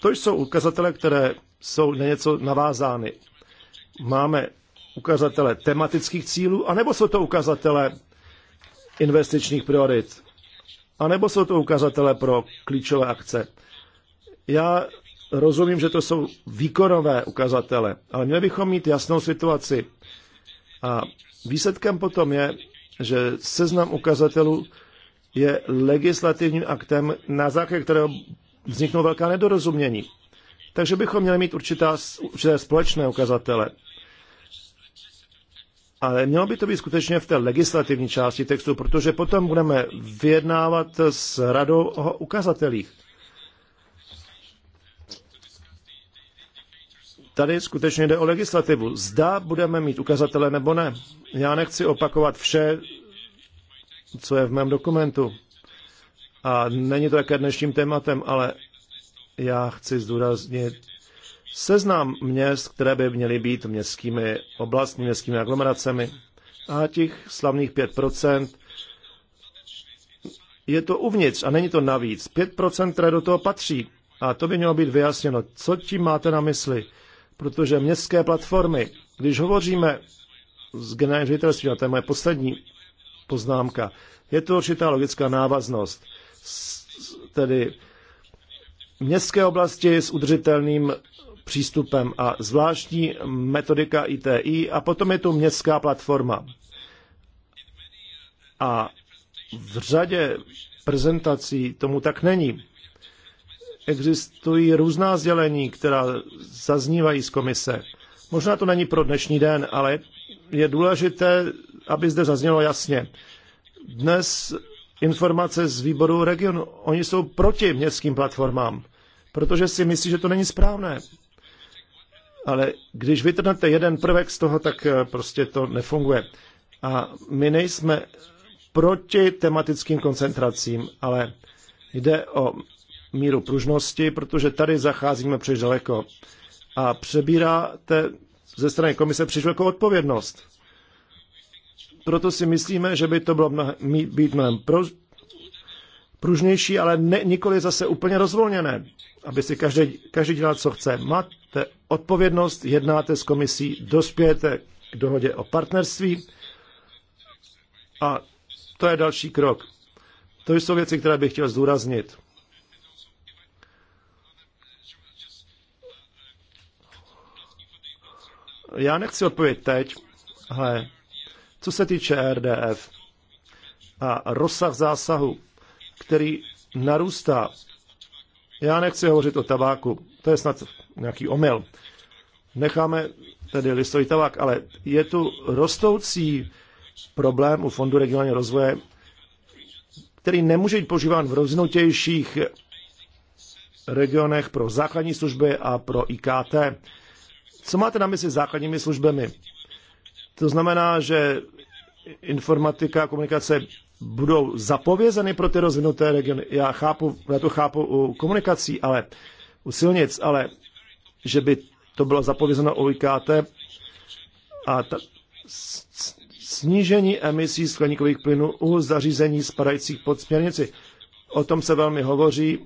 to jsou ukazatele, které jsou na něco navázány. Máme ukazatele tematických cílů, anebo jsou to ukazatele investičních priorit, anebo jsou to ukazatele pro klíčové akce. Já rozumím, že to jsou výkonové ukazatele, ale měli bychom mít jasnou situaci. A výsledkem potom je, že seznam ukazatelů je legislativním aktem, na základě kterého vzniknou velká nedorozumění. Takže bychom měli mít určitá, určité společné ukazatele. Ale mělo by to být skutečně v té legislativní části textu, protože potom budeme vyjednávat s radou o ukazatelích. Tady skutečně jde o legislativu. Zda budeme mít ukazatele nebo ne. Já nechci opakovat vše, co je v mém dokumentu. A není to také dnešním tématem, ale já chci zdůraznit seznam měst, které by měly být městskými oblastmi, městskými aglomeracemi. A těch slavných 5% je to uvnitř a není to navíc. 5%, které do toho patří. A to by mělo být vyjasněno. Co tím máte na mysli? protože městské platformy, když hovoříme s generálním ředitelstvím, a to je moje poslední poznámka, je to určitá logická návaznost. Tedy městské oblasti s udržitelným přístupem a zvláštní metodika ITI a potom je tu městská platforma. A v řadě prezentací tomu tak není existují různá sdělení, která zaznívají z komise. Možná to není pro dnešní den, ale je důležité, aby zde zaznělo jasně. Dnes informace z výboru regionu, oni jsou proti městským platformám, protože si myslí, že to není správné. Ale když vytrhnete jeden prvek z toho, tak eh, prostě to nefunguje. A my nejsme proti tematickým koncentracím, ale jde o míru pružnosti, protože tady zacházíme příliš daleko. A přebíráte ze strany komise příliš velkou odpovědnost. Proto si myslíme, že by to bylo mnohem, být mnohem pro, pružnější, ale ne, nikoli zase úplně rozvolněné, aby si každý, každý dělal, co chce. Máte odpovědnost, jednáte s komisí, dospějete k dohodě o partnerství a to je další krok. To jsou věci, které bych chtěl zdůraznit. Já nechci odpovědět teď, ale co se týče RDF a rozsah zásahu, který narůstá, já nechci hovořit o tabáku, to je snad nějaký omyl. Necháme tedy listový tabák, ale je tu rostoucí problém u Fondu regionálního rozvoje, který nemůže být používán v rozvinutějších regionech pro základní služby a pro IKT. Co máte na mysli základními službami? To znamená, že informatika a komunikace budou zapovězeny pro ty rozvinuté regiony. Já, chápu, já to chápu u komunikací, ale u silnic, ale že by to bylo zapovězeno u IKT a ta, snížení emisí skleníkových plynů u zařízení spadajících pod směrnici. O tom se velmi hovoří,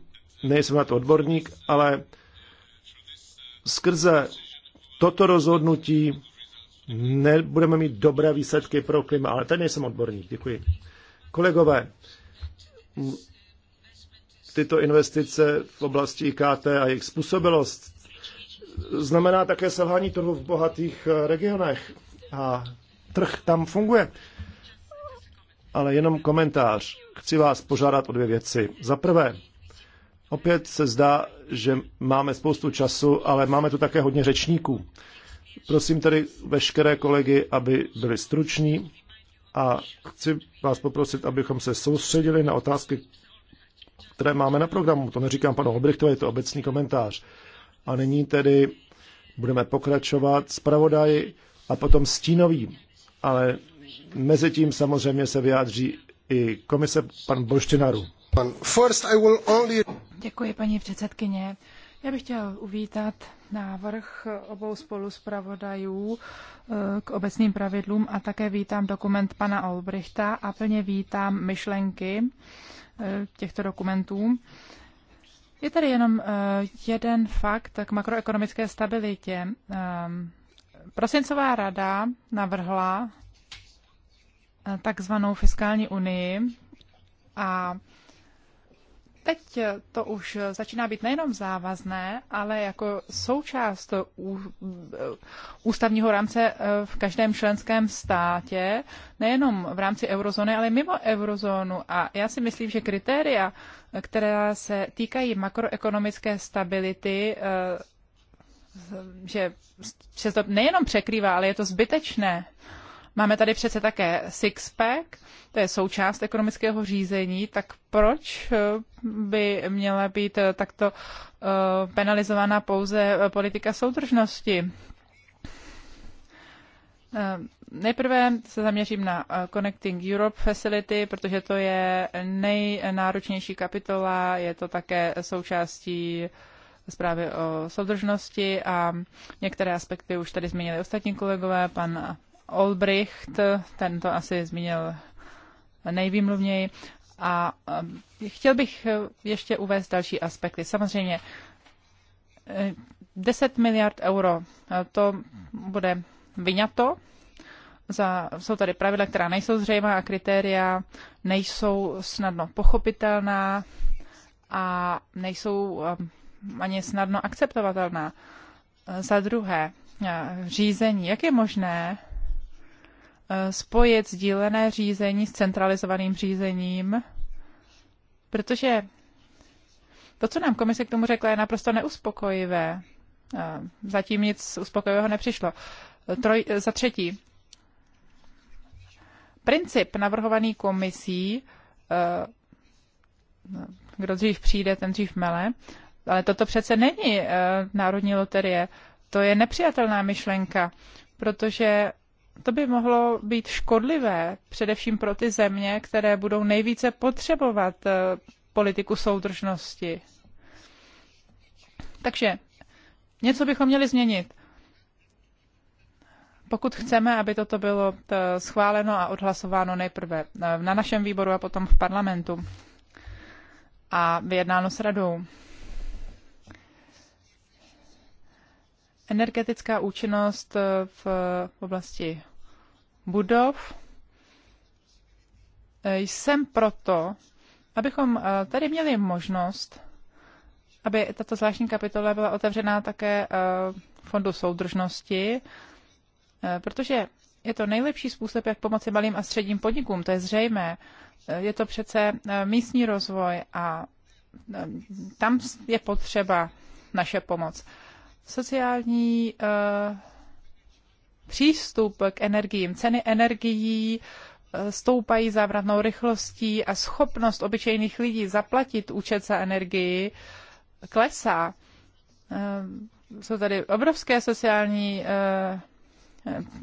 nejsem na to odborník, ale skrze toto rozhodnutí nebudeme mít dobré výsledky pro klima, ale tady nejsem odborník. Děkuji. Kolegové, tyto investice v oblasti IKT a jejich způsobilost znamená také selhání trhu v bohatých eh, regionech a trh tam funguje. Ale jenom komentář. Chci vás požádat o dvě věci. Za prvé, Opět se zdá, že máme spoustu času, ale máme tu také hodně řečníků. Prosím tedy veškeré kolegy, aby byli struční a chci vás poprosit, abychom se soustředili na otázky, které máme na programu. To neříkám panu Obrichtovi, je to obecný komentář. A nyní tedy budeme pokračovat s pravodají a potom stínovým. Ale mezi tím samozřejmě se vyjádří i komise pan Boštinaru. Děkuji, paní předsedkyně. Já bych chtěl uvítat návrh obou spoluzpravodajů eh, k obecným pravidlům a také vítám dokument pana Olbrichta a plně vítám myšlenky eh, těchto dokumentů. Je tady jenom eh, jeden fakt k makroekonomické stabilitě. Ehm, prosincová rada navrhla takzvanou fiskální unii a Teď to už začíná být nejenom závazné, ale jako součást ústavního rámce eh, v každém členském státě, nejenom v rámci eurozóny, ale mimo eurozónu. A já si myslím, že kritéria, která se týkají makroekonomické stability, eh, že se to nejenom překrývá, ale je to zbytečné. Máme tady přece také six-pack, to je součást ekonomického řízení, tak proč eh, by měla být eh, takto eh, penalizována pouze politika soudržnosti? Nejprve se zaměřím na Connecting Europe Facility, protože to je nejnáročnější kapitola, je to také součástí zprávy o soudržnosti a některé aspekty už tady zmínili ostatní kolegové, pan Olbricht, ten to asi zmínil nejvýmluvněji. A eh, chtěl bych eh, ještě uvést další aspekty. Samozřejmě 10 eh, miliard euro, to bude vyňato. Za, jsou tady pravidla, která nejsou zřejmá a kritéria nejsou snadno pochopitelná a nejsou ani snadno akceptovatelná. Za druhé, řízení. Jak je možné, Eh, spojit sdílené řízení s centralizovaným řízením, protože to, co nám komise k tomu řekla, je naprosto neuspokojivé. Eh, zatím nic uspokojivého nepřišlo. Troj, eh, za třetí, princip navrhovaný komisí, kdo dřív přijde, ten dřív mele, ale toto přece není národní loterie. To je nepřijatelná myšlenka, protože to by mohlo být škodlivé, především pro ty země, které budou nejvíce potřebovat eh, politiku soudržnosti. Takže něco bychom měli změnit. Pokud chceme, aby toto bylo eh, schváleno a odhlasováno nejprve eh, na našem výboru a potom v parlamentu a vyjednáno s radou. energetická účinnost eh, v oblasti budov. Eh, jsem proto, abychom eh, tady měli možnost, aby tato zvláštní kapitola byla otevřená také Fondu soudržnosti, protože je to nejlepší způsob, jak pomoci malým a středním podnikům, to je zřejmé. Je to přece místní rozvoj a tam je potřeba naše pomoc. Sociální uh, přístup k energiím, ceny energií eh, stoupají závratnou rychlostí a schopnost obyčejných lidí zaplatit účet za energii klesá. Eh, jsou tady obrovské sociální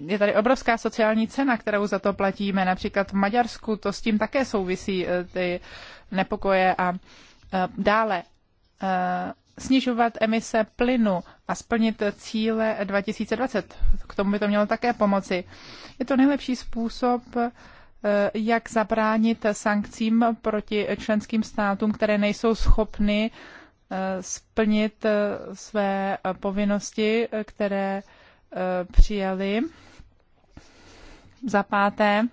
je tady obrovská sociální cena, kterou za to platíme. Například v Maďarsku to s tím také souvisí ty nepokoje a dále snižovat emise plynu a splnit cíle 2020. K tomu by to mělo také pomoci. Je to nejlepší způsob, eh, jak zabránit sankcím proti členským státům, které nejsou schopny eh, splnit eh, své povinnosti, které přijali. Za páté,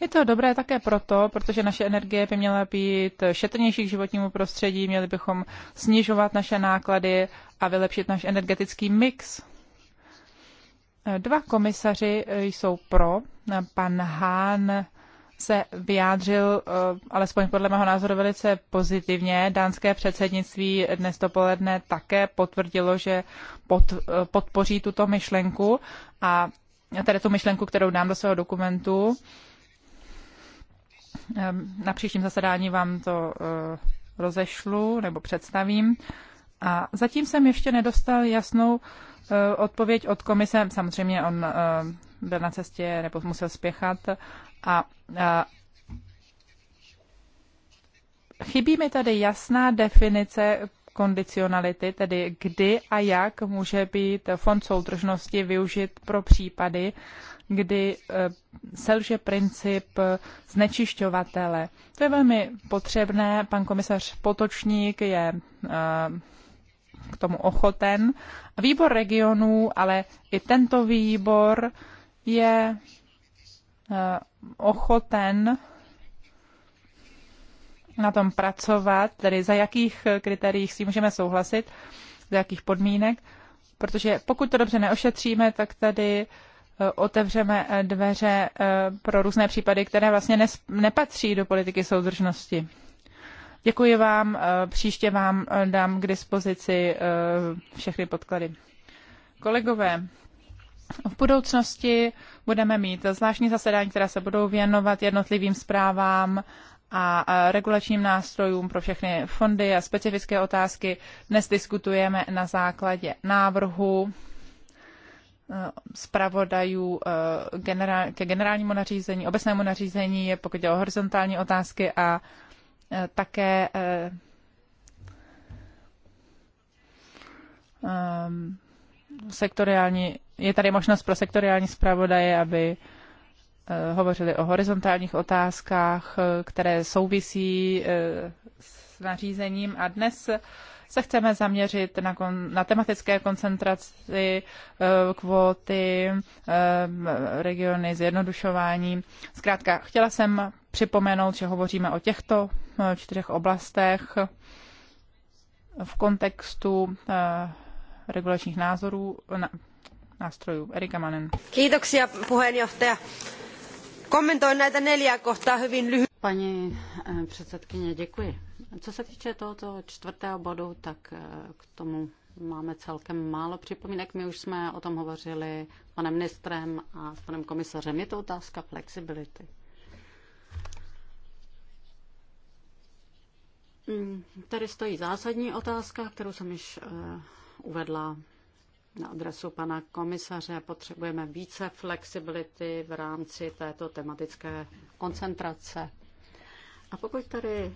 je to dobré také proto, protože naše energie by měla být šetrnější k životnímu prostředí, měli bychom snižovat naše náklady a vylepšit náš energetický mix. Dva komisaři jsou pro. Pan Hahn se vyjádřil, eh, alespoň podle mého názoru, velice pozitivně. Dánské předsednictví dnes dopoledne také potvrdilo, že pod, eh, podpoří tuto myšlenku a tedy tu myšlenku, kterou dám do svého dokumentu. Ehm, na příštím zasedání vám to eh, rozešlu nebo představím. A zatím jsem ještě nedostal jasnou eh, odpověď od komise. Samozřejmě on eh, byl na cestě nebo musel spěchat. A, chybí mi tady jasná definice kondicionality, tedy kdy a jak může být fond soudržnosti využit pro případy, kdy eh, selže princip eh, znečišťovatele. To je velmi potřebné. Pan komisař Potočník je eh, k tomu ochoten. Výbor regionů, ale i tento výbor je ochoten na tom pracovat, tedy za jakých kritériích si můžeme souhlasit, za jakých podmínek, protože pokud to dobře neošetříme, tak tady otevřeme eh, dveře eh, pro různé případy, které vlastně nes, nepatří do politiky soudržnosti. Děkuji vám, eh, příště vám dám k dispozici všechny podklady. Kolegové, v budoucnosti budeme mít zvláštní zasedání, která se budou věnovat jednotlivým zprávám a regulačním nástrojům pro všechny fondy a specifické otázky. Dnes diskutujeme na základě návrhu zpravodajů eh, generál, ke generálnímu nařízení, obecnému nařízení, pokud jde o horizontální otázky a eh, také eh, ehm, sektoriální, je tady možnost pro sektoriální zpravodaje, aby hovořili o horizontálních otázkách, které souvisí s nařízením a dnes se chceme zaměřit na, kon, na tematické koncentraci, eh, kvóty, eh, regiony, zjednodušování. Zkrátka, chtěla jsem připomenout, že hovoříme o těchto eh, čtyřech oblastech v kontextu regulačních názorů, nástrojů. Erika Manen. Kiitoksia puheenjohtaja. Komentoin näitä neljää kohtaa hyvin lyhyesti. Paní předsedkyně, děkuji. Co se týče tohoto čtvrtého bodu, tak eh, k tomu máme celkem málo připomínek. My už jsme o tom hovořili s panem ministrem a s panem komisařem. Je to otázka flexibility. Mm, tady stojí zásadní otázka, kterou jsem již eh, uvedla na adresu pana komisaře. Potřebujeme více flexibility v rámci této tematické koncentrace. A pokud tady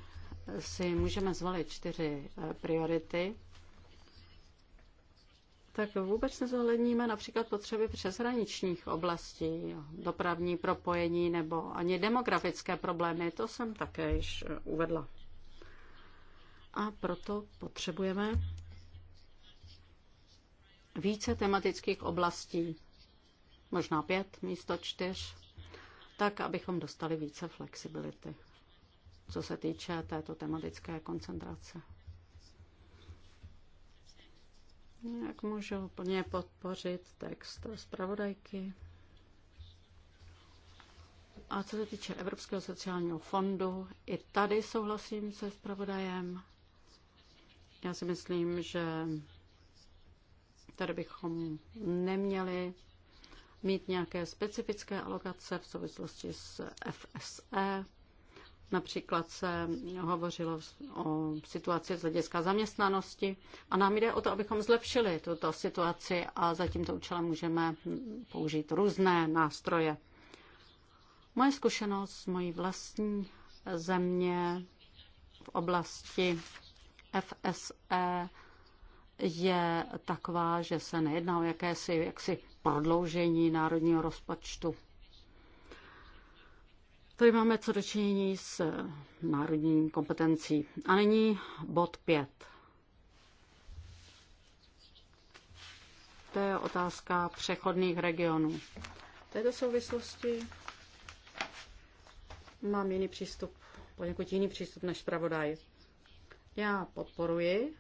si můžeme zvolit čtyři eh, priority, tak vůbec nezohledníme například potřeby přeshraničních oblastí, dopravní propojení nebo ani demografické problémy. To jsem také již eh, uvedla. A proto potřebujeme více tematických oblastí, možná pět místo čtyř, tak abychom dostali více flexibility co se týče této tematické koncentrace. Jak můžu plně podpořit text zpravodajky? A co se týče Evropského sociálního fondu, i tady souhlasím se zpravodajem. Já si myslím, že tady bychom neměli mít nějaké specifické alokace v souvislosti s FSE, Například se hovořilo o situaci z hlediska zaměstnanosti a nám jde o to, abychom zlepšili tuto situaci a za tímto účelem můžeme použít různé nástroje. Moje zkušenost z mojí vlastní země v oblasti FSE je taková, že se nejedná o jakési jaksi prodloužení národního rozpočtu. Tady máme co dočinění s eh, národní kompetencí. A nyní bod 5. To je otázka přechodných regionů. V této souvislosti mám jiný přístup, poněkud jiný přístup než zpravodaj. Já podporuji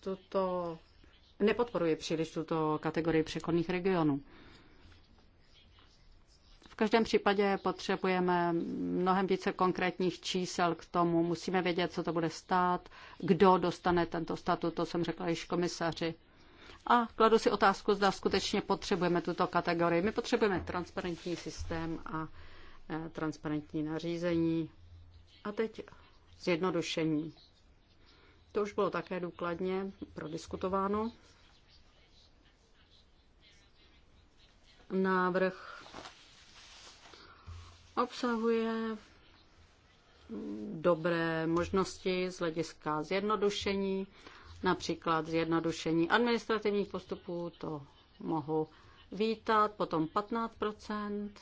tuto, nepodporuji příliš tuto kategorii přechodných regionů. V každém případě potřebujeme mnohem více konkrétních čísel k tomu. Musíme vědět, co to bude stát, kdo dostane tento statut, to jsem řekla již komisaři. A kladu si otázku, zda skutečně potřebujeme tuto kategorii. My potřebujeme transparentní systém a e, transparentní nařízení. A teď zjednodušení. To už bylo také důkladně prodiskutováno. Návrh obsahuje dobré možnosti z hlediska zjednodušení, například zjednodušení administrativních postupů, to mohu vítat, potom 15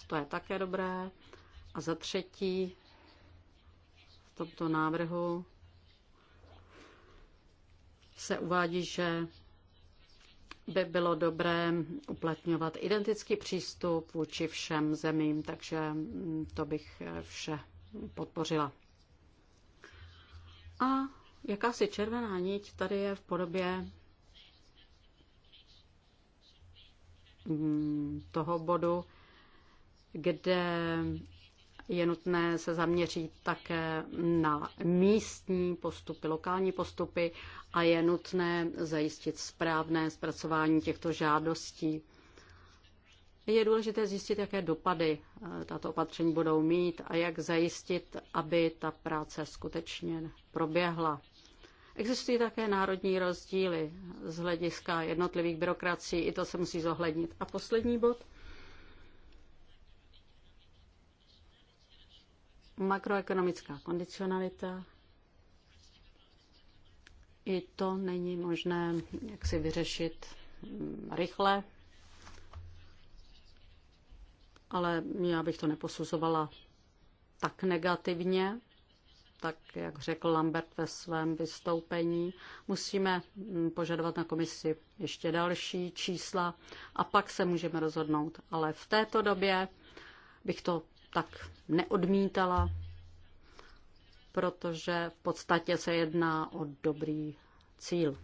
to je také dobré. A za třetí v tomto návrhu se uvádí, že by bylo dobré uplatňovat identický přístup vůči všem zemím, takže mm, to bych eh, vše podpořila. A jakási červená niť tady je v podobě mm, toho bodu, kde je nutné se zaměřit také na místní postupy, lokální postupy a je nutné zajistit správné zpracování těchto žádostí. Je důležité zjistit, jaké dopady eh, tato opatření budou mít a jak zajistit, aby ta práce skutečně proběhla. Existují také národní rozdíly z hlediska jednotlivých byrokracií, i to se musí zohlednit. A poslední bod – makroekonomická kondicionalita. I to není možné jak si vyřešit mm, rychle, ale já bych to neposuzovala tak negativně, tak jak řekl Lambert ve svém vystoupení. Musíme mm, požadovat na komisi ještě další čísla a pak se můžeme rozhodnout. Ale v této době bych to tak neodmítala, protože v podstatě se jedná o dobrý cíl.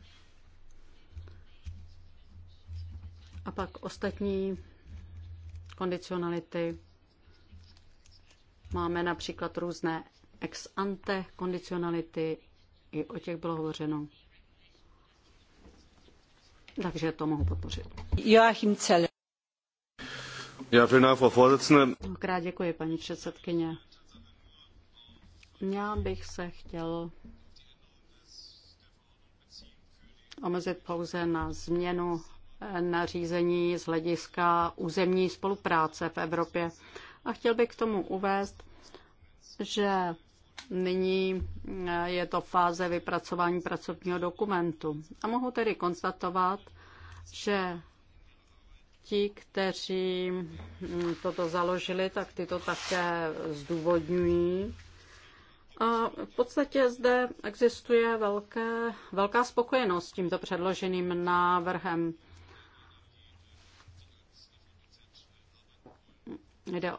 A pak ostatní kondicionality. Máme například různé ex ante kondicionality, i o těch bylo hovořeno. Takže to mohu podpořit. Joachim Celer. Mnohokrát děkuji, paní předsedkyně. Já bych se chtěl omezit pouze na změnu eh, nařízení z hlediska územní spolupráce v Evropě. A chtěl bych k tomu uvést, že nyní eh, je to fáze vypracování pracovního dokumentu. A mohu tedy konstatovat, že ti, kteří mm, toto založili, tak ty to také zdůvodňují. A v podstatě zde existuje velké, velká spokojenost s tímto předloženým návrhem. Jde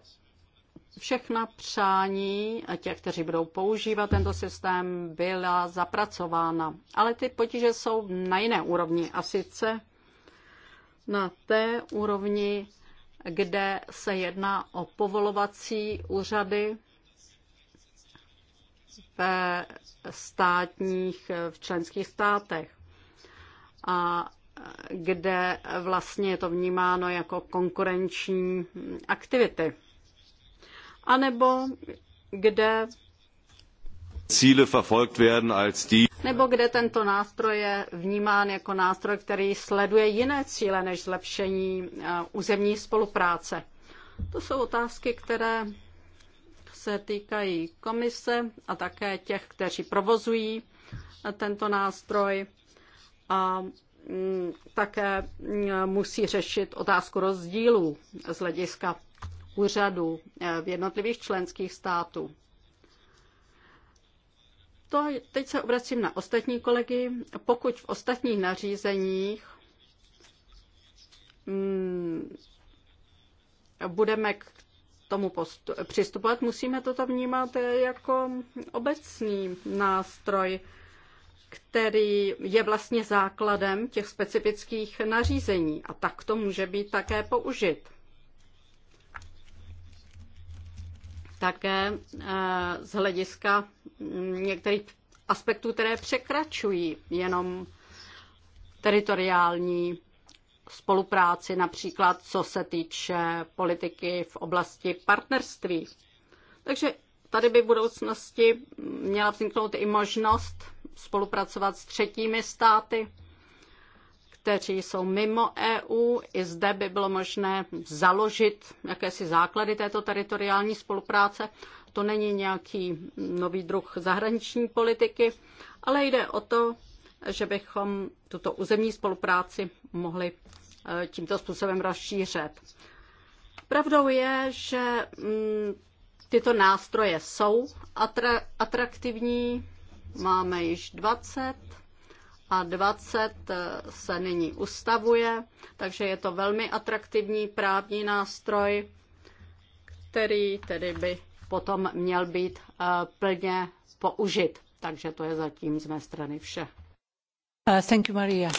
všechna přání těch, kteří budou používat tento systém, byla zapracována. Ale ty potíže jsou na jiné úrovni. A sice na té úrovni, kde se jedná o povolovací úřady ve státních, v členských státech a kde vlastně je to vnímáno jako konkurenční aktivity. A nebo kde Ziele verfolgt werden als die nebo kde tento nástroj je vnímán jako nástroj, který sleduje jiné cíle než zlepšení eh, územní spolupráce. To jsou otázky, které se týkají komise a také těch, kteří provozují eh, tento nástroj a mm, také mm, musí řešit otázku rozdílů z hlediska úřadů eh, v jednotlivých členských států. To teď se obracím na ostatní kolegy. Pokud v ostatních nařízeních hmm, budeme k tomu přistupovat, musíme toto vnímat jako obecný nástroj, který je vlastně základem těch specifických nařízení a tak to může být také použit. také eh, z hlediska mm, některých aspektů, které překračují jenom teritoriální spolupráci, například co se týče politiky v oblasti partnerství. Takže tady by v budoucnosti měla vzniknout i možnost spolupracovat s třetími státy kteří jsou mimo EU. I zde by bylo možné založit jakési základy této teritoriální spolupráce. To není nějaký nový druh zahraniční politiky, ale jde o to, že bychom tuto územní spolupráci mohli eh, tímto způsobem rozšířet. Pravdou je, že mm, tyto nástroje jsou atraktivní. Máme již 20 a 20 eh, se nyní ustavuje, takže je to velmi atraktivní právní nástroj, který tedy by potom měl být eh, plně použit. Takže to je zatím z mé strany vše. Uh, thank you, Maria.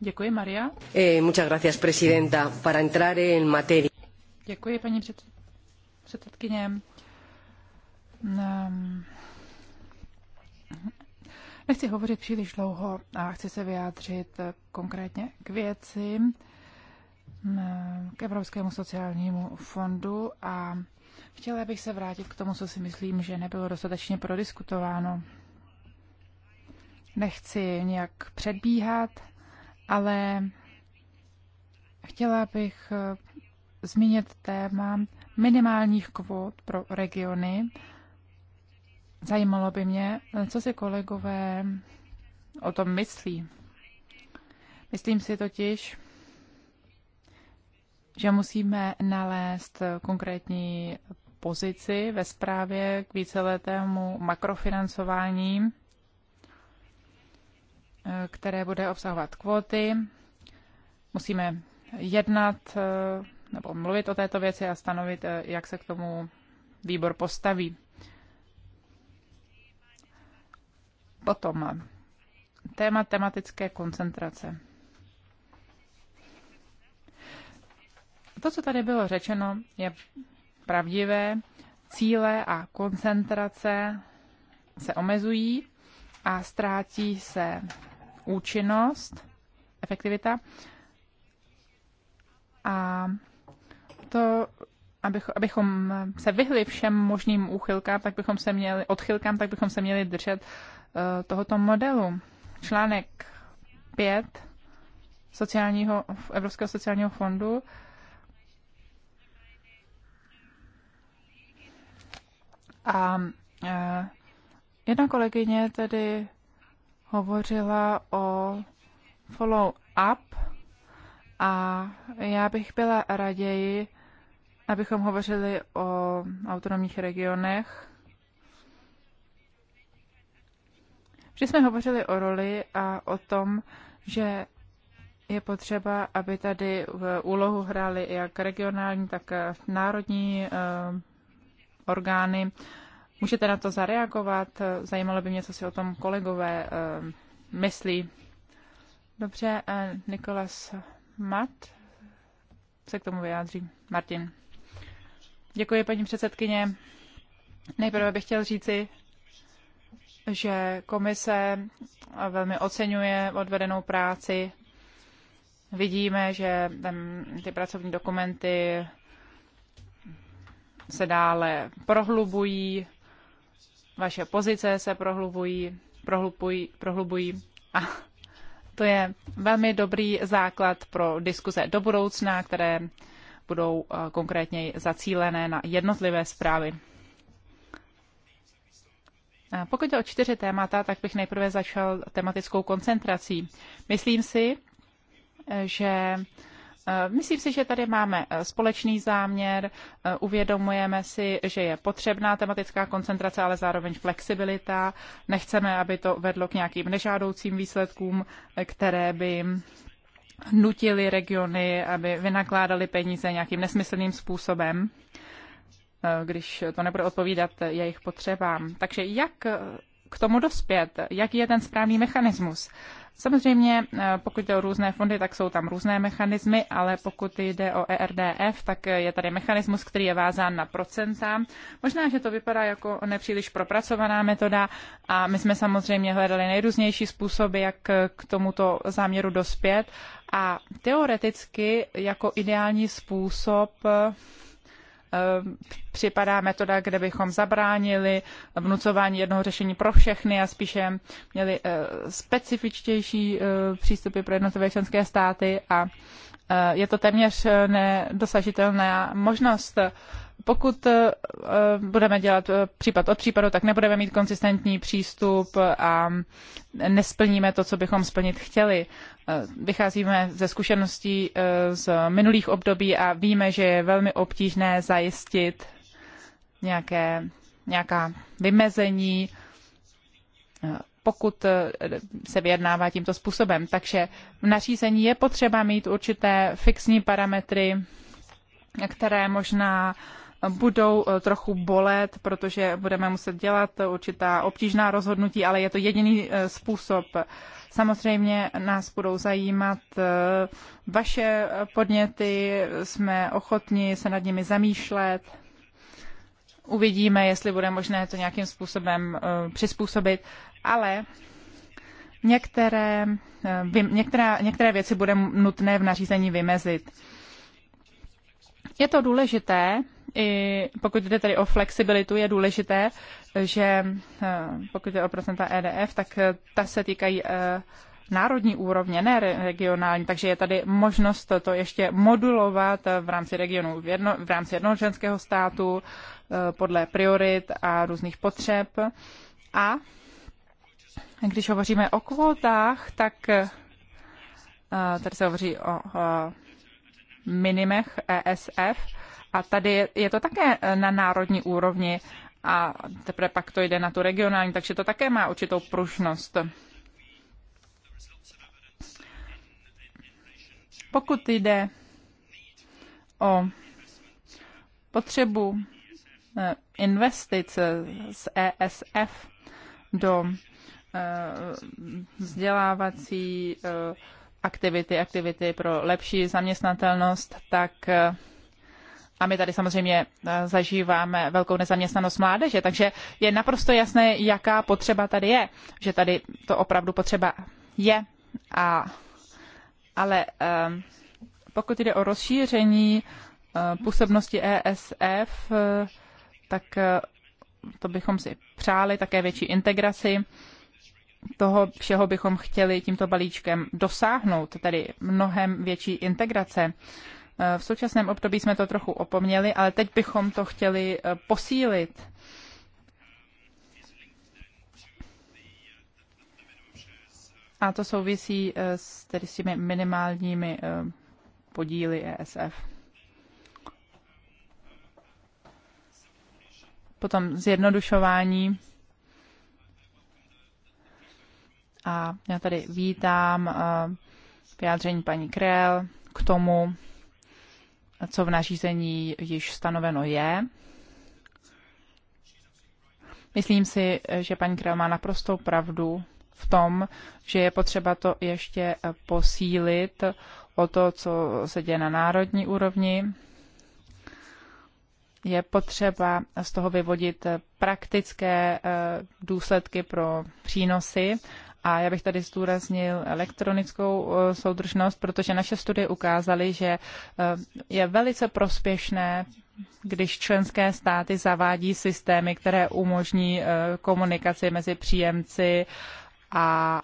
Děkuji, Maria. Eh, muchas gracias, presidenta. Para entrar en materia. Děkuji, paní před, předsedkyně. Um, Nechci hovořit příliš dlouho a chci se vyjádřit konkrétně k věci, mm, k Evropskému sociálnímu fondu a chtěla bych se vrátit k tomu, co si myslím, že nebylo dostatečně prodiskutováno. Nechci nějak předbíhat, ale chtěla bych eh, zmínit téma minimálních kvót pro regiony Zajímalo by mě, co si kolegové o tom myslí. Myslím si totiž, že musíme nalézt konkrétní pozici ve zprávě k víceletému makrofinancování, které bude obsahovat kvóty. Musíme jednat eh, nebo mluvit o této věci a stanovit, eh, jak se k tomu výbor postaví. Potom eh, téma tematické koncentrace. To, co tady bylo řečeno, je pravdivé. Cíle a koncentrace se omezují a ztrácí se účinnost, efektivita. A to, abychom se vyhli všem možným úchylkám, tak bychom se měli, odchylkám, tak bychom se měli držet Eh, tohoto modelu. Článek 5 sociálního, Evropského sociálního fondu a eh, jedna kolegyně tedy hovořila o follow-up a já bych byla raději, abychom hovořili o autonomních regionech, že jsme hovořili o roli a o tom, že je potřeba, aby tady v úlohu hrály jak regionální, tak národní eh, orgány. Můžete na to zareagovat? Zajímalo by mě, co si o tom kolegové eh, myslí. Dobře, eh, Nikolas Mat se k tomu vyjádří. Martin. Děkuji, paní předsedkyně. Nejprve bych chtěl říci, že komise velmi oceňuje odvedenou práci. Vidíme, že ten, ty pracovní dokumenty se dále prohlubují, vaše pozice se prohlubují, prohlubují, prohlubují. A to je velmi dobrý základ pro diskuze do budoucna, které budou eh, konkrétně zacílené na jednotlivé zprávy. Pokud jde o čtyři témata, tak bych nejprve začal tematickou koncentrací. Myslím si, že eh, Myslím si, že tady máme eh, společný záměr, eh, uvědomujeme si, že je potřebná tematická koncentrace, ale zároveň flexibilita. Nechceme, aby to vedlo k nějakým nežádoucím výsledkům, které by nutily regiony, aby vynakládali peníze nějakým nesmyslným způsobem. Eh, když to nebude odpovídat jejich potřebám. Takže jak eh, k tomu dospět? Jaký je ten správný mechanismus? Samozřejmě, eh, pokud jde o různé fondy, tak jsou tam různé mechanismy, ale pokud jde o ERDF, tak je tady mechanismus, který je vázán na procenta. Možná, že to vypadá jako nepříliš propracovaná metoda a my jsme samozřejmě hledali nejrůznější způsoby, jak k tomuto záměru dospět. A teoreticky jako ideální způsob Ehm, připadá metoda, kde bychom zabránili vnucování jednoho řešení pro všechny a spíše měli eh, specifičtější eh, přístupy pro jednotlivé členské státy a eh, je to téměř nedosažitelná možnost. Pokud eh, eh, budeme dělat eh, případ od případu, tak nebudeme mít konsistentní přístup a nesplníme to, co bychom splnit chtěli. Vycházíme ze zkušeností z minulých období a víme, že je velmi obtížné zajistit nějaké, nějaká vymezení, pokud se vyjednává tímto způsobem. Takže v nařízení je potřeba mít určité fixní parametry, které možná budou eh, trochu bolet, protože budeme muset dělat určitá obtížná rozhodnutí, ale je to jediný eh, způsob. Samozřejmě nás budou zajímat eh, vaše podněty, jsme ochotni se nad nimi zamýšlet. Uvidíme, jestli bude možné to nějakým způsobem přizpůsobit, ale některé, některá, některé věci bude nutné v nařízení vymezit. Je to důležité, i pokud jde tady o flexibilitu, je důležité, že eh, pokud jde o procenta EDF, tak eh, ta se týkají eh, národní úrovně, ne regionální, takže je tady možnost to ještě modulovat v rámci regionu, v, jedno, v rámci jednoho státu podle priorit a různých potřeb. A když hovoříme o kvótách, tak tady se hovoří o minimech ESF, a tady je to také eh, na národní úrovni a teprve pak to jde na tu regionální, takže to také má určitou pružnost. Pokud jde o potřebu eh, investic eh, z ESF do vzdělávací aktivity, aktivity pro lepší zaměstnatelnost, tak a my tady samozřejmě eh, zažíváme velkou nezaměstnanost mládeže, takže je naprosto jasné, jaká potřeba tady je, že tady to opravdu potřeba je. A, ale eh, pokud jde o rozšíření eh, působnosti ESF, tak to bychom si přáli, také větší integraci. Toho všeho bychom chtěli tímto balíčkem dosáhnout, tedy mnohem větší integrace. V současném období jsme to trochu opomněli, ale teď bychom to chtěli eh, posílit. A to souvisí eh, s, tedy s těmi minimálními eh, podíly ESF. Potom zjednodušování. A já tady vítám vyjádření paní Krell k tomu, co v nařízení již stanoveno je. Myslím si, že paní Král má naprostou pravdu v tom, že je potřeba to ještě posílit o to, co se děje na národní úrovni. Je potřeba z toho vyvodit praktické eh, důsledky pro přínosy a já bych tady zdůraznil elektronickou eh, soudržnost, protože naše studie ukázaly, že eh, je velice prospěšné když členské státy zavádí systémy, které umožní eh, komunikaci mezi příjemci a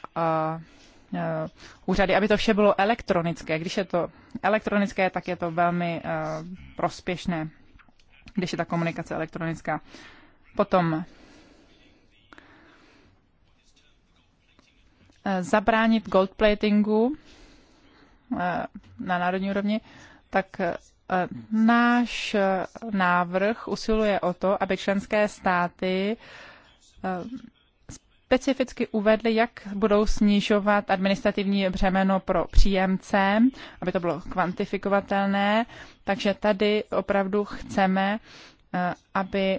úřady, aby to vše bylo elektronické. Když je to elektronické, tak je to velmi prospěšné, když je ta komunikace elektronická. Potom zabránit goldplatingu eh, na národní úrovni, tak eh, náš eh, návrh usiluje o to, aby členské státy specificky uvedly, jak budou snižovat administrativní břemeno pro příjemce, aby to bylo kvantifikovatelné. Takže tady opravdu chceme, Eh, aby eh,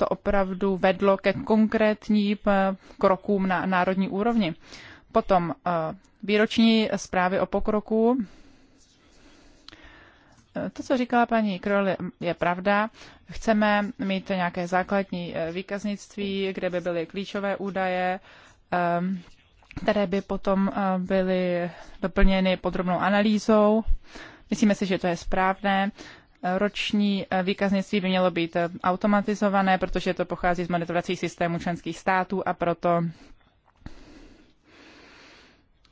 to opravdu vedlo ke konkrétním eh, krokům na národní úrovni. Potom výroční zprávy o pokroku. To, co říkala paní Kroly, je pravda. Chceme mít nějaké základní výkaznictví, kde by byly klíčové údaje, které by potom byly doplněny podrobnou analýzou. Myslíme si, že to je správné roční eh, výkaznictví by mělo být eh, automatizované, protože to pochází z monitorovacích systémů členských států a proto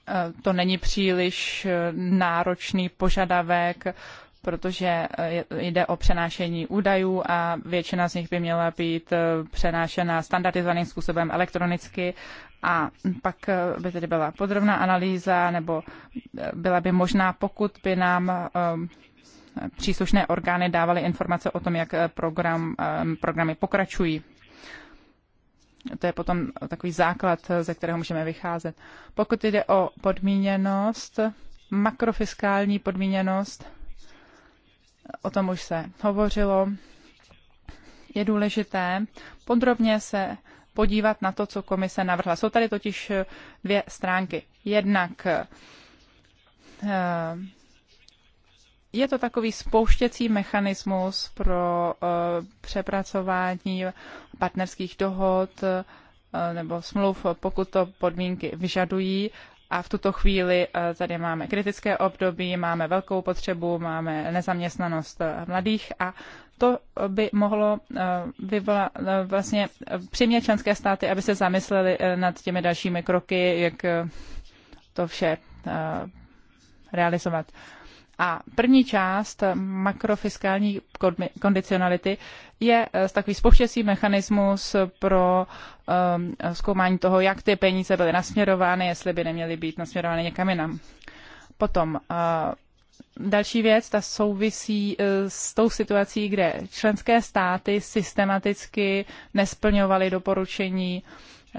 eh, to není příliš náročný požadavek, protože jde o přenášení údajů a většina z nich by měla být přenášena standardizovaným způsobem elektronicky a pak by tedy byla podrobná analýza nebo byla by možná, pokud by nám příslušné orgány dávaly informace o tom, jak eh, program, eh, programy pokračují. To je potom takový základ, eh, ze kterého můžeme vycházet. Pokud jde o podmíněnost, makrofiskální podmíněnost, o tom už se hovořilo, je důležité podrobně se podívat na to, co komise navrhla. Jsou tady totiž dvě stránky. Jednak je to takový spouštěcí mechanismus pro eh, přepracování partnerských dohod eh, nebo smluv, pokud to podmínky vyžadují. A v tuto chvíli eh, tady máme kritické období, máme velkou potřebu, máme nezaměstnanost mladých a to by mohlo vyvola, vlastně přimět členské státy, aby se zamysleli nad těmi dalšími kroky, jak to vše realizovat. A první část makrofiskální kondicionality je eh, takový spouštěcí mechanismus pro um, zkoumání toho, jak ty peníze byly nasměrovány, jestli by neměly být nasměrovány někam jinam. Potom uh, další věc, ta souvisí uh, s tou situací, kde členské státy systematicky nesplňovaly doporučení uh,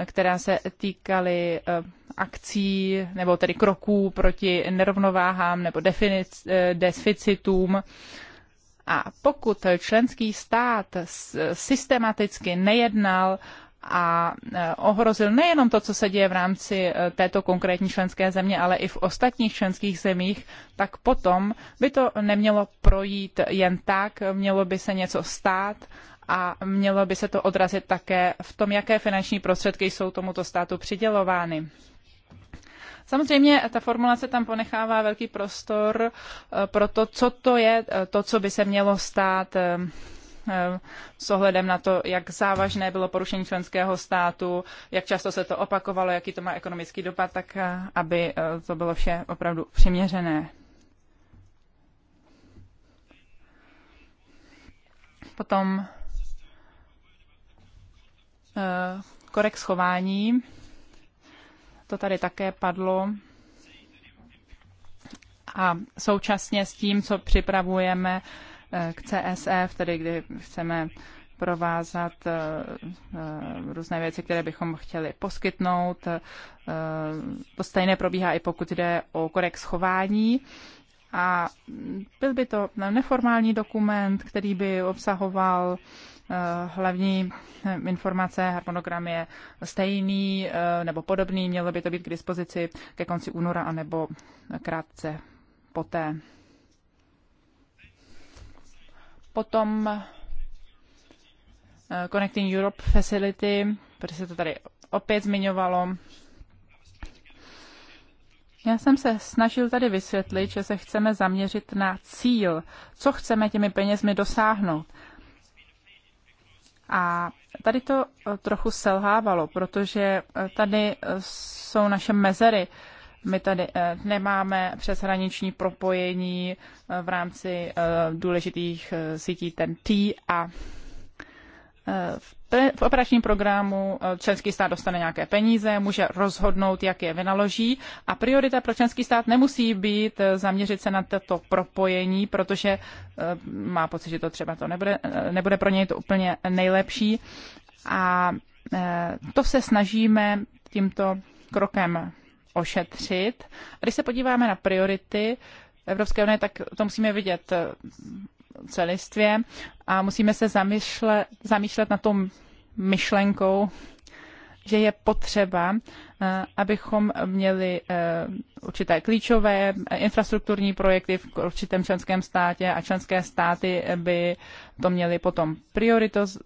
která se týkaly eh, akcí nebo tedy kroků proti nerovnováhám nebo definic, eh, deficitům. A pokud členský stát systematicky nejednal a eh, ohrozil nejenom to, co se děje v rámci této konkrétní členské země, ale i v ostatních členských zemích, tak potom by to nemělo projít jen tak, mělo by se něco stát a mělo by se to odrazit také v tom, jaké finanční prostředky jsou tomuto státu přidělovány. Samozřejmě ta formulace tam ponechává velký prostor eh, pro to, co to je, eh, to, co by se mělo stát eh, s ohledem na to, jak závažné bylo porušení členského státu, jak často se to opakovalo, jaký to má ekonomický dopad, tak aby to bylo vše opravdu přiměřené. Potom Eh, korek schování. to tady také padlo. A současně s tím, co připravujeme eh, k CSF, tedy kdy chceme provázat eh, různé věci, které bychom chtěli poskytnout. To stejné probíhá i pokud jde o korek schování. A byl by to neformální dokument, který by obsahoval Eh, hlavní eh, informace, harmonogram je stejný eh, nebo podobný, mělo by to být k dispozici ke konci února anebo krátce poté. Potom Connecting Europe Facility, protože se to tady opět zmiňovalo. Já jsem se snažil tady vysvětlit, že se chceme zaměřit na cíl, co chceme těmi penězmi dosáhnout. A tady to eh, trochu selhávalo, protože eh, tady eh, jsou naše mezery. My tady nemáme přeshraniční propojení v rámci důležitých sítí ten T a v, pre, v operačním programu e, členský stát dostane nějaké peníze, může rozhodnout, jak je vynaloží a priorita pro členský stát nemusí být e, zaměřit se na toto propojení, protože e, má pocit, že to třeba to nebude, nebude pro něj to úplně nejlepší a to se snažíme tímto krokem ošetřit. Když se podíváme na priority Evropské unie, tak to musíme vidět celistvě a musíme se zamýšlet, zamýšlet na tom myšlenkou, že je potřeba, eh, abychom měli eh, určité klíčové eh, infrastrukturní projekty v určitém členském státě a členské státy by to měly potom prioritos,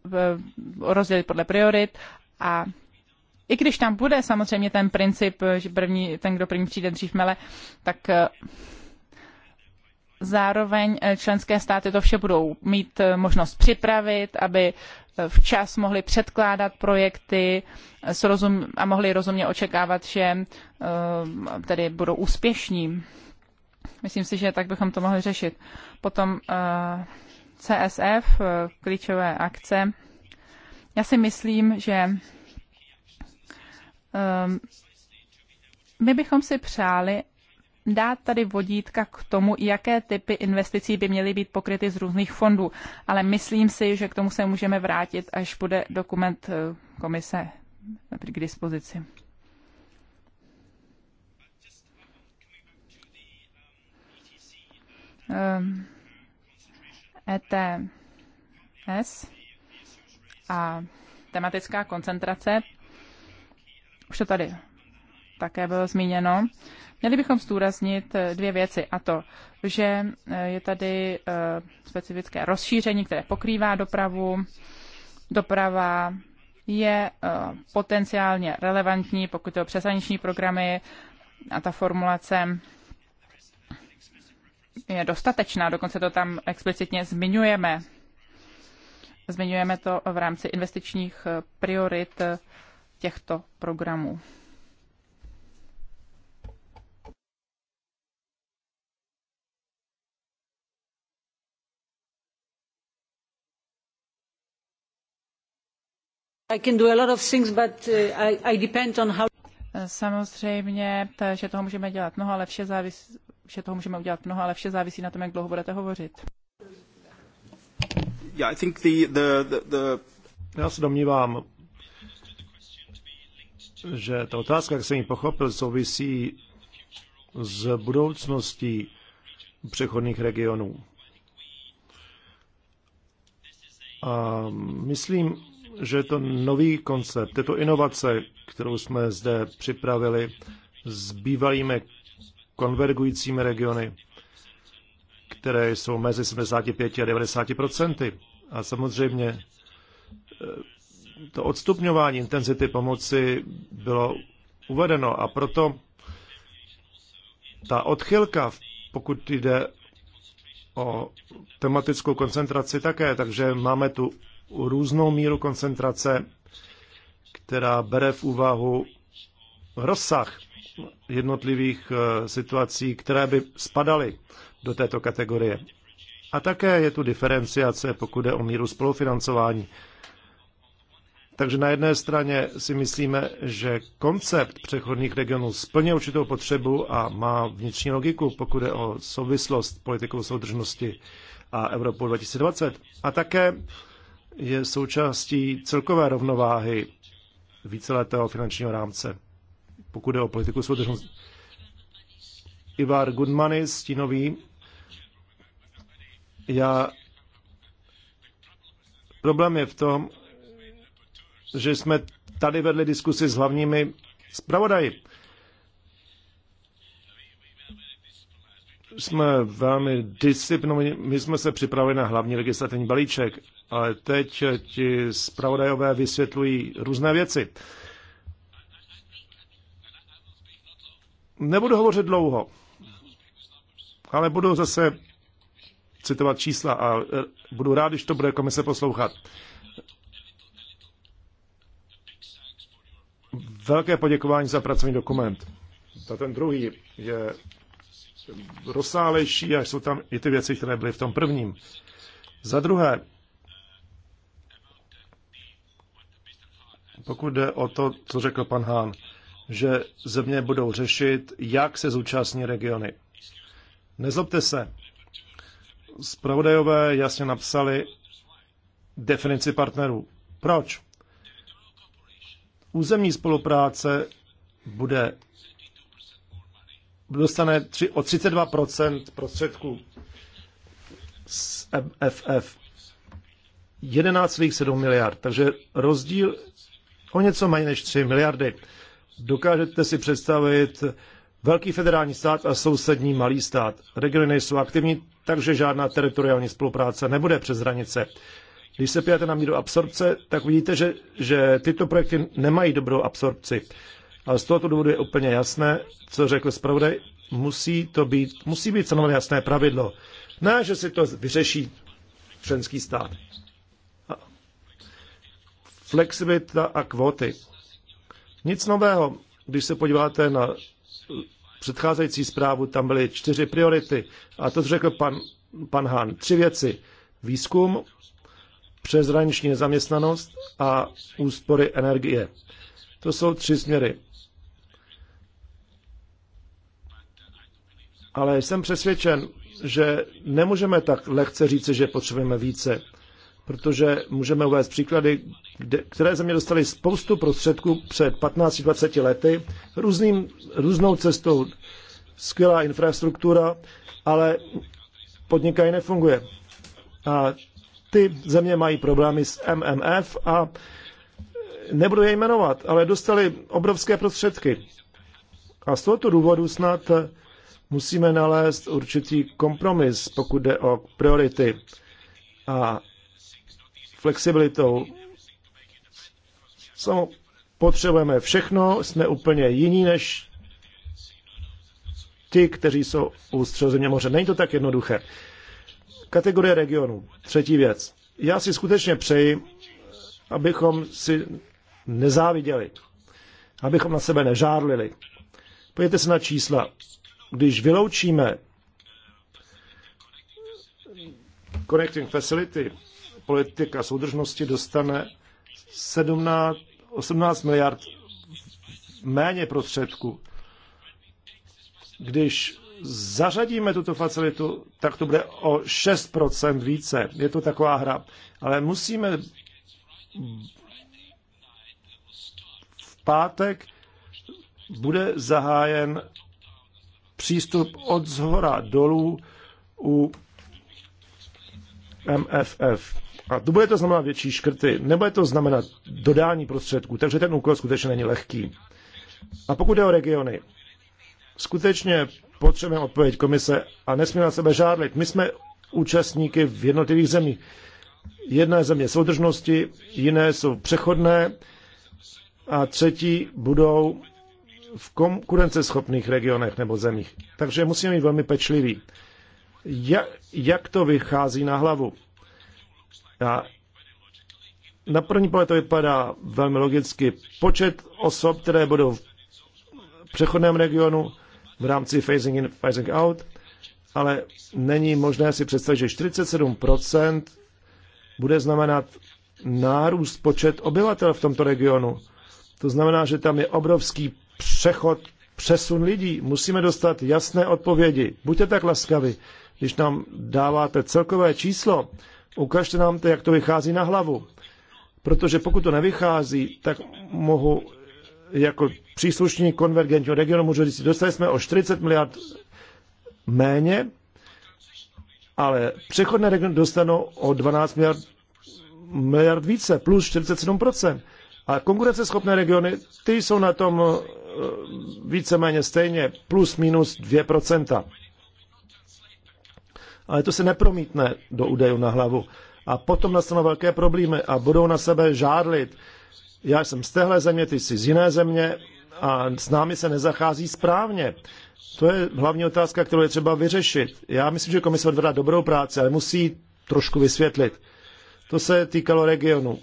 rozdělit podle priorit a i když tam bude samozřejmě ten princip, že první, ten, kdo první přijde dřív mele, tak zároveň eh, členské státy to vše budou mít eh, možnost připravit, aby eh, včas mohli předkládat projekty a mohli rozumně očekávat, že tedy budou úspěšní. Myslím si, že tak bychom to mohli řešit. Potom CSF, klíčové akce. Já si myslím, že my bychom si přáli, dát tady vodítka k tomu, jaké typy investicí by měly být pokryty z různých fondů. Ale myslím si, že k tomu se můžeme vrátit, až bude dokument eh, komise k dispozici. ETS eh, e a tematická koncentrace, už to tady také bylo zmíněno. Měli bychom zdůraznit eh, dvě věci, a to, že eh, je tady eh, specifické rozšíření, které pokrývá dopravu. Doprava je potenciálně relevantní, pokud to přesaniční programy a ta formulace je dostatečná, dokonce to tam explicitně zmiňujeme. Zmiňujeme to v rámci investičních priorit těchto programů. Samozřejmě, že toho můžeme dělat mnoho, ale vše závisí, že toho můžeme udělat mnoho, ale vše závisí na tom, jak dlouho budete hovořit. Já se domnívám, že ta otázka, jak jsem ji pochopil, souvisí s budoucností přechodných regionů. A myslím, že to nový koncept, tyto inovace, kterou jsme zde připravili s bývalými konvergujícími regiony, které jsou mezi 75 a 90 procenty. A samozřejmě eh, to odstupňování intenzity pomoci bylo uvedeno a proto ta odchylka, pokud jde o tematickou koncentraci také, takže máme tu různou míru koncentrace, která bere v úvahu rozsah jednotlivých eh, situací, které by spadaly do této kategorie. A také je tu diferenciace, pokud je o míru spolufinancování. Takže na jedné straně si myslíme, že koncept přechodných regionů splně určitou potřebu a má vnitřní logiku, pokud je o souvislost politikou soudržnosti a Evropu 2020. A také je součástí celkové rovnováhy víceletého finančního rámce, pokud je o politiku soudržnosti. Ivar Gudmany, stínový. Já... Problém je v tom, že jsme tady vedli diskusi s hlavními zpravodaji. jsme velmi disciplinovaní, my jsme se připravili na hlavní legislativní balíček, ale teď ti zpravodajové vysvětlují různé věci. Nebudu hovořit dlouho, ale budu zase citovat čísla a e, budu rád, když to bude komise poslouchat. Velké poděkování za pracovní dokument. Za ten druhý je rozsálejší a jsou tam i ty věci, které byly v tom prvním. Za druhé, pokud jde o to, co řekl pan Hán, že země budou řešit, jak se zúčastní regiony. Nezlobte se, zpravodajové jasně napsali definici partnerů. Proč? Územní spolupráce bude dostane tři, o 32% prostředků z MFF. 11,7 miliard, takže rozdíl o něco méně než 3 miliardy. Dokážete si představit velký federální stát a sousední malý stát. Regiony nejsou aktivní, takže žádná teritoriální spolupráce nebude přes hranice. Když se pijete na míru absorpce, tak vidíte, že, že tyto projekty nemají dobrou absorpci. Ale z tohoto důvodu je úplně jasné, co řekl zpravodaj, musí to být, musí být stanoveno jasné pravidlo. Ne, že si to vyřeší členský stát. Flexibilita a kvóty. Nic nového, když se podíváte na předcházející zprávu, tam byly čtyři priority. A to řekl pan, pan Han, Tři věci. Výzkum, přezraniční zaměstnanost a úspory energie. To jsou tři směry. Ale jsem přesvědčen, že nemůžeme tak lehce říci, že potřebujeme více, protože můžeme uvést příklady, kde, které země dostaly spoustu prostředků před 15-20 lety různým, různou cestou. Skvělá infrastruktura, ale podnikají nefunguje. A ty země mají problémy s MMF a nebudu je jmenovat, ale dostali obrovské prostředky. A z tohoto důvodu snad Musíme nalézt určitý kompromis, pokud jde o priority a flexibilitou. Samo potřebujeme všechno, jsme úplně jiní než ti, kteří jsou u středozemě moře. Není to tak jednoduché. Kategorie regionů. Třetí věc. Já si skutečně přeji, abychom si nezáviděli, abychom na sebe nežárlili. Pojďte se na čísla když vyloučíme Connecting Facility, politika soudržnosti dostane 17, 18 miliard méně prostředků. Když zařadíme tuto facilitu, tak to bude o 6% více. Je to taková hra. Ale musíme v pátek bude zahájen přístup od zhora dolů u MFF. A to bude to znamenat větší škrty, nebude to znamenat dodání prostředků, takže ten úkol skutečně není lehký. A pokud jde o regiony, skutečně potřebujeme odpověď komise a nesmíme na sebe žádlit. My jsme účastníky v jednotlivých zemích. Jedné země soudržnosti, jiné jsou přechodné a třetí budou v konkurenceschopných regionech nebo zemích. Takže musíme být velmi pečliví. Jak, jak to vychází na hlavu? A na první pohled to vypadá velmi logicky. Počet osob, které budou v přechodném regionu v rámci phasing in, phasing out, ale není možné si představit, že 47% bude znamenat nárůst počet obyvatel v tomto regionu. To znamená, že tam je obrovský přechod, přesun lidí. Musíme dostat jasné odpovědi. Buďte tak laskavi, když nám dáváte celkové číslo, ukažte nám to, jak to vychází na hlavu. Protože pokud to nevychází, tak mohu jako příslušník konvergentního regionu můžu říct, dostali jsme o 40 miliard méně, ale přechodné regiony dostanou o 12 miliard, miliard více, plus 47%. A konkurenceschopné regiony, ty jsou na tom Eh, víceméně stejně, plus minus 2%. Ale to se nepromítne do údajů na hlavu. A potom nastanou velké problémy a budou na sebe žádlit. Já jsem z téhle země, ty jsi z jiné země a s námi se nezachází správně. To je hlavní otázka, kterou je třeba vyřešit. Já myslím, že komise odvedla dobrou práci, ale musí trošku vysvětlit. To se týkalo regionu.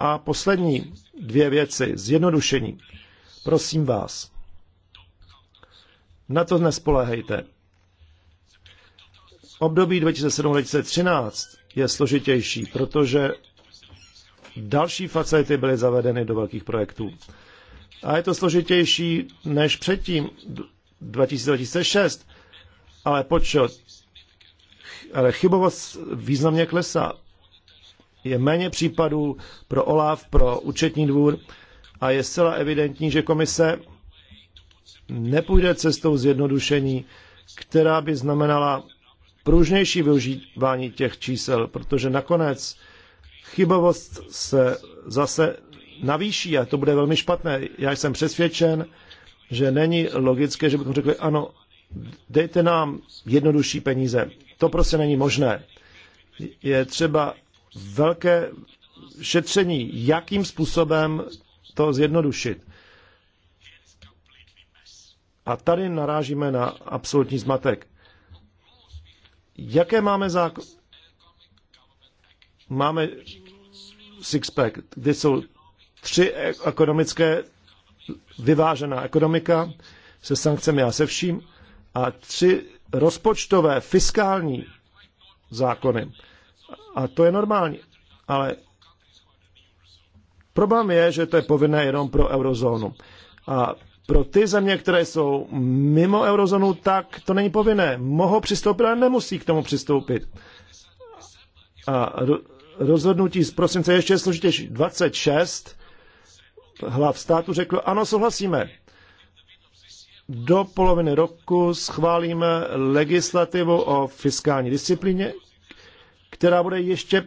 A poslední dvě věci. Zjednodušení. Prosím vás, na to nespoléhejte. Období 2007-2013 je složitější, protože další facility byly zavedeny do velkých projektů. A je to složitější než předtím, 2006, ale počet, ale chybovost významně klesá. Je méně případů pro OLAF, pro účetní dvůr a je zcela evidentní, že komise nepůjde cestou zjednodušení, která by znamenala pružnější využívání těch čísel, protože nakonec chybovost se zase navýší a to bude velmi špatné. Já jsem přesvědčen, že není logické, že bychom řekli, ano, dejte nám jednodušší peníze. To prostě není možné. Je třeba velké šetření, jakým způsobem to zjednodušit. A tady narážíme na absolutní zmatek. Jaké máme zákon? Máme sixpack, kde jsou tři e- ekonomické vyvážená ekonomika se sankcemi a se vším a tři rozpočtové, fiskální zákony. A to je normální. Ale Problém je, že to je povinné jenom pro eurozónu. A pro ty země, které jsou mimo eurozónu, tak to není povinné. Mohou přistoupit, ale nemusí k tomu přistoupit. A rozhodnutí z prosince je ještě složitější. 26 hlav státu řeklo, ano, souhlasíme. Do poloviny roku schválíme legislativu o fiskální disciplíně, která bude ještě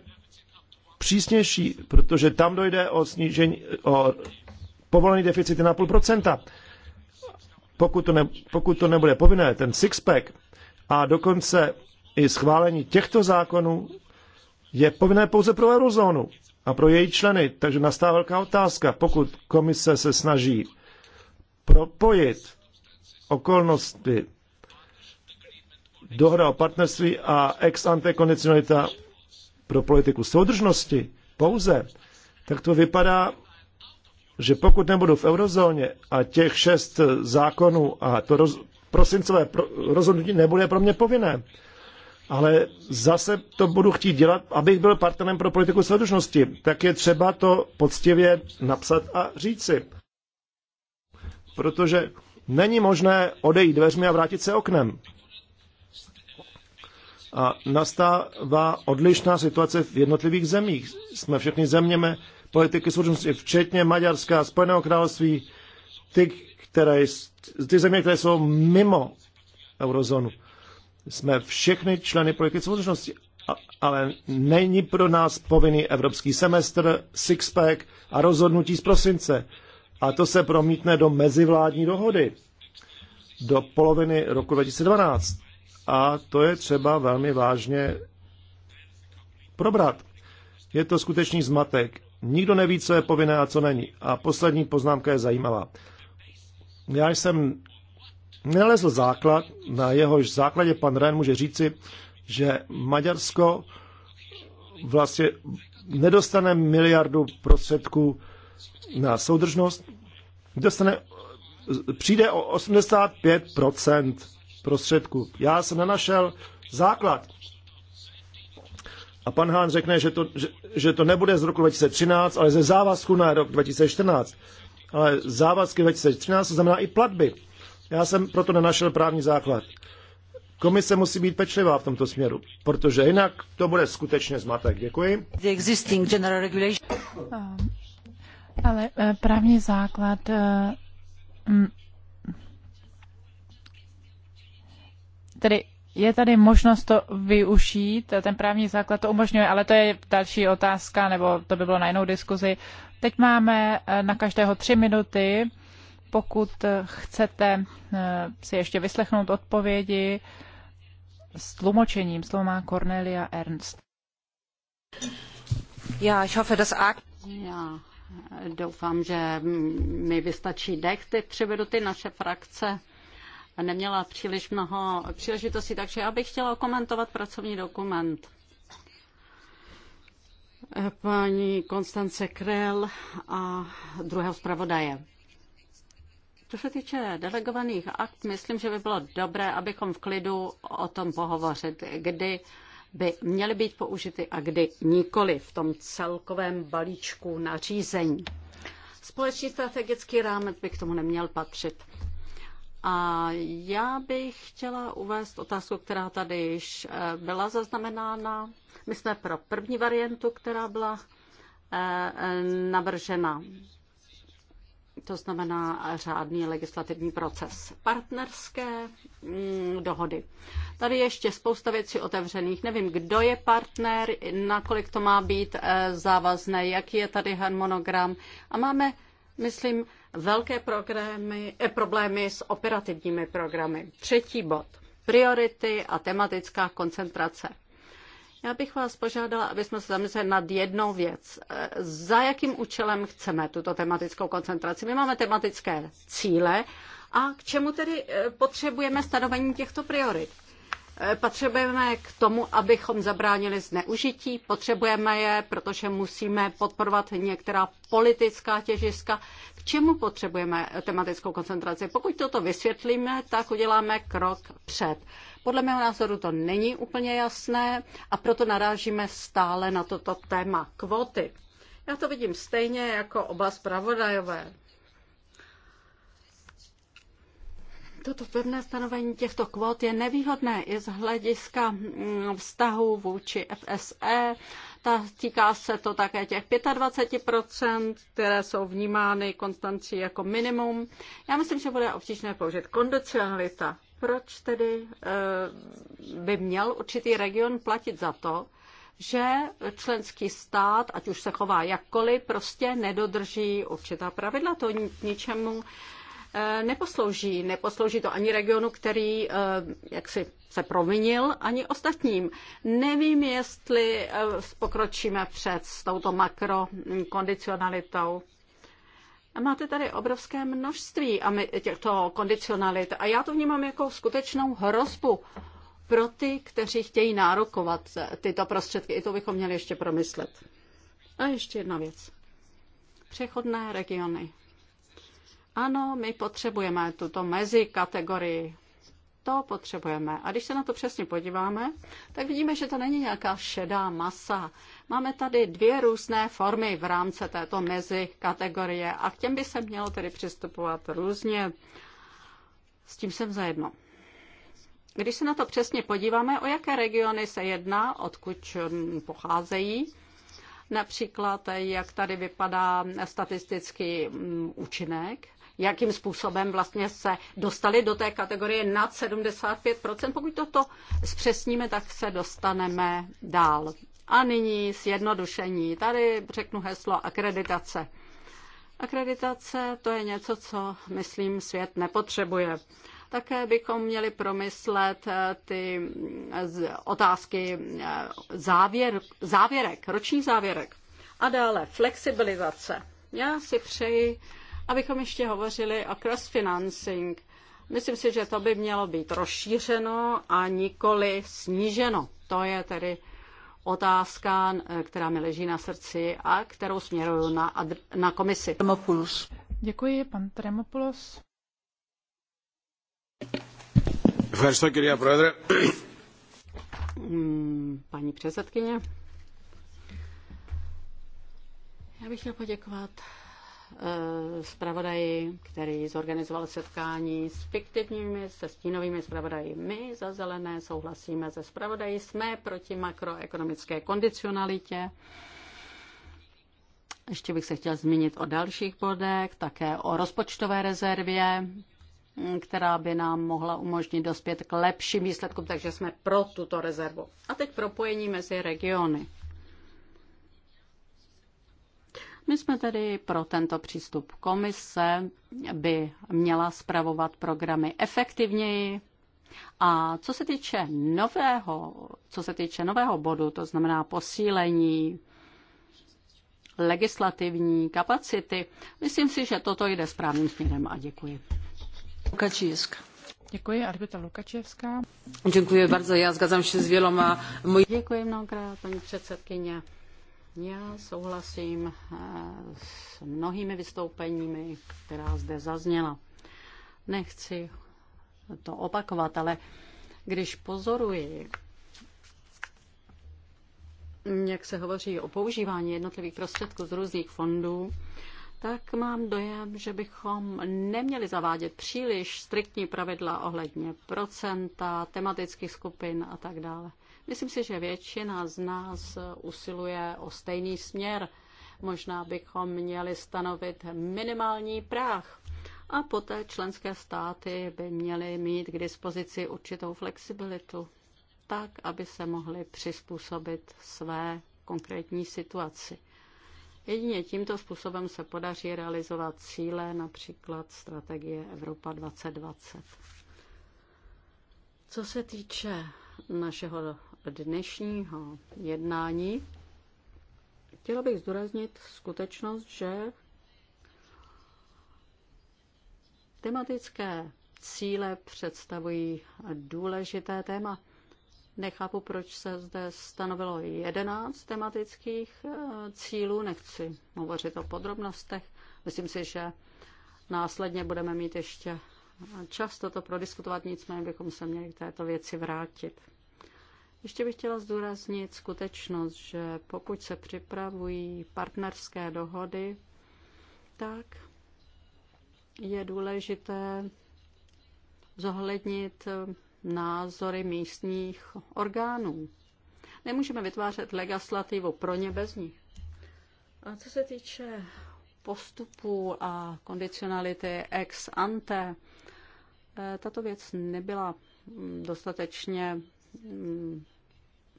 přísnější, protože tam dojde o snížení, o povolený deficit na půl procenta. Pokud to, ne, pokud to nebude povinné, ten six-pack a dokonce i schválení těchto zákonů je povinné pouze pro eurozónu a pro její členy. Takže nastává velká otázka, pokud komise se snaží propojit okolnosti dohoda o partnerství a ex ante kondicionalita pro politiku soudržnosti pouze, tak to vypadá, že pokud nebudu v eurozóně a těch šest zákonů a to roz, prosincové pro, rozhodnutí nebude pro mě povinné, ale zase to budu chtít dělat, abych byl partnerem pro politiku soudržnosti, tak je třeba to poctivě napsat a říci. Protože není možné odejít dveřmi a vrátit se oknem a nastává odlišná situace v jednotlivých zemích. Jsme všechny zeměme politiky soudržnosti, včetně Maďarska, Spojeného království, ty, které, ty země, které jsou mimo eurozónu. Jsme všechny členy politiky soudržnosti, ale není pro nás povinný evropský semestr, sixpack a rozhodnutí z prosince. A to se promítne do mezivládní dohody do poloviny roku 2012 a to je třeba velmi vážně probrat. Je to skutečný zmatek. Nikdo neví, co je povinné a co není. A poslední poznámka je zajímavá. Já jsem nalezl základ, na jehož základě pan Ren může říci, že Maďarsko vlastně nedostane miliardu prostředků na soudržnost, dostane, přijde o 85 prostředků. Já jsem nenašel základ. A pan Hán řekne, že to, že, že to nebude z roku 2013, ale ze závazku na rok 2014. Ale závazky 2013 to znamená i platby. Já jsem proto nenašel právní základ. Komise musí být pečlivá v tomto směru, protože jinak to bude skutečně zmatek. Děkuji. The existing general regulation. Um, ale eh, právní základ eh, tedy je tady možnost to využít, ten právní základ to umožňuje, ale to je další otázka, nebo to by bylo na jinou diskuzi. Teď máme eh, na každého tři minuty. Pokud eh, chcete eh, si ještě vyslechnout odpovědi s tlumočením, slovo má Cornelia Ernst. Já, ich hoffe, dass Já doufám, že mi vystačí dech ty tři minuty naše frakce neměla příliš mnoho příležitostí, takže já bych chtěla komentovat pracovní dokument. Paní Konstance Krell a druhého zpravodaje. Co se týče delegovaných akt, myslím, že by bylo dobré, abychom v klidu o tom pohovořit, kdy by měly být použity a kdy nikoli v tom celkovém balíčku nařízení. Společný strategický rámec by k tomu neměl patřit. A já bych chtěla uvést otázku, která tady již eh, byla zaznamenána. My jsme pro první variantu, která byla eh, eh, navržena. To znamená řádný legislativní proces. Partnerské mm, dohody. Tady ještě spousta věcí otevřených. Nevím, kdo je partner, nakolik to má být závazné, jaký je tady harmonogram. A máme, myslím, velké programy, eh, problémy s operativními programy. Třetí bod. Priority a tematická koncentrace. Já bych vás požádala, aby jsme se zamysleli nad jednou věc. Eh, za jakým účelem chceme tuto tematickou koncentraci? My máme tematické cíle a k čemu tedy eh, potřebujeme stanovení těchto priorit? Eh, potřebujeme k tomu, abychom zabránili zneužití, potřebujeme je, protože musíme podporovat některá politická těžiska čemu potřebujeme tematickou koncentraci? Pokud toto vysvětlíme, tak uděláme krok před. Podle mého názoru to není úplně jasné a proto narážíme stále na toto téma kvoty. Já to vidím stejně jako oba zpravodajové. Toto pevné stanovení těchto kvót je nevýhodné i z hlediska mm, vztahu vůči FSE ta, týká se to také těch 25%, které jsou vnímány konstancí jako minimum. Já myslím, že bude obtížné použít kondicionalita. Proč tedy e, by měl určitý region platit za to, že členský stát, ať už se chová jakkoliv, prostě nedodrží určitá pravidla. To ničemu Eh, neposlouží. Neposlouží to ani regionu, který eh, jaksi se provinil, ani ostatním. Nevím, jestli eh, pokročíme před s touto makrokondicionalitou. Máte tady obrovské množství těchto kondicionalit a já to vnímám jako skutečnou hrozbu pro ty, kteří chtějí nárokovat tyto prostředky. I to bychom měli ještě promyslet. A ještě jedna věc. Přechodné regiony. Ano, my potřebujeme tuto mezi kategorii. To potřebujeme. A když se na to přesně podíváme, tak vidíme, že to není nějaká šedá masa. Máme tady dvě různé formy v rámci této mezi kategorie a k těm by se mělo tedy přistupovat různě. S tím jsem zajedno. Když se na to přesně podíváme, o jaké regiony se jedná, odkud pocházejí, například jak tady vypadá statistický mm, účinek jakým způsobem vlastně se dostali do té kategorie nad 75%. Pokud toto zpřesníme, tak se dostaneme dál. A nyní zjednodušení. Tady řeknu heslo akreditace. Akreditace to je něco, co, myslím, svět nepotřebuje. Také bychom měli promyslet eh, ty eh, otázky eh, závěr, závěrek, roční závěrek. A dále flexibilizace. Já si přeji abychom ještě hovořili o crossfinancing. Myslím si, že to by mělo být rozšířeno a nikoli sníženo. To je tedy otázka, která mi leží na srdci a kterou směruju na, na komisi. Děkuji, pan Tremopoulos. Mm, paní předsedkyně, já bych chtěl poděkovat Eh, zpravodaji, který zorganizoval setkání s fiktivními, se stínovými zpravodaji. My za zelené souhlasíme se zpravodaji, jsme proti makroekonomické kondicionalitě. Ještě bych se chtěl zmínit o dalších bodech, také o rozpočtové rezervě, která by nám mohla umožnit dospět k lepším výsledkům, takže jsme pro tuto rezervu. A teď propojení mezi regiony. My jsme tedy pro tento přístup. Komise by měla spravovat programy efektivněji. A co se týče nového, co se týče nového bodu, to znamená posílení legislativní kapacity, myslím si, že toto jde správným směrem a děkuji. Lukačísk. Děkuji, Arbita Lukačevská. Děkuji bardzo, já zgadzam se s věloma. Děkuji mnohokrát, paní předsedkyně. Já souhlasím eh, s mnohými vystoupeními, která zde zazněla. Nechci to opakovat, ale když pozoruji, jak se hovoří o používání jednotlivých prostředků z různých fondů, tak mám dojem, že bychom neměli zavádět příliš striktní pravidla ohledně procenta, tematických skupin a tak dále. Myslím si, že většina z nás usiluje o stejný směr. Možná bychom měli stanovit minimální práh a poté členské státy by měly mít k dispozici určitou flexibilitu, tak, aby se mohly přizpůsobit své konkrétní situaci. Jedině tímto způsobem se podaří realizovat cíle, například strategie Evropa 2020. Co se týče našeho dnešního jednání chtěla bych zdůraznit skutečnost, že tematické cíle představují důležité téma. Nechápu, proč se zde stanovilo 11 tematických eh, cílů. Nechci hovořit o podrobnostech. Myslím si, že následně budeme mít ještě čas toto prodiskutovat, nicméně bychom se měli k této věci vrátit. Ještě bych chtěla zdůraznit skutečnost, že pokud se připravují partnerské dohody, tak je důležité zohlednit názory místních orgánů. Nemůžeme vytvářet legislativu pro ně bez nich. A co se týče postupů a kondicionality ex ante, eh, tato věc nebyla mm, dostatečně Mm,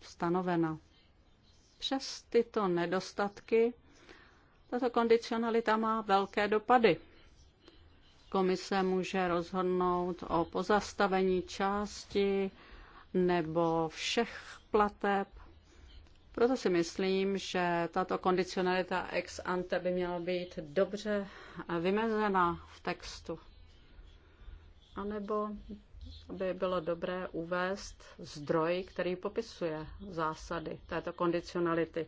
stanovena. Přes tyto nedostatky tato kondicionalita má velké dopady. Komise může rozhodnout o pozastavení části nebo všech plateb. Proto si myslím, že tato kondicionalita ex ante by měla být dobře vymezena v textu. A nebo by bylo dobré uvést zdroj, který popisuje zásady této kondicionality.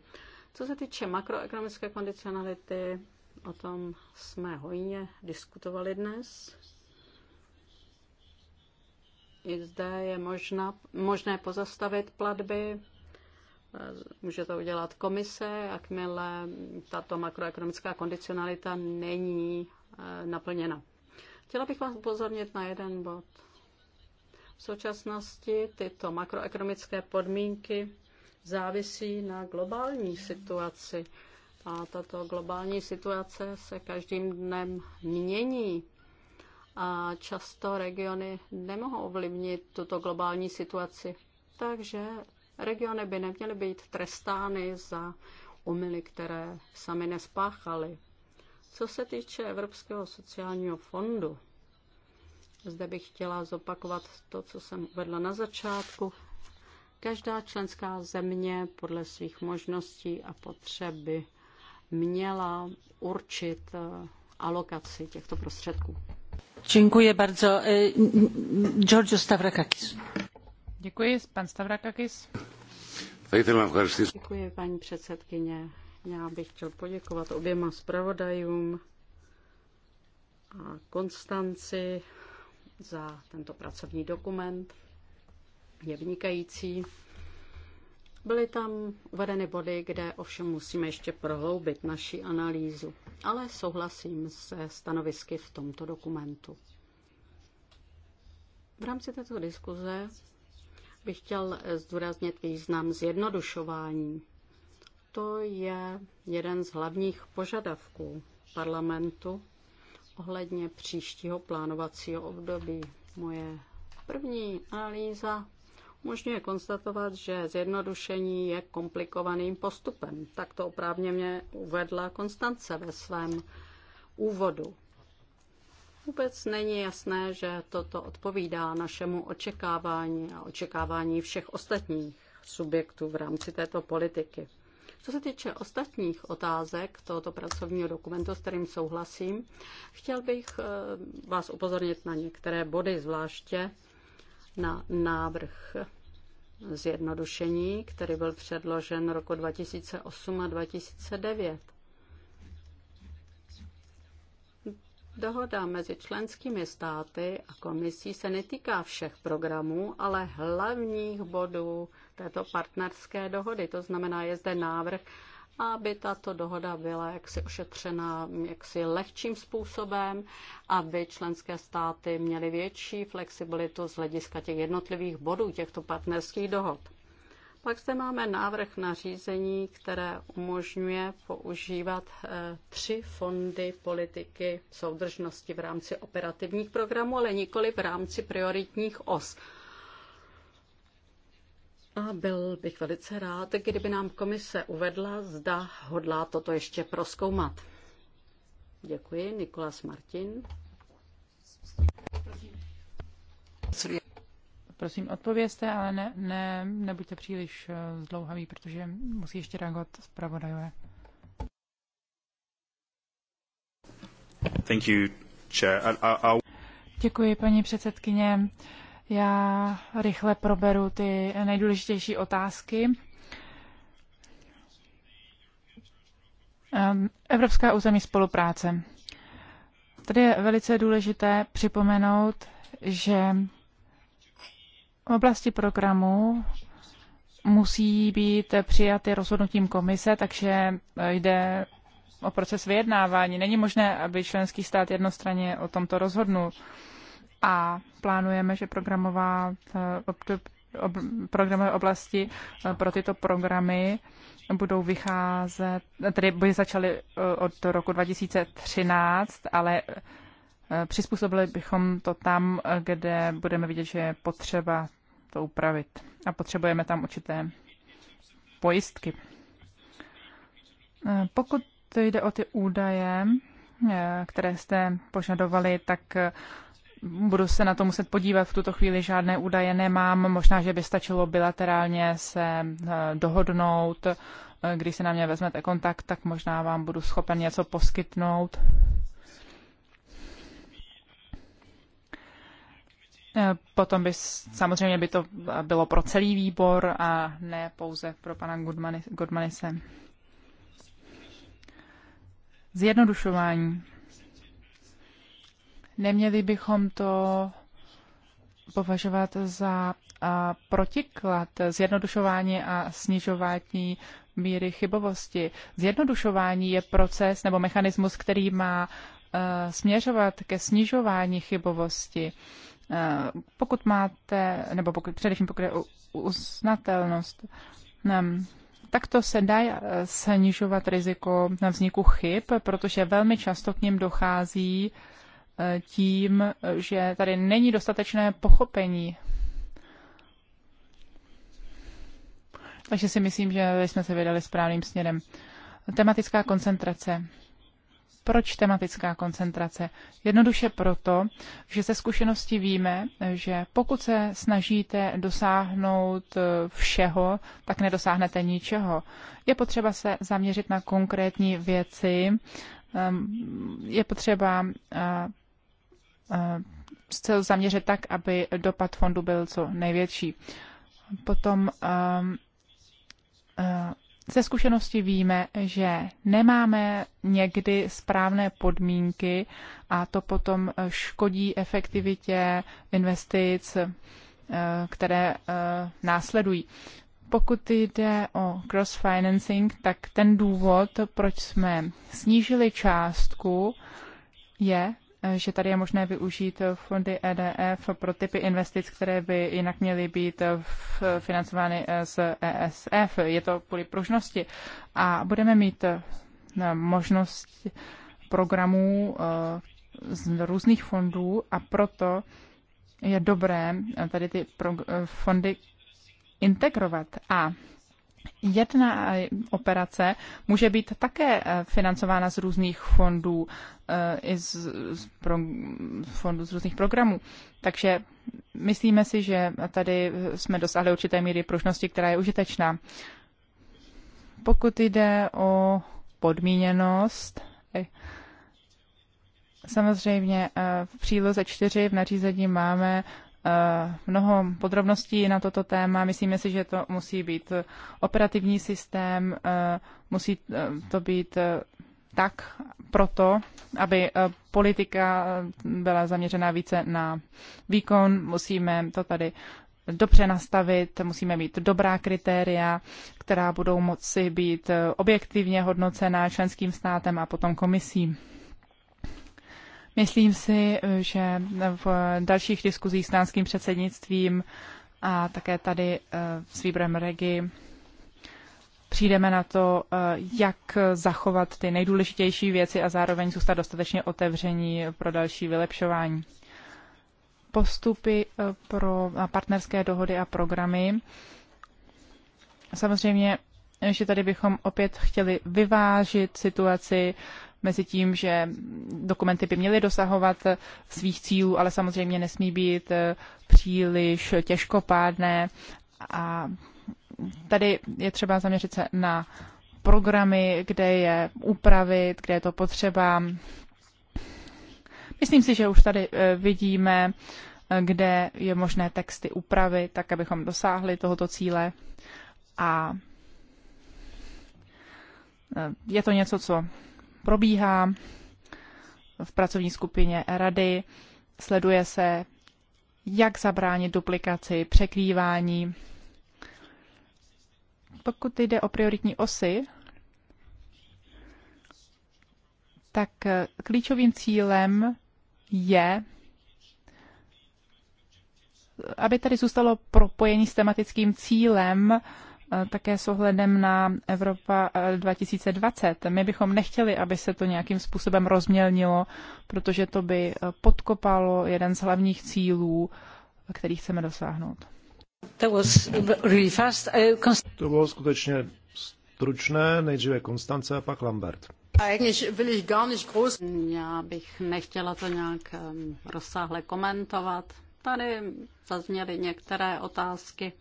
Co se týče makroekonomické kondicionality, o tom jsme hojně diskutovali dnes. I zde je možná, možné pozastavit platby. Může to udělat komise, jakmile tato makroekonomická kondicionalita není eh, naplněna. Chtěla bych vás upozornit na jeden bod. V současnosti tyto makroekonomické podmínky závisí na globální situaci a tato globální situace se každým dnem mění a často regiony nemohou ovlivnit tuto globální situaci. Takže regiony by neměly být trestány za umily, které sami nespáchaly. Co se týče Evropského sociálního fondu, zde bych chtěla zopakovat to, co jsem uvedla na začátku. Každá členská země podle svých možností a potřeby měla určit eh, alokaci těchto prostředků. Děkuji bardzo. E, Giorgio Stavrakakis. Děkuji, pan Stavrakakis. Děkuji, paní předsedkyně. Já bych chtěl poděkovat oběma zpravodajům a Konstanci za tento pracovní dokument. Je vynikající. Byly tam uvedeny body, kde ovšem musíme ještě prohloubit naši analýzu, ale souhlasím se stanovisky v tomto dokumentu. V rámci této diskuze bych chtěl zdůraznit význam zjednodušování. To je jeden z hlavních požadavků parlamentu ohledně příštího plánovacího období. Moje první analýza umožňuje konstatovat, že zjednodušení je komplikovaným postupem. Tak to oprávně mě uvedla Konstance ve svém úvodu. Vůbec není jasné, že toto odpovídá našemu očekávání a očekávání všech ostatních subjektů v rámci této politiky. Co se týče ostatních otázek tohoto pracovního dokumentu, s kterým souhlasím, chtěl bych eh, vás upozornit na některé body, zvláště na návrh zjednodušení, který byl předložen roku 2008 a 2009. Dohoda mezi členskými státy a komisí se netýká všech programů, ale hlavních bodů této partnerské dohody. To znamená, je zde návrh, aby tato dohoda byla jaksi ošetřena jaksi lehčím způsobem, aby členské státy měly větší flexibilitu z hlediska těch jednotlivých bodů těchto partnerských dohod. Pak zde máme návrh na řízení, které umožňuje používat eh, tři fondy politiky soudržnosti v rámci operativních programů, ale nikoli v rámci prioritních os. A byl bych velice rád, kdyby nám komise uvedla, zda hodlá toto ještě proskoumat. Děkuji, Nikolas Martin. Prosím, odpovězte, ale ne, ne, nebuďte příliš eh, zdlouhavý, protože musí ještě reagovat zpravodajové. Thank you, chair. I, I, I... Děkuji, paní předsedkyně. Já rychle proberu ty nejdůležitější otázky. Ehm, Evropská území spolupráce. Tady je velice důležité připomenout, že oblasti programu musí být přijaty rozhodnutím komise, takže eh, jde o proces vyjednávání. Není možné, aby členský stát jednostranně o tomto rozhodnul. A plánujeme, že programová eh, programové oblasti eh, pro tyto programy budou vycházet, tedy by začaly od roku 2013, ale Eh, přizpůsobili bychom to tam, eh, kde budeme vidět, že je potřeba to upravit. A potřebujeme tam určité pojistky. Eh, pokud jde o ty údaje, které jste požadovali, tak budu se na to muset podívat. V tuto chvíli žádné údaje nemám. Možná, že by stačilo bilaterálně se dohodnout. Když se na mě vezmete kontakt, tak možná vám budu schopen něco poskytnout. Eh, potom by samozřejmě by to eh, bylo pro celý výbor a ne pouze pro pana Godmanise. Zjednodušování. Neměli bychom to považovat za eh, protiklad zjednodušování a snižování míry chybovosti. Zjednodušování je proces nebo mechanismus, který má směřovat ke snižování chybovosti. Eh, pokud máte, nebo pokud, především pokud je uznatelnost, ehm, Takto se dá eh, snižovat riziko na vzniku chyb, protože velmi často k ním dochází eh, tím, že tady není dostatečné pochopení. Takže si myslím, že jsme se vydali správným směrem. Tematická koncentrace. Proč tematická koncentrace? Jednoduše proto, že ze zkušenosti víme, že pokud se snažíte dosáhnout eh, všeho, tak nedosáhnete ničeho. Je potřeba se zaměřit na konkrétní věci, ehm, je potřeba eh, eh, se zaměřit tak, aby dopad fondu byl co největší. Potom ehm, ze zkušenosti víme, že nemáme někdy správné podmínky a to potom eh, škodí efektivitě investic, eh, které eh, následují. Pokud jde o cross-financing, tak ten důvod, proč jsme snížili částku, je, že tady je možné využít fondy EDF pro typy investic, které by jinak měly být financovány z ESF. Je to kvůli pružnosti. A budeme mít eh, možnost programů eh, z různých fondů a proto je dobré eh, tady ty fondy integrovat. A jedna eh, operace může být také eh, financována z různých fondů, eh, i z, z pro, fondů z různých programů. Takže myslíme si, že tady jsme dosáhli určité míry pružnosti, která je užitečná. Pokud jde o podmíněnost, samozřejmě v příloze 4 v nařízení máme Eh, mnoho podrobností na toto téma. Myslíme si, že to musí být eh, operativní systém, eh, musí to být tak proto, aby politika byla zaměřena více na výkon. Musíme to tady dobře nastavit, musíme mít dobrá kritéria, která budou moci být objektivně hodnocena členským státem a potom komisí. Myslím si, že v dalších diskuzích s dánským předsednictvím a také tady eh, s výborem Regi přijdeme na to, eh, jak zachovat ty nejdůležitější věci a zároveň zůstat dostatečně otevření pro další vylepšování. Postupy eh, pro partnerské dohody a programy. Samozřejmě, že tady bychom opět chtěli vyvážit situaci mezi tím, že dokumenty by měly dosahovat svých cílů, ale samozřejmě nesmí být eh, příliš těžkopádné. A tady je třeba zaměřit se na programy, kde je upravit, kde je to potřeba. Myslím si, že už tady eh, vidíme, eh, kde je možné texty upravit, tak abychom dosáhli tohoto cíle. A je to něco, co probíhá v pracovní skupině rady. Sleduje se, jak zabránit duplikaci, překrývání. Pokud jde o prioritní osy, tak eh, klíčovým cílem je, aby tady zůstalo propojení s tematickým cílem Eh, také s ohledem na Evropa 2020. Eh, My bychom nechtěli, aby se to nějakým způsobem rozmělnilo, protože to by eh, podkopalo jeden z hlavních cílů, který chceme dosáhnout. To bylo skutečně stručné, nejdříve Konstance a pak Lambert. Já bych nechtěla to nějak rozsáhle komentovat. Tady zazněly některé otázky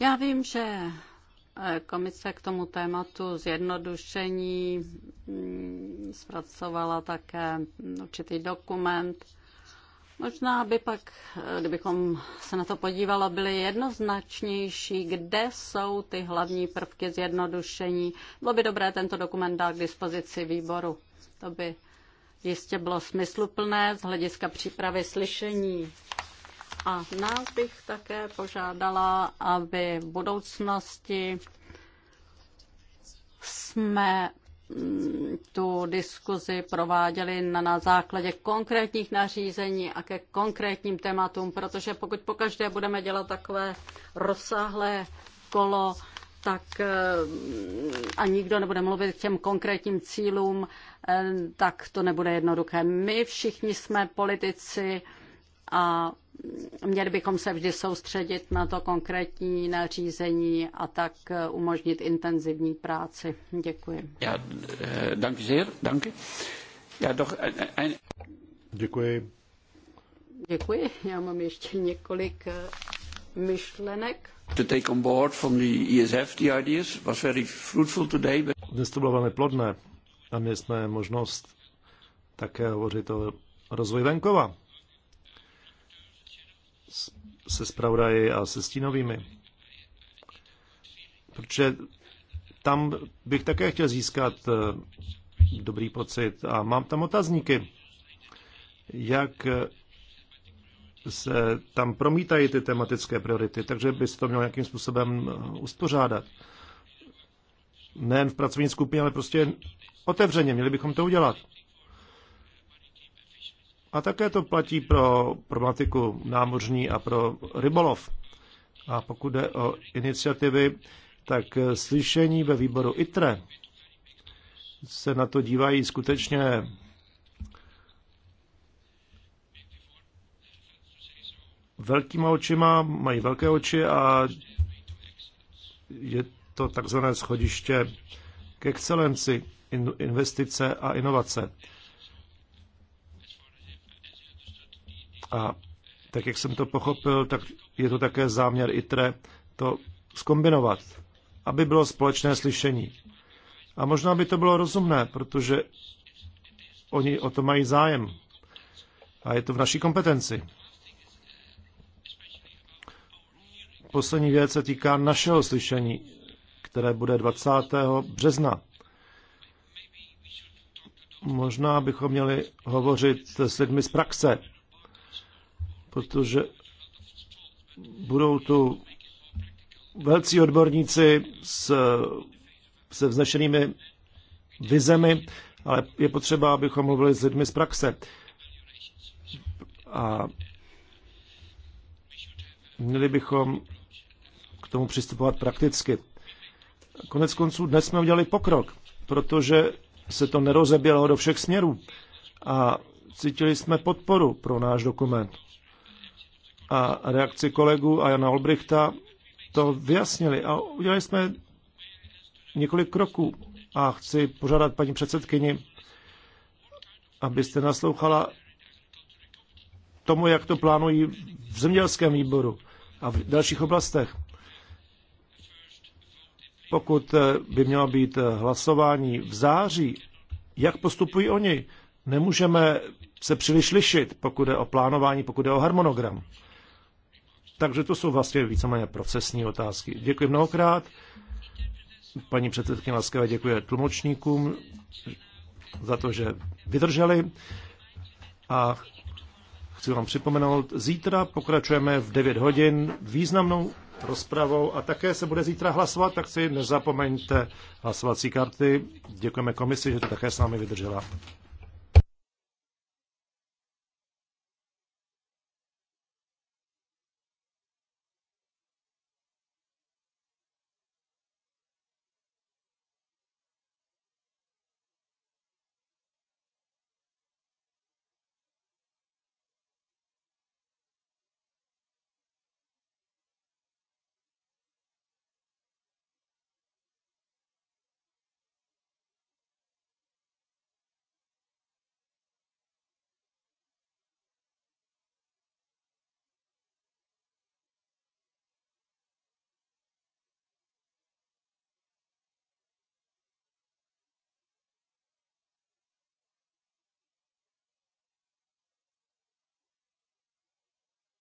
já vím, že eh, komise k tomu tématu zjednodušení mm, zpracovala také určitý dokument. Možná by pak, eh, kdybychom se na to podívala, byly jednoznačnější, kde jsou ty hlavní prvky zjednodušení. Bylo by dobré tento dokument dát k dispozici výboru. To by jistě bylo smysluplné z hlediska přípravy slyšení a nás bych také požádala, aby v budoucnosti jsme mm, tu diskuzi prováděli na, na základě konkrétních nařízení a ke konkrétním tématům, protože pokud pokaždé budeme dělat takové rozsáhlé kolo, tak eh, a nikdo nebude mluvit k těm konkrétním cílům, eh, tak to nebude jednoduché. My všichni jsme politici, a měli bychom se vždy soustředit na to konkrétní nařízení a tak eh, umožnit intenzivní práci. Děkuji. Já, eh, danke sehr, danke. Já doch, ein... Eh, Děkuji. Děkuji. Já mám ještě několik myšlenek. To take on board from the ESF the ideas was very fruitful today. But... Dnes to bylo velmi plodné a měli jsme možnost také hovořit o rozvoji venkova se spravodaji a se stínovými. Protože tam bych také chtěl získat eh, dobrý pocit a mám tam otazníky, jak eh, se tam promítají ty tematické priority, takže by se to mělo nějakým způsobem eh, uspořádat. Nejen v pracovní skupině, ale prostě otevřeně, měli bychom to udělat. A také to platí pro problematiku námořní a pro rybolov. A pokud jde o iniciativy, tak slyšení ve výboru ITRE se na to dívají skutečně velkýma očima, mají velké oči a je to takzvané schodiště k excelenci investice a inovace. A tak, jak jsem to pochopil, tak je to také záměr ITRE to skombinovat, aby bylo společné slyšení. A možná by to bylo rozumné, protože oni o to mají zájem. A je to v naší kompetenci. Poslední věc se týká našeho slyšení, které bude 20. března. Možná bychom měli hovořit s lidmi z praxe, protože budou tu velcí odborníci s, se vznešenými vizemi, ale je potřeba, abychom mluvili s lidmi z praxe. A měli bychom k tomu přistupovat prakticky. Konec konců dnes jsme udělali pokrok, protože se to nerozebělo do všech směrů a cítili jsme podporu pro náš dokument a reakci kolegů a Jana Olbrichta to vyjasnili a udělali jsme několik kroků a chci požádat paní předsedkyni, abyste naslouchala tomu, jak to plánují v zemědělském výboru a v dalších oblastech. Pokud eh, by mělo být eh, hlasování v září, jak postupují oni? Nemůžeme se příliš lišit, pokud je o plánování, pokud je o harmonogram. Takže to jsou vlastně víceméně procesní otázky. Děkuji mnohokrát. Paní předsedkyně Laskavé děkuje tlumočníkům za to, že vydrželi. A chci vám připomenout, zítra pokračujeme v 9 hodin významnou rozpravou a také se bude zítra hlasovat, tak si nezapomeňte hlasovací karty. Děkujeme komisi, že to také s námi vydržela.